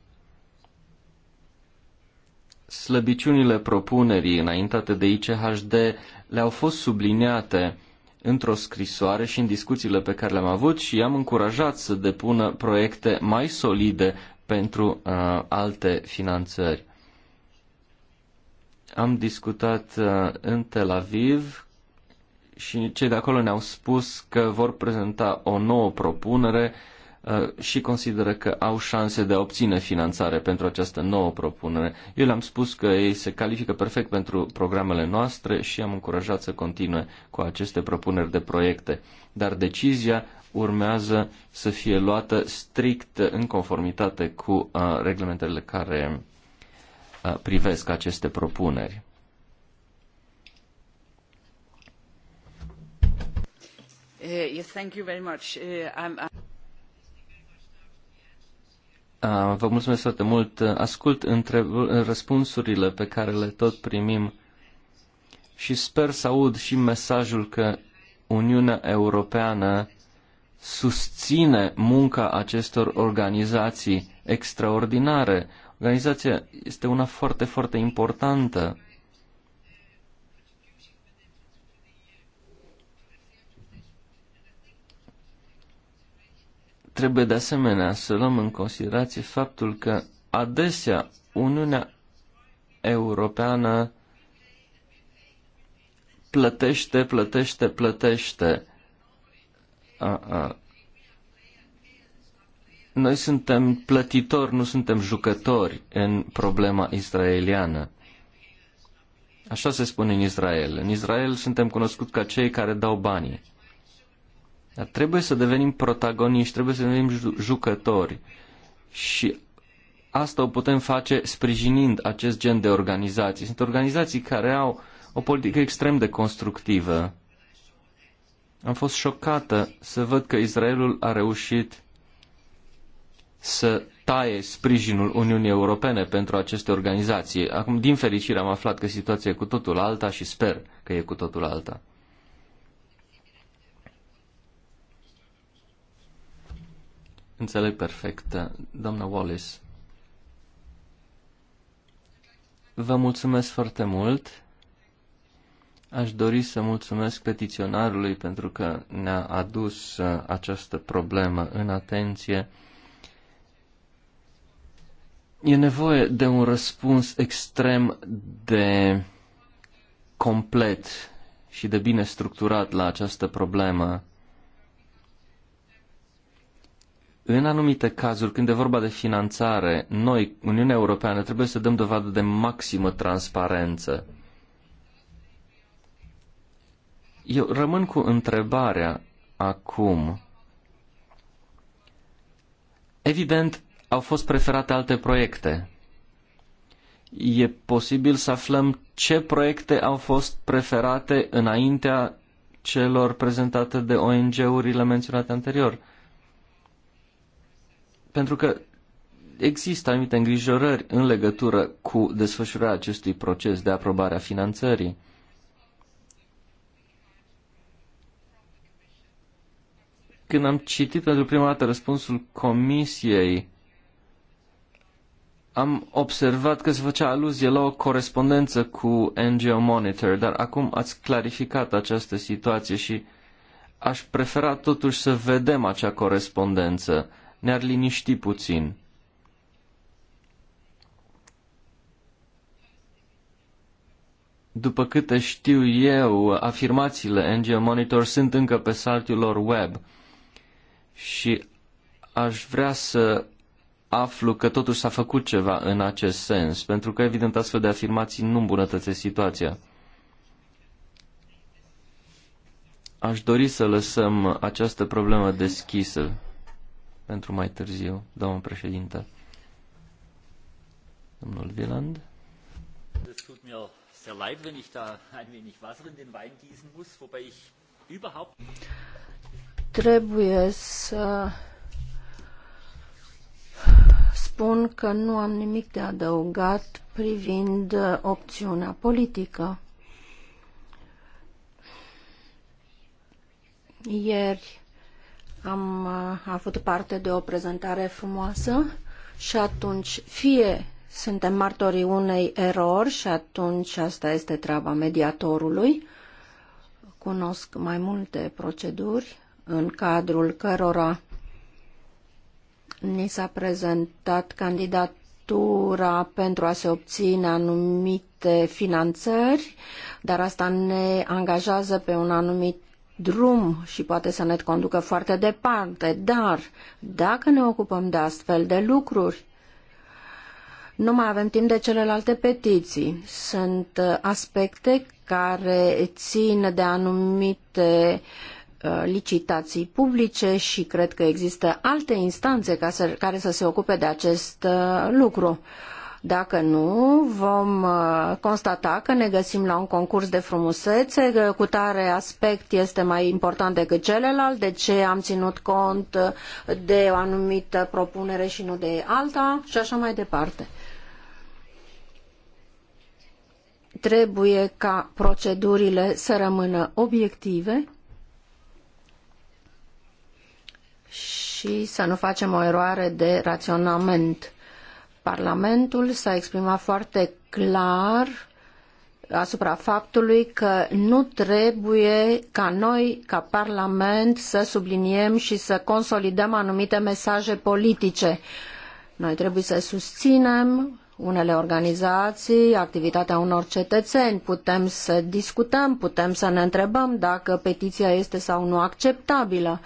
Slăbiciunile propunerii înaintate de ICHD le-au fost subliniate într-o scrisoare și în discuțiile pe care le-am avut și i-am încurajat să depună proiecte mai solide pentru uh, alte finanțări. Am discutat uh, în Tel Aviv și cei de acolo ne-au spus că vor prezenta o nouă propunere uh, și consideră că au șanse de a obține finanțare pentru această nouă propunere. Eu le-am spus că ei se califică perfect pentru programele noastre și am încurajat să continue cu aceste propuneri de proiecte. Dar decizia urmează să fie luată strict în conformitate cu uh, reglementările care uh, privesc aceste propuneri. Uh, yes, thank you very much. Uh, I'm, I'm... Uh, vă mulțumesc foarte mult. Ascult între răspunsurile pe care le tot primim și sper să aud și mesajul că Uniunea Europeană susține munca acestor organizații extraordinare. Organizația este una foarte, foarte importantă. Trebuie de asemenea să luăm în considerație faptul că adesea Uniunea Europeană plătește, plătește, plătește noi suntem plătitori, nu suntem jucători în problema israeliană. Așa se spune în Israel. În Israel suntem cunoscuți ca cei care dau banii. Dar trebuie să devenim protagoniști, trebuie să devenim jucători. Și asta o putem face sprijinind acest gen de organizații. Sunt organizații care au o politică extrem de constructivă am fost șocată să văd că Israelul a reușit să taie sprijinul Uniunii Europene pentru aceste organizații. Acum, din fericire, am aflat că situația e cu totul alta și sper că e cu totul alta. Înțeleg perfect, doamna Wallace. Vă mulțumesc foarte mult. Aș dori să mulțumesc petiționarului pentru că ne-a adus uh, această problemă în atenție. E nevoie de un răspuns extrem de complet și de bine structurat la această problemă. În anumite cazuri, când e vorba de finanțare, noi, Uniunea Europeană, trebuie să dăm dovadă de maximă transparență. Eu rămân cu întrebarea acum. Evident, au fost preferate alte proiecte. E posibil să aflăm ce proiecte au fost preferate înaintea celor prezentate de ONG-urile menționate anterior. Pentru că există anumite îngrijorări în legătură cu desfășurarea acestui proces de aprobare a finanțării. Când am citit pentru prima dată răspunsul comisiei, am observat că se făcea aluzie la o corespondență cu NGO Monitor, dar acum ați clarificat această situație și aș prefera totuși să vedem acea corespondență. Ne-ar liniști puțin. După câte știu eu, afirmațiile NGO Monitor sunt încă pe site-ul lor web și aș vrea să aflu că totuși s-a făcut ceva în acest sens, pentru că, evident, astfel de afirmații nu îmbunătățesc situația. Aș dori să lăsăm această problemă deschisă pentru mai târziu, domnul președinte. Domnul Wieland. sehr leid, wenn ich da ein wenig Wasser in den Wein gießen muss, wobei ich überhaupt Trebuie să spun că nu am nimic de adăugat privind opțiunea politică. Ieri am avut parte de o prezentare frumoasă și atunci fie suntem martorii unei erori și atunci asta este treaba mediatorului. Cunosc mai multe proceduri în cadrul cărora ni s-a prezentat candidatura pentru a se obține anumite finanțări, dar asta ne angajează pe un anumit drum și poate să ne conducă foarte departe, dar dacă ne ocupăm de astfel de lucruri, nu mai avem timp de celelalte petiții. Sunt aspecte care țin de anumite uh, Uh, licitații publice și cred că există alte instanțe ca să, care să se ocupe de acest uh, lucru. Dacă nu, vom uh, constata că ne găsim la un concurs de frumusețe, că cu tare aspect este mai important decât celălalt, de ce am ținut cont de o anumită propunere și nu de alta și așa mai departe. Trebuie ca procedurile să rămână obiective și să nu facem o eroare de raționament. Parlamentul s-a exprimat foarte clar asupra faptului că nu trebuie ca noi, ca Parlament, să subliniem și să consolidăm anumite mesaje politice. Noi trebuie să susținem unele organizații, activitatea unor cetățeni, putem să discutăm, putem să ne întrebăm dacă petiția este sau nu acceptabilă.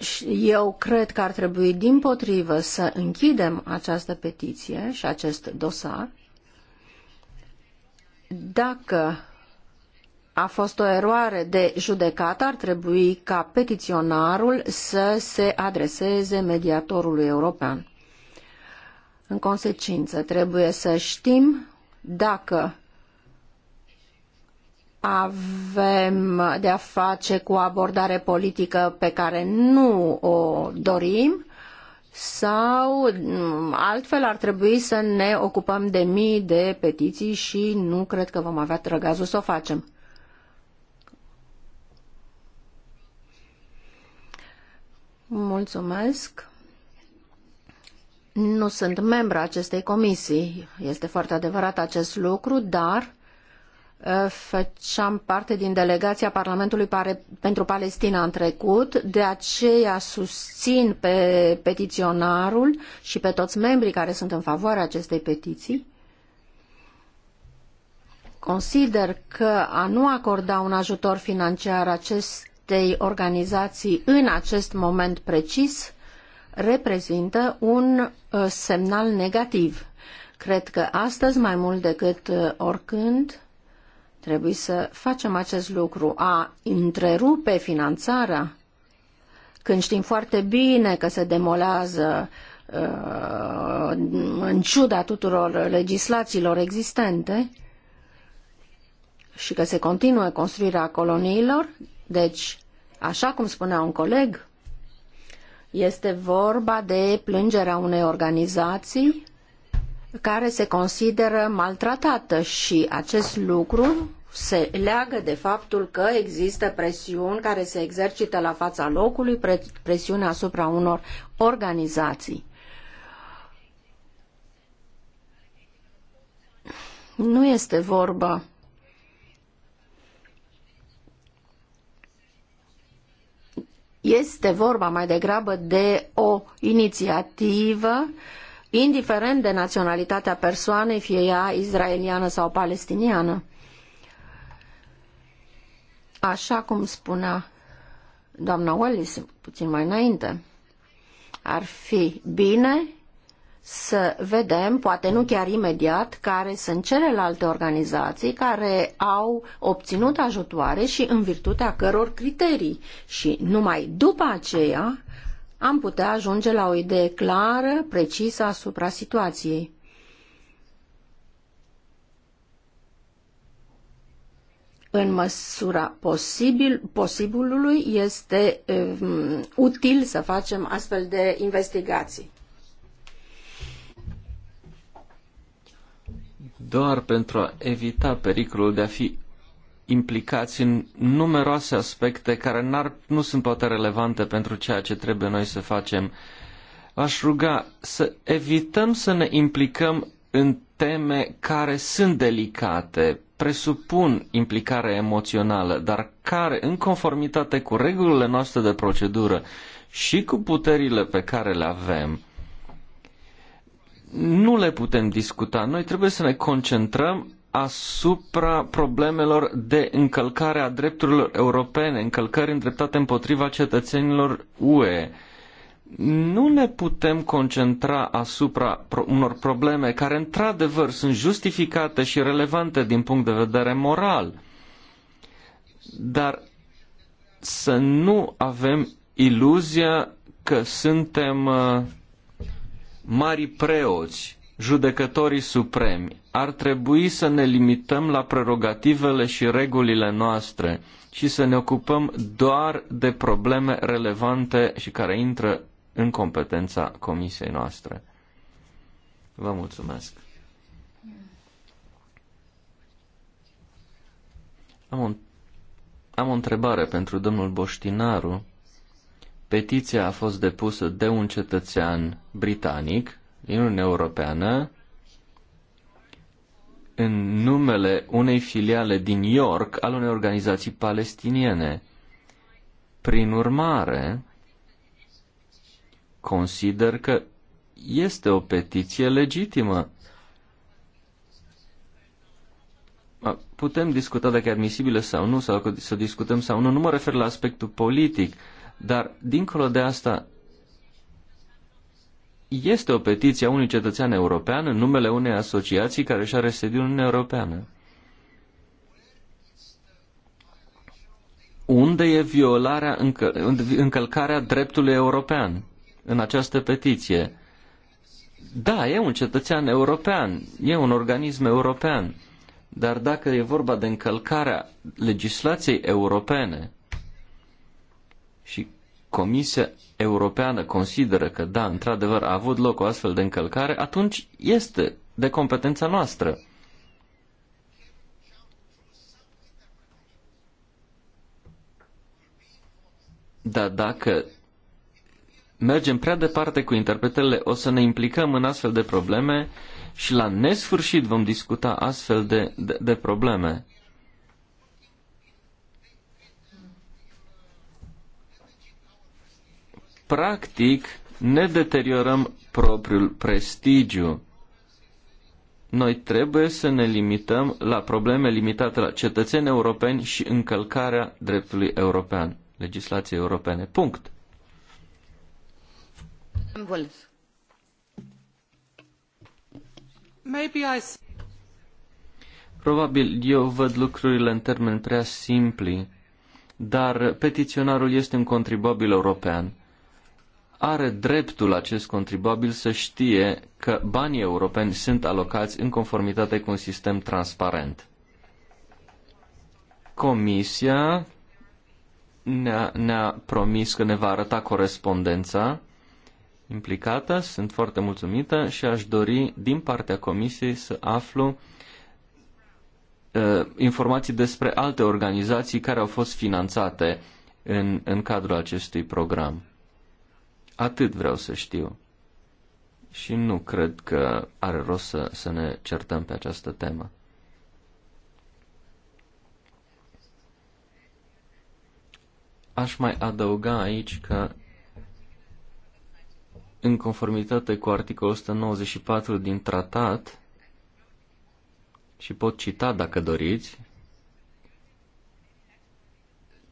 Și eu cred că ar trebui din potrivă să închidem această petiție și acest dosar. Dacă a fost o eroare de judecată, ar trebui ca petiționarul să se adreseze mediatorului european. În consecință, trebuie să știm dacă avem de a face cu o abordare politică pe care nu o dorim sau mm, altfel ar trebui să ne ocupăm de mii de petiții și nu cred că vom avea trăgazul să o facem. Mulțumesc. Nu sunt a acestei comisii. Este foarte adevărat acest lucru, dar Uh, făceam parte din delegația Parlamentului pentru Palestina în trecut, de aceea susțin pe petiționarul și pe toți membrii care sunt în favoarea acestei petiții. Consider că a nu acorda un ajutor financiar acestei organizații în acest moment precis reprezintă un uh, semnal negativ. Cred că astăzi, mai mult decât uh, oricând, Trebuie să facem acest lucru, a întrerupe finanțarea, când știm foarte bine că se demolează uh, în ciuda tuturor legislațiilor existente și că se continuă construirea coloniilor, deci, așa cum spunea un coleg, este vorba de plângerea unei organizații care se consideră maltratată și acest lucru se leagă de faptul că există presiuni care se exercită la fața locului, presiune asupra unor organizații. Nu este vorba Este vorba mai degrabă de o inițiativă uh, indiferent de naționalitatea persoanei, fie ea israeliană sau palestiniană. Așa cum spunea doamna Wallis puțin mai înainte, ar fi bine să vedem, poate nu chiar imediat, care sunt celelalte organizații care au obținut ajutoare și în virtutea căror criterii și numai după aceea am putea ajunge la o idee clară, precisă asupra situației. în măsura posibil, posibilului este um, util să facem astfel de investigații. Doar pentru a evita pericolul de a fi implicați în numeroase aspecte care n-ar, nu sunt poate relevante pentru ceea ce trebuie noi să facem. Aș ruga să evităm să ne implicăm în teme care sunt delicate, presupun implicare emoțională, dar care, în conformitate cu regulile noastre de procedură și cu puterile pe care le avem, nu le putem discuta. Noi trebuie să ne concentrăm asupra problemelor de încălcare a drepturilor europene, încălcări îndreptate împotriva cetățenilor UE. Nu ne putem concentra asupra unor probleme care într-adevăr sunt justificate și relevante din punct de vedere moral, dar să nu avem iluzia că suntem uh, mari preoți judecătorii supremi. Ar trebui să ne limităm la prerogativele și regulile noastre și să ne ocupăm doar de probleme relevante și care intră în competența comisiei noastre. Vă mulțumesc. Am o, am o întrebare pentru domnul Boștinaru. Petiția a fost depusă de un cetățean britanic din Uniunea Europeană în numele unei filiale din York al unei organizații palestiniene. Prin urmare, consider că este o petiție legitimă. Putem discuta dacă e admisibilă sau nu, sau să discutăm sau nu, nu mă refer la aspectul politic, dar dincolo de asta este o petiție a unui cetățean european în numele unei asociații care și-a resediul în Uniunea Europeană. Unde e violarea, încă, încălcarea dreptului european în această petiție? Da, e un cetățean european, e un organism european, dar dacă e vorba de încălcarea legislației europene și Comisia Europeană consideră că, da, într-adevăr, a avut loc o astfel de încălcare, atunci este de competența noastră. Dar dacă mergem prea departe cu interpretările, o să ne implicăm în astfel de probleme și la nesfârșit vom discuta astfel de, de, de probleme. Practic, ne deteriorăm propriul prestigiu. Noi trebuie să ne limităm la probleme limitate la cetățeni europeni și încălcarea dreptului european, legislației europene. Punct. Probabil eu văd lucrurile în termeni prea simpli, dar petiționarul este un contribuabil european are dreptul acest contribuabil să știe că banii europeni sunt alocați în conformitate cu un sistem transparent. Comisia ne-a, ne promis că ne va arăta corespondența implicată, sunt foarte mulțumită și aș dori din partea Comisiei să aflu uh, informații despre alte organizații care au fost finanțate în, în cadrul acestui program. Atât vreau să știu. Și nu cred că are rost să, să ne certăm pe această temă. Aș mai adăuga aici că în conformitate cu articolul 194 din tratat, și pot cita dacă doriți,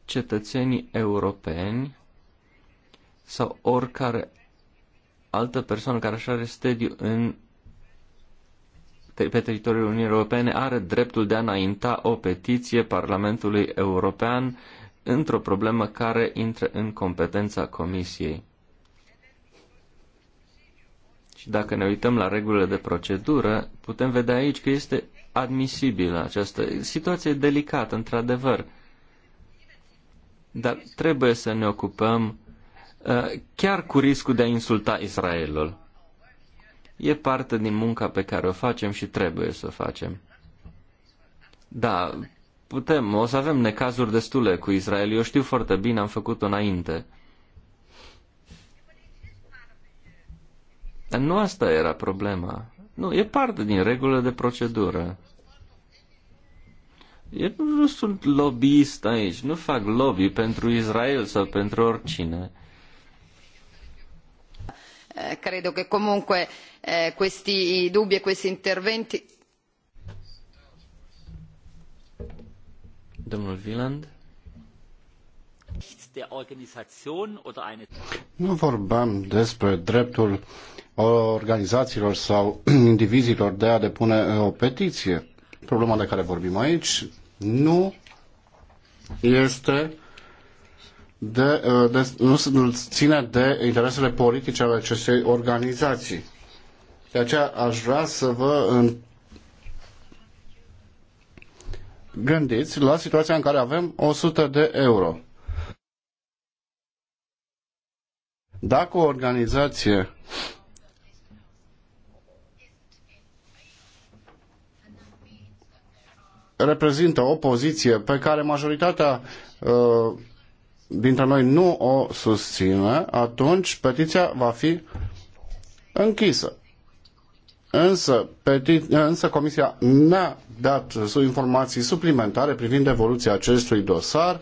cetățenii europeni sau oricare altă persoană care așa are stediu în, pe teritoriul Uniunii Europene are dreptul de a înainta o petiție Parlamentului European într-o problemă care intră în competența Comisiei. Și dacă ne uităm la regulile de procedură, putem vedea aici că este admisibilă această situație delicată, într-adevăr. Dar trebuie să ne ocupăm Eh, chiar cu riscul de a insulta Israelul. E parte din munca pe care o facem și trebuie să o facem. Da, putem, o să avem necazuri destule cu Israel. Eu știu foarte bine, am făcut-o înainte. Dar nu asta era problema. Nu, e parte din regulă de procedură. Eu nu sunt lobbyist aici, nu fac lobby pentru Israel sau pentru oricine. Eh, credo che comunque eh, questi dubbi e questi interventi Nu vorbeam despre dreptul organizațiilor sau indivizilor de a depune eh, o petiție. Problema de care vorbim aici nu este de, uh, de, nu ține de interesele politice ale acestei organizații. De aceea aș vrea să vă în... gândiți la situația în care avem 100 de euro. Dacă o organizație reprezintă o poziție pe care majoritatea uh, dintre noi nu o susțină, atunci petiția va fi închisă. Însă, peti- însă Comisia n-a dat informații suplimentare privind evoluția acestui dosar.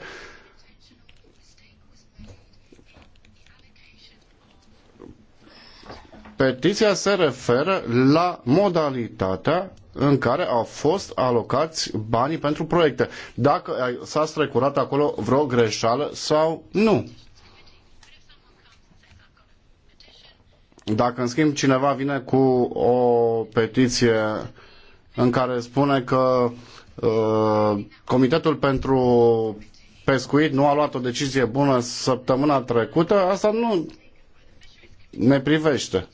Petiția se referă la modalitatea în care au fost alocați banii pentru proiecte. Dacă s-a strecurat acolo vreo greșeală sau nu. Dacă, în schimb, cineva vine cu o petiție în care spune că uh, Comitetul pentru Pescuit nu a luat o decizie bună săptămâna trecută, asta nu ne privește.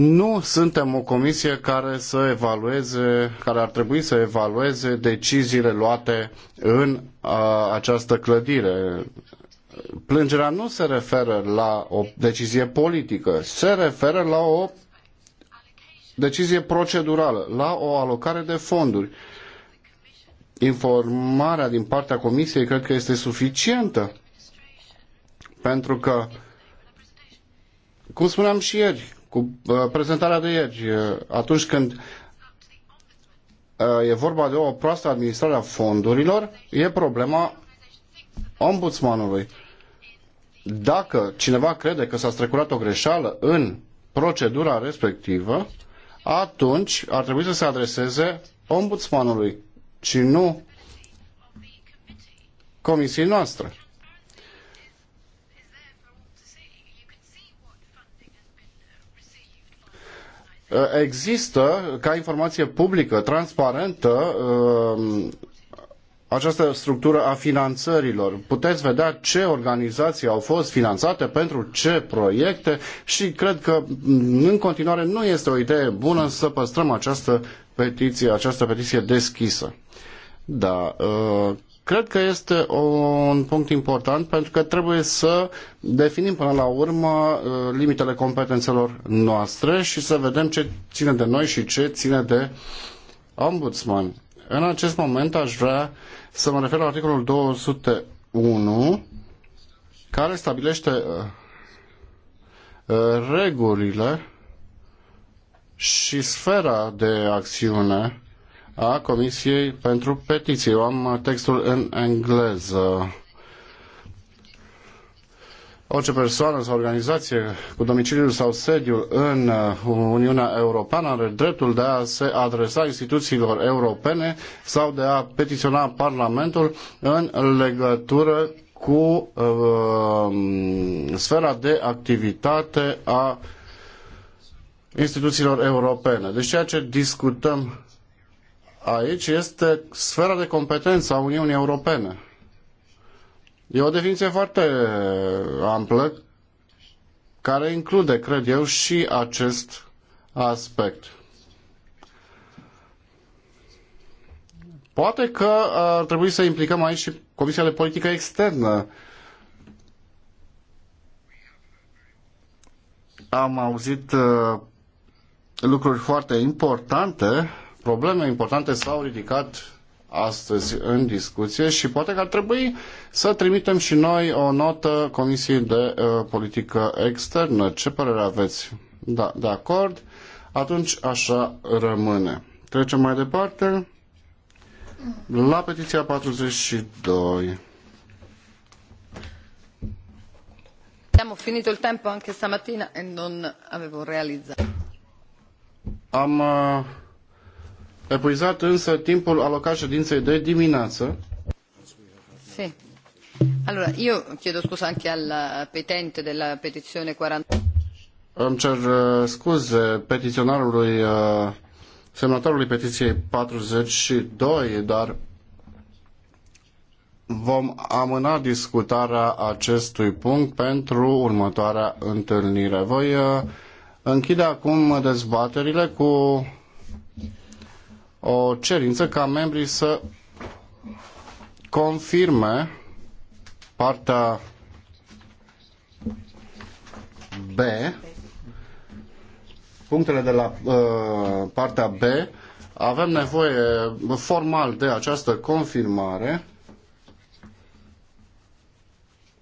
Nu suntem o comisie care să evalueze, care ar trebui să evalueze deciziile luate în a, această clădire. Plângerea nu se referă la o decizie politică, se referă la o decizie procedurală, la o alocare de fonduri. Informarea din partea comisiei cred că este suficientă, pentru că, cum spuneam și ieri, cu uh, prezentarea de ieri, uh, atunci când uh, e vorba de o proastă administrare a fondurilor, e problema ombudsmanului. Dacă cineva crede că s-a strecurat o greșeală în procedura respectivă, atunci ar trebui să se adreseze ombudsmanului și nu comisiei noastre. Uh, există ca informație publică, transparentă, uh, această structură a finanțărilor. Puteți vedea ce organizații au fost finanțate pentru ce proiecte și cred că mm, în continuare nu este o idee bună să păstrăm această petiție, această petiție deschisă. Da, uh, Cred că este un punct important pentru că trebuie să definim până la urmă uh, limitele competențelor noastre și să vedem ce ține de noi și ce ține de ombudsman. În acest moment aș vrea să mă refer la articolul 201 care stabilește uh, uh, regulile și sfera de acțiune a Comisiei pentru Petiții. Eu am textul în engleză. Orice persoană sau organizație cu domiciliul sau sediul în uh, Uniunea Europeană are dreptul de a se adresa instituțiilor europene sau de a petiționa Parlamentul în legătură cu uh, sfera de activitate a instituțiilor europene. Deci ceea ce discutăm aici este sfera de competență a Uniunii Europene. E o definiție foarte amplă care include, cred eu, și acest aspect. Poate că ar trebui să implicăm aici și Comisia de Politică Externă. Am auzit uh, lucruri foarte importante probleme importante s-au ridicat astăzi în discuție și poate că ar trebui să trimitem și noi o notă Comisiei de uh, Politică Externă. Ce părere aveți? Da, de acord. Atunci așa rămâne. Trecem mai departe la petiția 42. Abbiamo finito il tempo anche stamattina e non avevo realizzato. Am uh, epuizat însă timpul alocat ședinței de dimineață. Sì. Allora, io chiedo scusa anche al petente della petizione 40. Îmi cer uh, scuze petiționarului, uh, semnatarului petiției 42, dar vom amâna discutarea acestui punct pentru următoarea întâlnire. Voi uh, închide acum dezbaterile cu o cerință ca membrii să confirme partea B, punctele de la uh, partea B, avem nevoie formal de această confirmare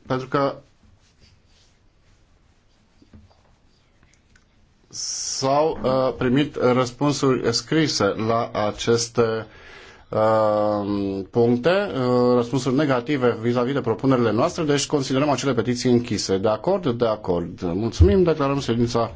pentru că s-au uh, primit răspunsuri scrise la aceste uh, puncte, uh, răspunsuri negative vis-a-vis -vis de propunerile noastre, deci considerăm acele petiții închise. De acord? De acord. Mulțumim, declarăm ședința